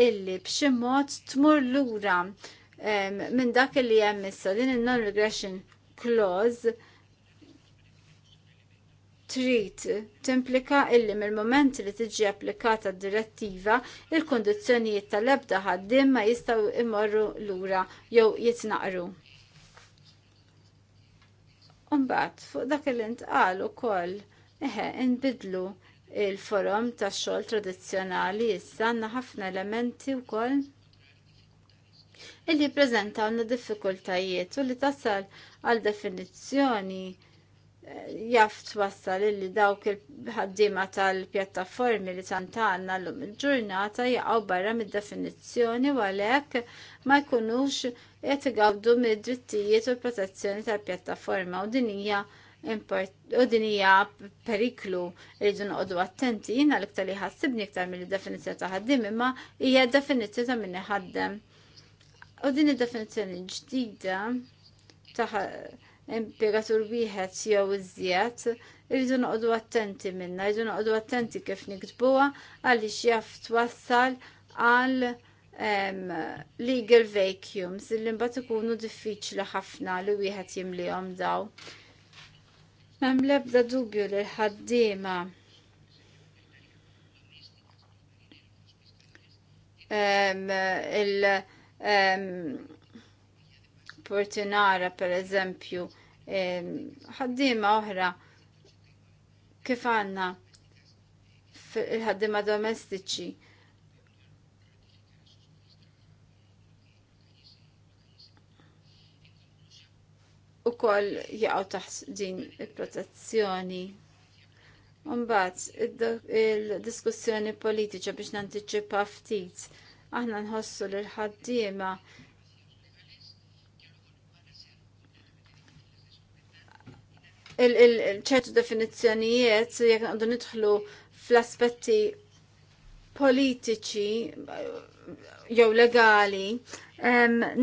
illi b'xi mod tmur lura minn dak illi hemm issa din il-non regression clause trid timplika illi mill-moment li tiġi applikata d direttiva il-kondizzjonijiet tal-ebda ħaddiem ma jistgħu imorru lura jew jitnaqru. Umbat, fuq dak li ntqal ukoll eħe inbidlu il-forom tax-xogħol tradizzjonali issa għandna ħafna elementi wkoll illi għanna diffikultajiet u li tasal għal definizzjoni eh, jaft twassal illi dawk il-ħaddima tal-pjattaformi li tantanna l-lum il-ġurnata jaqaw barra mid-definizzjoni u għalek ma jkunux jgħet għawdu mid-drittijiet u protezzjoni tal-pjattaforma u dinija u dinija periklu irridu noqogħdu attenti jina l-iktar li ħassibni iktar mill-definizzjoni ta' ħaddim imma hija definizzjoni ta' minni ħaddem U din id definizjoni ġdida ta' imperatur wieħed jew iżjed irridu noqogħdu attenti minna, irridu noqogħdu attenti kif niktbuha għaliex jaf twassal għal um, legal vacuums li mbagħad ikunu diffiċli ħafna li wieħed jimlihom daw. Mem lebda dubju li l-ħaddiema um, il- Ehm, Portinara per eżempju, ehm, ħaddima oħra kif għanna il-ħaddima domestiċi. u kol jgħaw taħs din il-protezzjoni. Umbat, il-diskussjoni politiċa biex nantiċipa ftit aħna nħossu l ħaddiema il-ċertu definizzjonijiet jekk għandu nidħlu fl-aspetti politiċi jew legali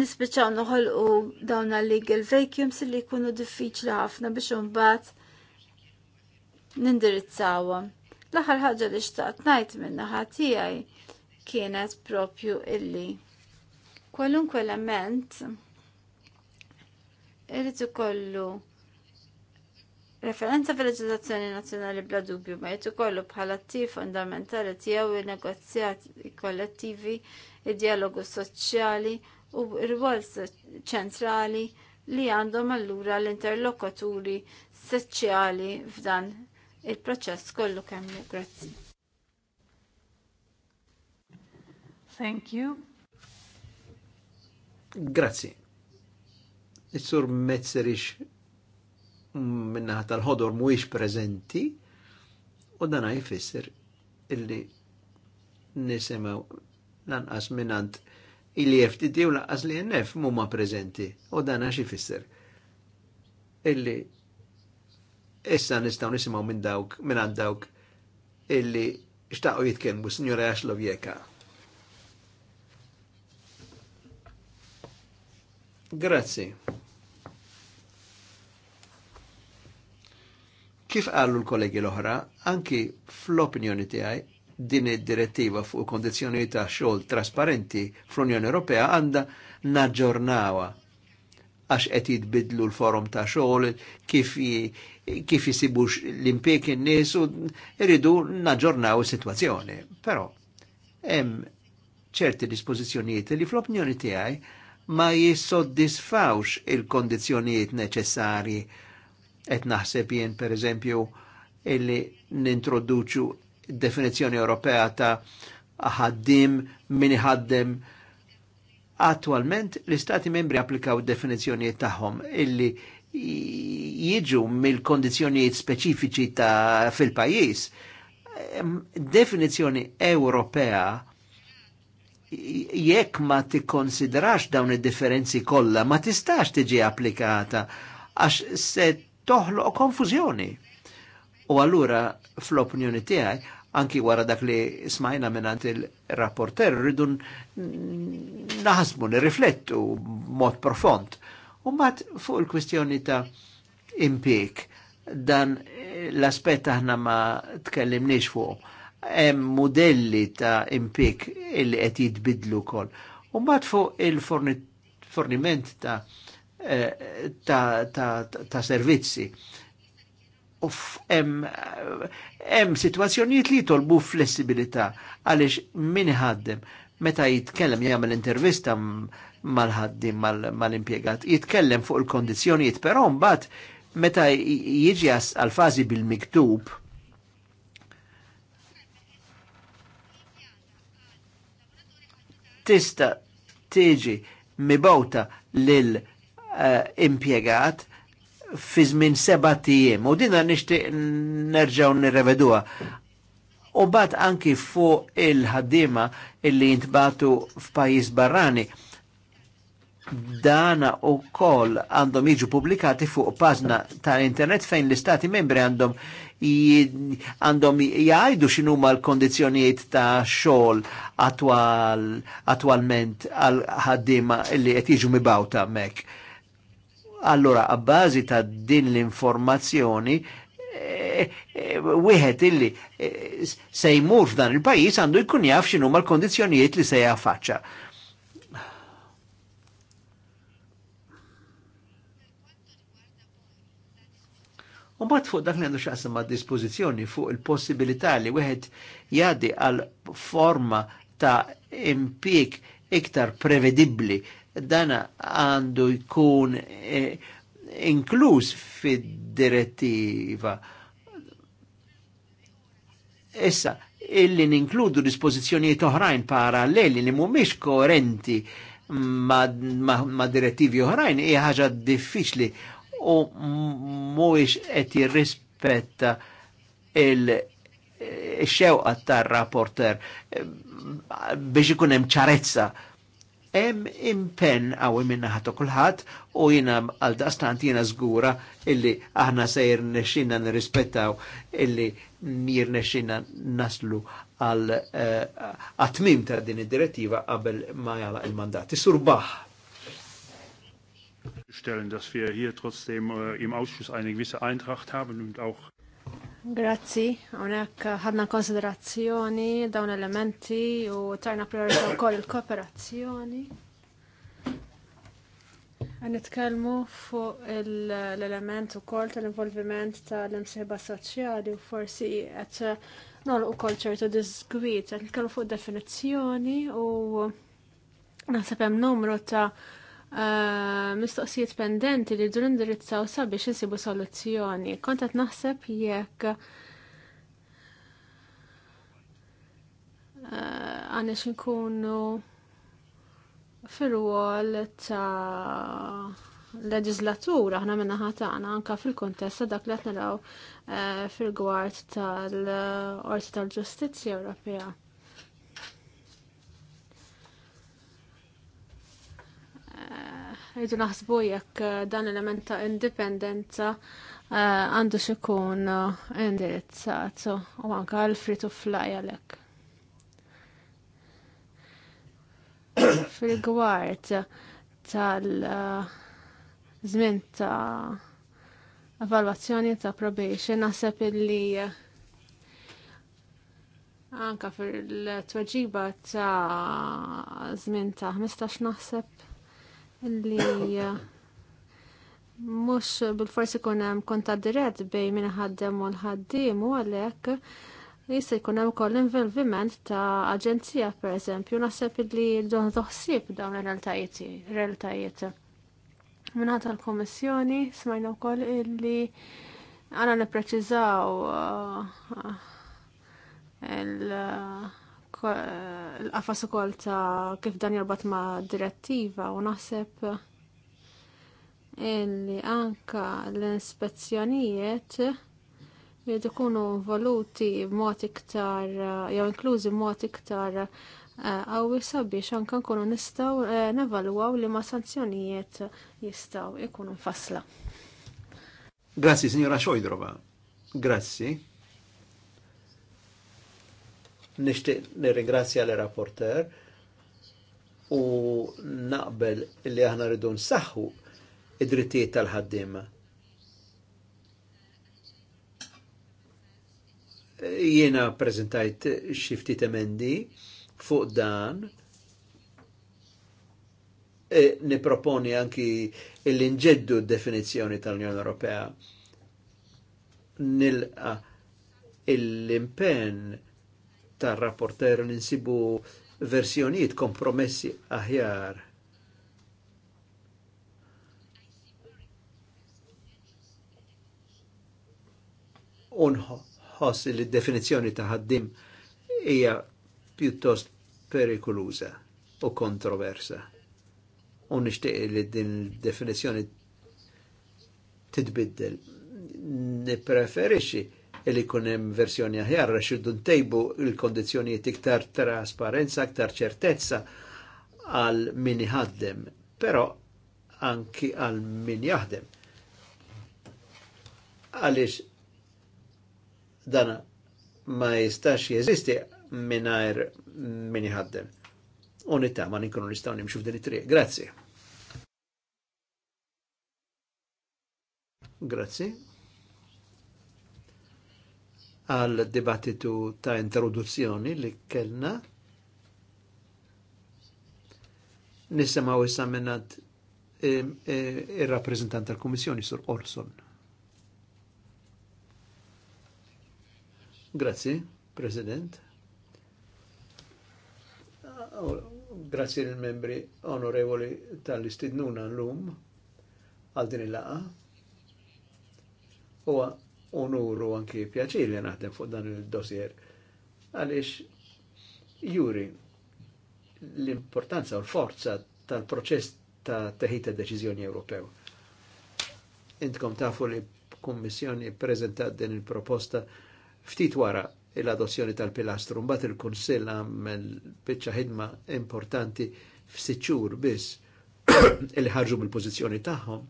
nispiċaw noħolqu dawn legal vacuums li jkunu diffiċli ħafna biex imbagħad nindirizzawhom. L-aħħar ħaġa li xtaqt ngħid minna tiegħi kienet propju illi kwalunkwe element irrid ikollu referenza fil-leġislazzjoni nazzjonali bla dubju ma jrid ikollu bħala t fundamentali tiegħu il negozjati kollettivi, id-dialogu soċjali u r-rwol ċentrali li għandhom allura l interlokaturi soċjali f'dan il-proċess kollu kemmu. Grazzi. Thank you. Grazzi. Is-sur Metzerix mm, minnaħat tal-ħodor muix prezenti u dana jifisser illi nisimgħu lanqas minant il-FTD u lanqas li NF mhuma prezenti u dana xifisser illi issa nistaw nisimgħu minn dawk minn dawk illi xtaqgħu jitkellmu Sinjura Jaxlov Jeka. Grazzi. Kif għallu l-kollegi l-oħra, anki fl-opinjoni tiegħi din id-direttiva fuq kondizjoni ta' xogħol trasparenti fl-Unjoni Ewropea għandha naġġornawa għax qed jitbidlu l-forum ta' xogħol kif kif l-impjeg in-nies u rridu naġġornaw is-sitwazzjoni. Però hemm ċerti dispożizzjonijiet li fl-opinjoni tiegħi ma jissoddisfawx il-kondizjonijiet neċessarji. Et naħseb jien, per eżempju, illi nintroduċu definizjoni Ewropea ta' ħaddim min ħaddim. Attualment l-Istati membri applikaw definizjonijiet tagħhom illi jiġu mill-kondizjonijiet speċifiċi ta' fil-pajis. Definizjoni Ewropea jekk ma tikkonsidrax dawn id-differenzi kollha ma tistax tiġi applikata għax se toħloq konfużjoni. U allura fl-opinjoni tiegħi anki wara dak li smajna minnant il-rapporter, rridu naħsbu, nirriflettu mod profond. U mat fuq il-kwistjoni ta' impik, dan l-aspet aħna ma tkellimniex fuq hemm modelli ta' impik illi qed jitbidlu wkoll. U mbagħad fuq il-forniment ta' eh, ta', ta, ta servizzi. Uff, hemm situazzjonijiet li jitolbu flessibilità għaliex min ħaddem meta jitkellem jagħmel intervista mal-ħaddim mal-impjegat, jitkellem fuq il-kondizzjonijiet, però mbagħad meta jiġi għal fażi bil-miktub tista tiġi mibawta lil eh, impjegat fi żmien seba' tiem u dinha nixtieq nerġaw nirrevedua. U bat anki fuq il ħaddima illi jintbatu f'pajjiż barrani dana u kol għandhom jiġu publikati fuq pażna ta' internet fejn l-istati membri għandhom għandhom jgħajdu xinu ma l kondizjoniet ta' xol attual, attualment għal ħaddima li qed jiġu mibawta mek. Allora, għabbażi ta' din l-informazzjoni, eh, eh, wieħed illi eh, se jmur f'dan il-pajjiż għandu jkun jaf ma l-kondizzjonijiet li se jaffaċċa. U bat fuq dak li għandu xaqsam ma' dispozizjoni fuq il-possibilità li wieħed jadi għal forma ta' impik iktar prevedibli dana għandu jkun eh, inkluż fid-direttiva. Issa, illi ninkludu dispożizzjonijiet oħrajn paralleli li mhumiex koerenti ma', ma, ma direttivi oħrajn hija ħaġa diffiċli u mhuwiex qed jirrispetta il-xewqa tar-rapporter biex ikun hemm ċarezza. Hemm impenn qawwi minnaħa ta' kulħadd u jiena għal daqstant jiena żgura illi aħna se jirnexxinna nirrispettaw illi jirnexxinna naslu għal eh, għatmim ta' din id-direttiva qabel ma jala il-mandat. Isurbaħ stellen, dass wir hier trotzdem äh, im Ausschuss eine gewisse Eintracht haben und auch. Grazzi, unek ħadna konsiderazzjoni dawn elementi u tajna priorità wkoll il-kooperazzjoni. Nitkellmu fuq l-element ukoll tal-involviment tal-imsieba soċjali u forsi qed nolqu ukoll ċertu diskwit, qed nitkellmu fuq definizzjoni u naħseb hemm numru ta' Eh, mistoqsijiet pendenti li rridu indirizzaw sabiex insibu soluzzjoni. Kont qed naħseb jekk eh, għandna uh, nkunu fil-wol ta' leġislatura aħna minna ħatana anka fil-kontesta dak li qed naraw eh, fil-gwart tal-Orti tal-Ġustizzja Ewropea. jidu naħsbu jekk eh, dan element ta' indipendenza eh, għandu xikun eh, indirizzat u anka għal free to fly għalek. Fil-gwart tal-żmien ta' evalwazzjoni ta' probation naħseb illi Anka fil-tweġiba ta' żmien ta' 15 naħseb li mhux bil-forsi kunem hemm dirett bej min ħaddem u l ħaddim u għalhekk jista' jkun hemm ukoll involviment ta' aġenzija eżempju naħseb li don toħsib dawn ir-realtajiet Minna tal-Kommissjoni smajna wkoll illi għana nepreċizaw uh, uh, il- uh, Eh, l-qafas ukoll ta' kif dan jorbat ma' direttiva u naħseb illi anka l inspezzjonijiet jrid ikunu voluti b'mod iktar eh, jew inklużi b'mod iktar eh, qawwi sabiex anke nkunu nistgħu nevalwaw li ma' sanzjonijiet jistgħu jkunu mfassla. Grazzi, signora Xojdrova. Grazzi. Nishtiq nirringrazzja l-rapporter u naqbel li aħna rridu nsaħħu id-drittijiet tal-ħaddim. Jiena prezentajt ftit emendi fuq dan e, niproponi anki l-inġeddu definizjoni tal-Unjoni Ewropea nilqa l-impenn tar-rapporter ninsibu nsibu versjonijiet kompromessi aħjar. Unħoss li definizjoni ta' ħaddim hija pjuttost perikoluża u kontroversa. U nixtieq li din il-definizzjoni titbiddel. Nipreferixxi li kunem versjoni aħjar, xiddu ntejbu il kondizjoni iktar trasparenza, iktar ċertezza għal min ħaddem, pero anki għal min jaħdem. Għalix dana ma jistax jeżisti minnajr min jħaddem. Unita ma ninkunu nistaw nimxu f'din it-triq. Grazzi. Grazzi għal dibattitu ta' introduzzjoni li kellna. Nisimaw issa minnat e, e, il-rappresentant tal-Komissjoni, Sur Orson. Grazie, President. Grazie il membri onorevoli tal-istidnuna l-lum għal din il-laqa onuru anki pjaċir li naħdem fuq dan il-dossier. Għaliex juri l-importanza u l-forza tal-proċess ta' teħita deċiżjoni Ewropew. Intkom tafu li kummissjoni prezentat din il-proposta ftit wara l-adozzjoni tal-pilastru, mbagħad il-Kunsill għamel biċċa ħidma importanti f'sitt biss il ħarġu bil-pożizzjoni tagħhom.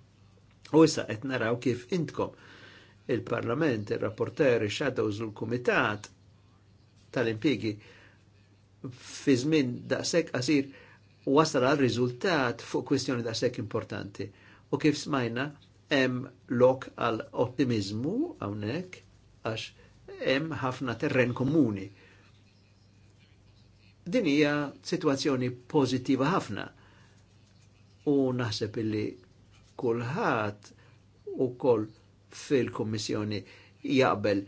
U issa qed naraw kif intkom il-Parlament, il-Rapporter, il-Shadows u l-Kumitat tal-impjegi fi żmien daqshekk għasir wasal għal riżultat fuq kwistjoni daqshekk importanti. U kif smajna hemm lok għal ottimizmu hawnhekk għax hemm ħafna terren komuni. Din hija sitwazzjoni pożittiva ħafna. U naħseb illi kulħadd ukoll fil-Kommissjoni jaqbel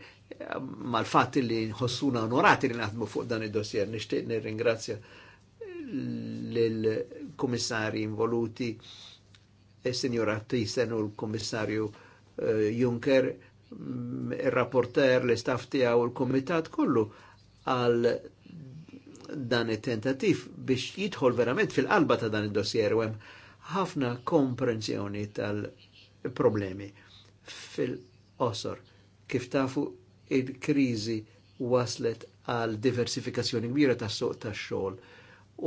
mal-fatt li nħossuna onorati li naħdmu fuq dan id-dossier. Nixtieq nirringrazzja lill-kummissari involuti, il-Sinjora Tisen u l kommissarju eh, Juncker, il-rapporter, l-istaff tijaw u l-Komitat kollu għal dan it-tentativ biex jidħol verament fil-qalba ta' dan id-dossier u hemm ħafna komprensjoni tal-problemi fil-qosor. Kif tafu il-krizi waslet għal diversifikazzjoni kbira tas soq tax xogħol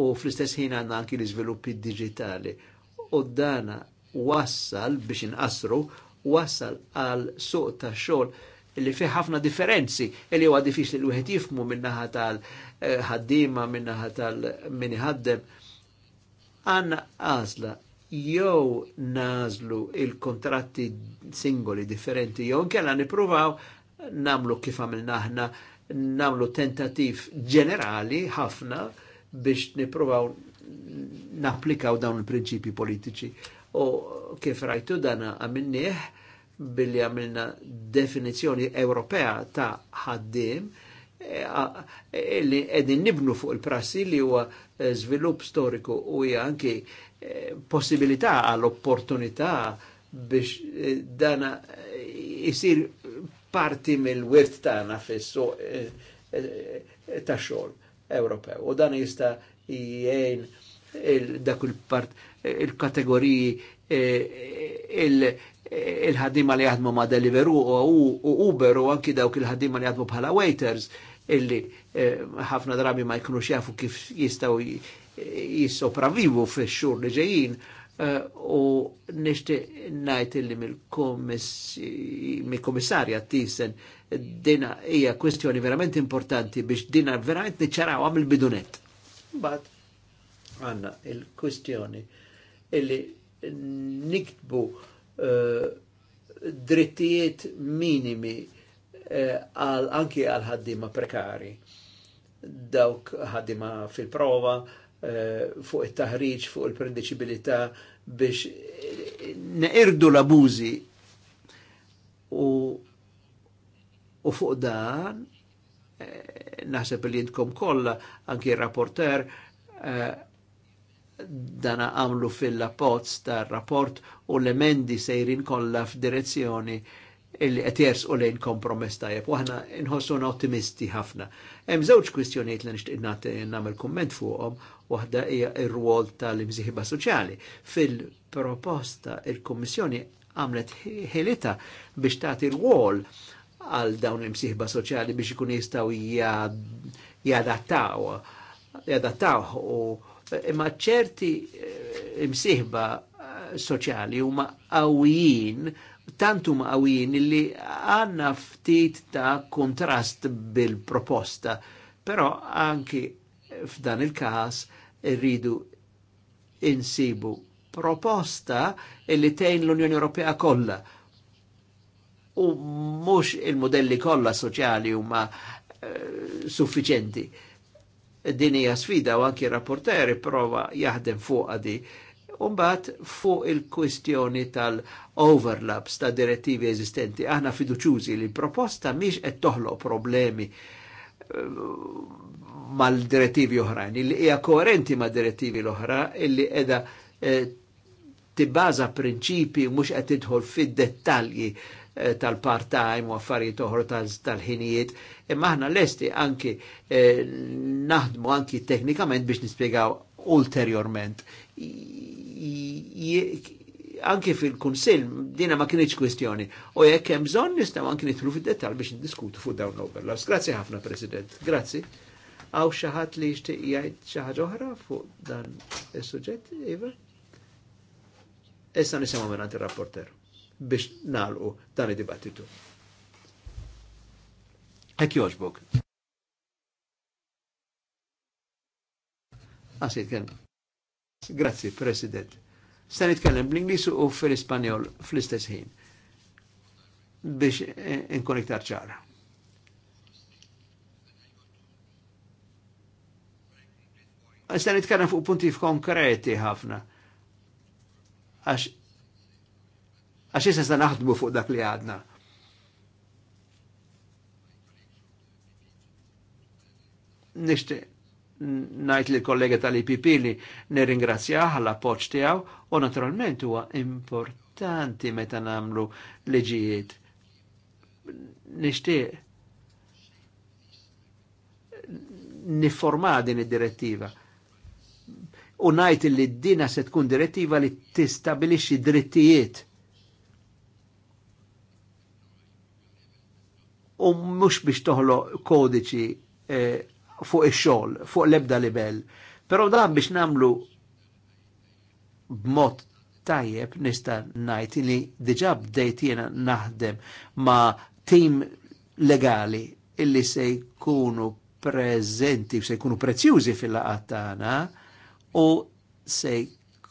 u fl-istess ħin għanna anki l-iżviluppi digitali. U dana wassal biex inqasru wassal għal soq ta' xogħol li fi ħafna differenzi li huwa diffiċli li wieħed jifmu minnaħa tal-ħaddiema, minnaħa tal-min ħaddem. Għanna għażla jew nażlu il-kontratti singoli differenti jew kella nippruvaw namlu kif għamilna aħna namlu tentativ ġenerali ħafna biex nippruvaw napplikaw dawn il-prinċipi politiċi. U kif rajtu dana għamilnieħ billi għamilna definizjoni Ewropea ta' ħaddim Eh, li edin nibnu fuq il-prassi li huwa żvilupp eh, storiku u hija anki eh, possibilità għall-opportunità biex dana jisir parti mill-wirt tagħna fissu tax xogħol Ewropew. U dan jista' jgħin dak il-part il-kategoriji il ħaddim li jaħdmu ma' Deliveru u Uber u anki dawk il ħaddim li jaħdmu bħala waiters illi eh, ħafna drabi ma jkunux jafu kif jistaw jissopravivu fi xur li ġejjin eh, u nishti najt illi mill-komissarja Tisen dina hija kwestjoni verament importanti biex dina verament niċċaraw għam il-bidunet. Bat, għanna il-kwestjoni illi niktbu Eh, drittijiet minimi eh, għal anki għal ħaddima prekari. Dawk ħaddima fil-prova, eh, fuq it-taħriġ, fuq il-prediċibilità biex neqirdu l abuzi u, u fuq dan naħseb li jintkom kolla anki rapporter dana għamlu fil lapoz tar rapport u l-emendi sejrin kollha f'direzzjoni illi qed jersqu lejn kompromess tajjeb. Waħna nħossuna ottimisti ħafna. Hemm żewġ kwistjonijiet li nixtieq nagħmel kumment fuqhom, waħda hija r-rwol tal-imsieħba soċjali. Fil-proposta il-Kummissjoni għamlet ħilita biex tagħti rwol għal dawn l-imsieħba soċjali biex ikun jistgħu jadattaw jadattaw u imma ċerti eh, msiħba eh, soċjali huma qawwijin tantu ma qawwijin illi għanna ftit ta' kontrast bil-proposta. Però anki f'dan il-każ irridu insibu proposta illi tejn l-Unjoni Ewropea kollha. U mhux il-modelli kollha soċjali huma uh, suffiċenti din hija sfida u anki rapporteri prova jaħdem fuq di. Umbat fuq il-kwistjoni tal-overlaps ta' direttivi eżistenti, aħna fiduċuzi li proposta miex qed toħloq problemi eh, mal-direttivi oħrajn, illi hija koerenti ma' direttivi l-oħra, illi edha eh, tibbaza prinċipi mhux qed tidħol fid-dettalji Eh, tal-part-time u affarijiet oħra tal-ħinijiet, imma aħna lesti anki eh, naħdmu anki teknikament biex nispjegaw ulterjorment. Anki fil-kunsil, dina ma kienieċ kwestjoni. U jekk hemm bżonn nistgħu anki nitlu fid-dettal biex niddiskutu fuq dawn l-overlaps. Grazzi ħafna, President. Grazzi. Għaw xaħat li jishtiq jgħid xi ħaġa oħra fuq dan is-suġġett, Iva? Issa nisimgħu minn ir-rapporter biex nalqu dan id-dibattitu. Ek joġbok. Għasit ah, kellem. Grazzi, President. Sta' nitkellem bl-Inglis u fil-Ispanjol fl-istess ħin biex eh, inkun iktar ċara. Sta' nitkellem fuq punti konkreti ħafna. Għax għax issa naħdmu fuq dak li għadna. Nishti najt li kollega tal-IPP li nirringrazzjah għall appoġġ tijaw u naturalment huwa importanti meta nagħmlu liġijiet. Nixtieq niforma din id-direttiva. U najt li d-dina se tkun direttiva li t-istabilixi drittijiet u mhux biex toħloq kodiċi eh, fuq il-xol, fuq l-ebda livell. Però dan biex namlu b'mod tajjeb nista' ngħid li diġà bdejt jiena naħdem ma' tim legali illi se jkunu preżenti se jkunu prezzjużi fil-laqat tagħna u se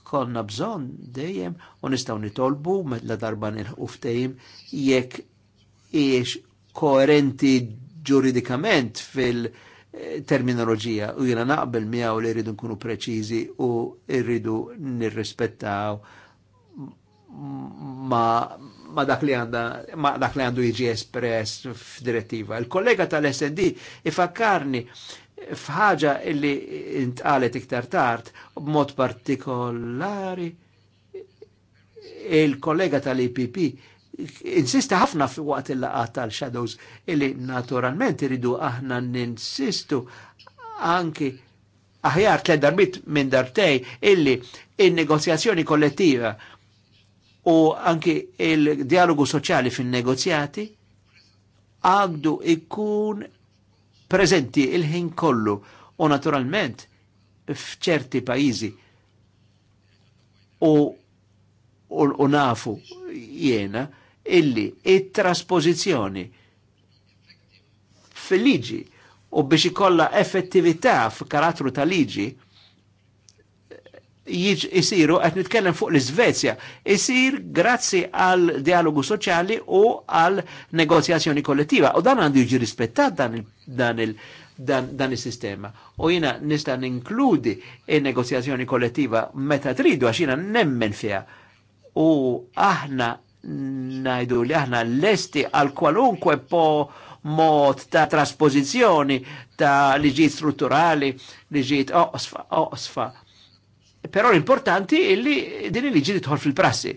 konna bżonn dejjem u nistgħu nitolbu mela darba nilħu ftehim jekk iex koerenti ġuridikament fil-terminoloġija u jina naqbel miegħu li rridu nkunu preċiżi u rridu nirrispettaw ma, ma dak li għanda ma dak li għandu jiġi espress f'direttiva. Il-kollega tal-SD ifakkarni fħaġa illi intqalet iktar tard b'mod partikolari il-kollega tal-IPP insista ħafna fi waqt il-laqat tal-shadows illi naturalment iridu aħna ninsistu anki aħjar tled darbit minn dartej illi il-negozjazzjoni kollettiva u anki il-dialogu soċjali fin negozjati għandu ikun prezenti il-ħin kollu u naturalment fċerti pajizi u u nafu jiena illi it-trasposizjoni fil-liġi u biex ikolla effettività f'karattru ta' liġi jisiru, għet nitkellem fuq l-Svezja, jisir grazzi għal dialogu soċjali u għal negozjazzjoni kollettiva. U dan għandu jġi rispettat dan il- dan, dan il-sistema. U jina nistan inkludi il-negozjazzjoni kollettiva meta tridu għax jina nemmen fija. U aħna najdu li aħna l-esti għal kwalunkwe po mod ta' trasposizjoni ta' liġijiet strutturali, liġijiet oqsfa, oqsfa. Però l-importanti illi din il-liġi tħol fil-prassi.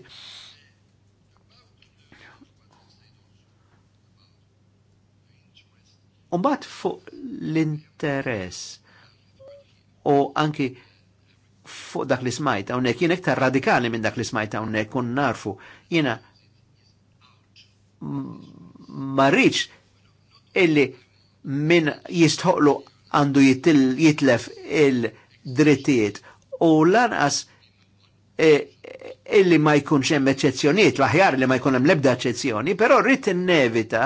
Umbat fuq l-interess u anki fuq dak li smajta hawnhekk jenek ta' radikali minn dak li smajta hawnhekk kun narfu marriċ illi min jistħoqlu għandu jitlef il-drittijiet u lanqas e, illi ma jkunx hemm eċezzjonijiet, l-aħjar li ma jkun hemm lebda eċezzjoni, però rrid innevita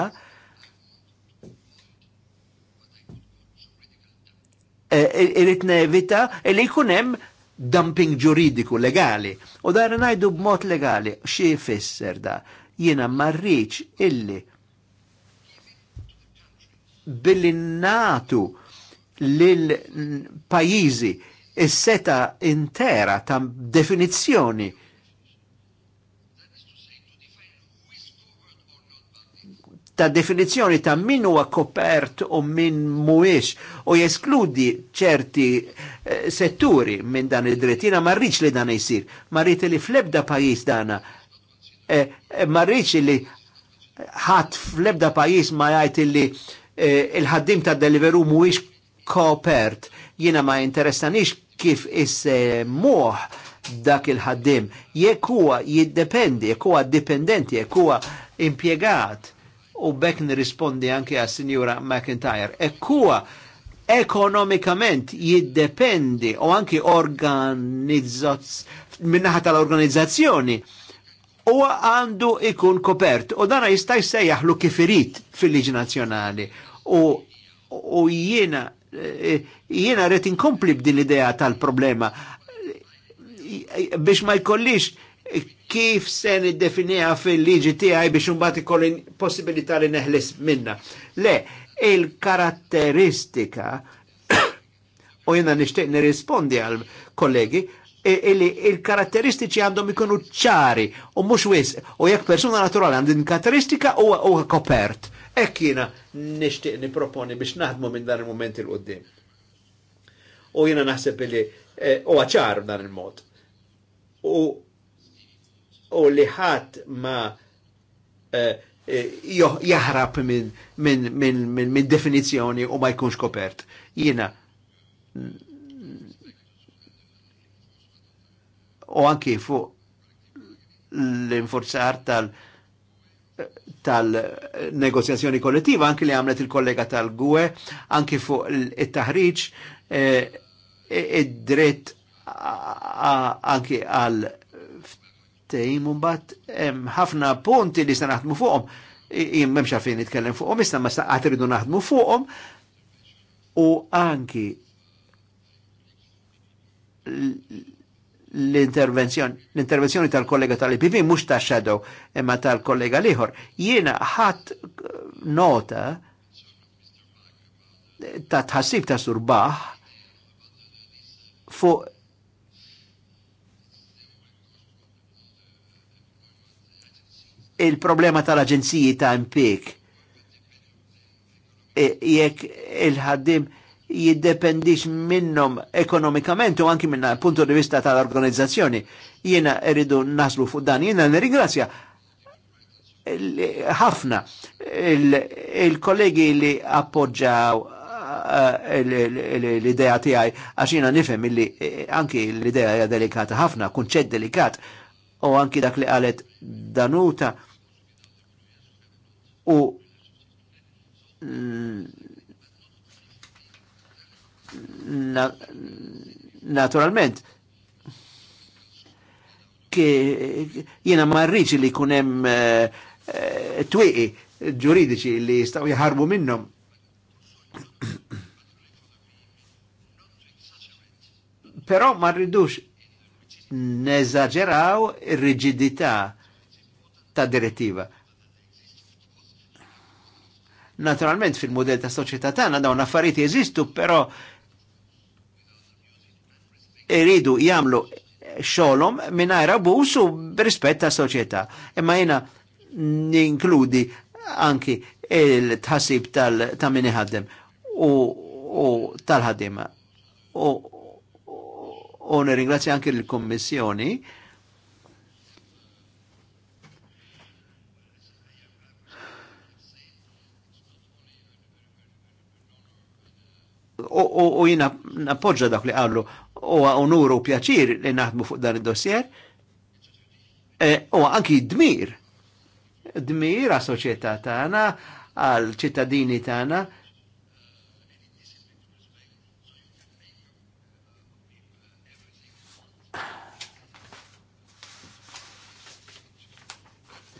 irrid e, e, nevita li jkun hemm dumping ġuridiku legali. U dar ngħidu b'mod legali, xi jfisser da? jiena marriċ illi billi natu lil pajizi is-seta intera ta' definizzjoni ta' definizzjoni ta' min huwa kopert u min mhuwiex u jeskludi ċerti eh, setturi minn dan id-dritt. Jiena marriċ li dan jsir, marrit li fl-ebda pajjiż dana Eh, eh, ma rridx li ħadd fl-ebda pajjiż ma jgħid illi eh, il-ħaddim ta' deliveru mhuwiex kopert. Jiena ma interessanix kif issemuh dak il-ħaddim. Jekk huwa jiddependi, jekk huwa dipendenti, jekk huwa impjegat u bekk nirrispondi anke għas Sinjura McIntyre. ek huwa ekonomikament jiddependi u anki organizzazz minnaħa tal-organizzazzjoni huwa għandu ikun kopert u dana jista' jsejjaħlu kif kifirit fil-liġi nazzjonali u, u jiena eh, jiena rrit inkompli b'din l-idea tal-problema biex ma jkollix kif se niddefinija fil-liġi tiegħi biex unbati ikolli possibilità li neħles minna. Le, il-karatteristika u jiena nishtiq nirrispondi għal kollegi E, e il-karatteristiċi għandhom ikunu ċari u mux wis u jekk persuna naturali għandin karatteristika u kopert. Ek jina nishtiq niproponi biex naħdmu minn dan il-moment il-qoddim. U jina naħseb li e, u għacħar dan il-mod. U li ħat ma jahrab minn definizjoni u ma jkunx kopert. Jina u anki fuq l inforzar tal- tal-negozjazzjoni kollettiva, anki li għamlet il-kollega tal-GUE, anki fuq il-taħriġ, eh, eh, id-dritt anki għal ftejm bat ħafna punti li sta naħdmu fuqhom. Jien m'hemmx għalfejn nitkellem fuqhom, issa ma sta' għatridu naħdmu fuqhom u anki l-intervenzjoni tal-kollega tal-IPP mux ta' shadow imma tal-kollega liħor. Jiena ħadd nota ta' tħassib ta' surbaħ fuq il-problema tal-aġenziji ta' impik e, jekk il-ħaddim il jiddependix minnom ekonomikament u anki minna punto di vista tal-organizzazzjoni. Jiena rridu naslu fuq dan, jiena nirringrazzja ħafna il-kollegi li appoġġaw eh, l-idea tiegħi għax jiena nifhem illi eh, anki l-idea hija delikata ħafna, kunċett delikat u anki dak li qalet Danuta u mm, na, naturalment jiena marriċ li kunem uh, eh, eh, twiqi ġuridiċi li jistaw jħarbu minnom. pero ma rridux neżagġeraw ir-riġidità ta' direttiva. Naturalment fil-modell ta' soċjetà tagħna dawn affarijiet jeżistu, però iridu jagħmlu xolom mingħajr abus u b'rispett ta' soċjetà. Imma jiena ninkludi anki il-tħassib ta' min iħaddem u tal-ħaddiema. U nirringrazzja anki l-Kommissjoni u jina napoġġa dak li għallu u onuru u pjaċir li naħdmu fuq dan id-dossier e, u anki dmir dmir għas soċjetà tana, għal ċittadini tagħna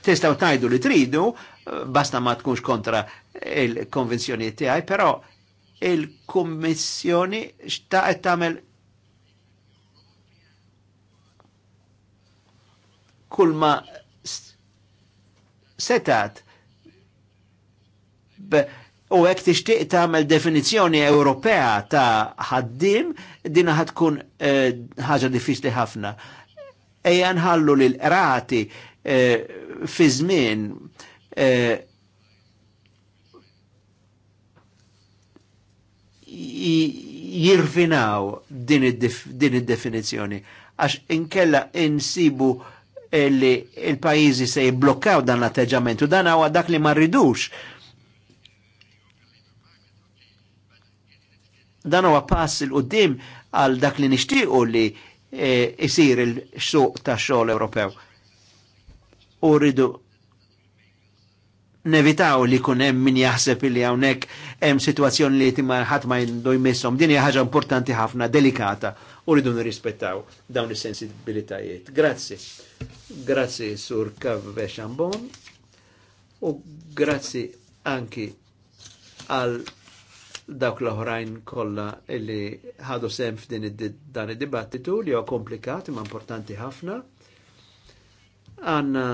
testaw tajdu li tridu, basta ma tkunx kontra il-konvenzjoni tijaj però il-Kummissjoni xta' qed tagħmel kull ma setat u hekk tixtieq tagħmel definizzjoni Ewropea ta' ħaddim din ħad tkun eh, ħaġa eh, diffiċli ħafna. Ejja nħallu lil rati eh, fi żmien eh, jirfinaw din id-definizjoni. Għax inkella insibu li il-pajizi se jibblokkaw dan l-atteġġament u dan għawa dak li ma rridux. Dan huwa pass il-qoddim għal dak li nixtiequ li jisir e, il-suq ta' xogħol Ewropew. U rridu nevitaw li kunem hemm min jaħseb li hawnhekk hemm situazzjoni li timma ħadd ma jindu jmissom. Din hija ħaġa importanti ħafna, delikata, u rridu nirrispettaw dawn is-sensibilitajiet. Grazzi. Grazzi sur Kavveshambon u grazzi anki għal dawk l-oħrajn kollha li ħadu sem f'din dan id-dibattitu li huwa komplikat imma importanti ħafna. Għanna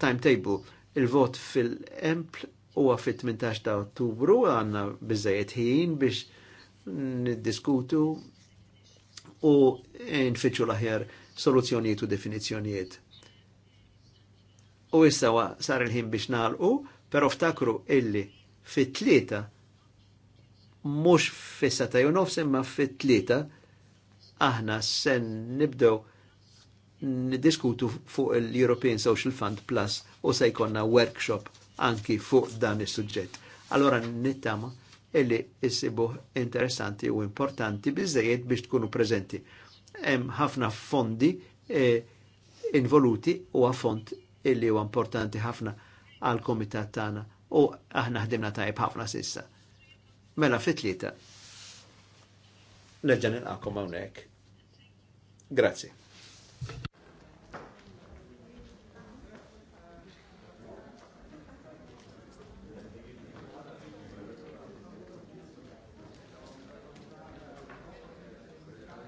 timetable il-vot fil-empl huwa fit-18 ta' Ottubru għandna biżejjed ħin biex niddiskutu u nfittxu l-aħjar soluzzjonijiet u definizzjonijiet. U issa sar il-ħin biex nagħlqu, però ftakru illi fit-tlieta mhux fissa ta' nofs imma fit-tlieta aħna sen nibdew niddiskutu fuq il-European Social Fund Plus u se jkollna workshop anki fuq dan is-suġġett. Allora nittama illi jisibu interessanti u importanti bizzejiet biex tkunu prezenti. Hemm ħafna fondi e, involuti u fond illi huwa importanti ħafna għal komitat tagħna u aħna ħdimna tajb ħafna sissa. Mela fit-tlieta. Nerġa' nilqakom hawnhekk. Grazzi.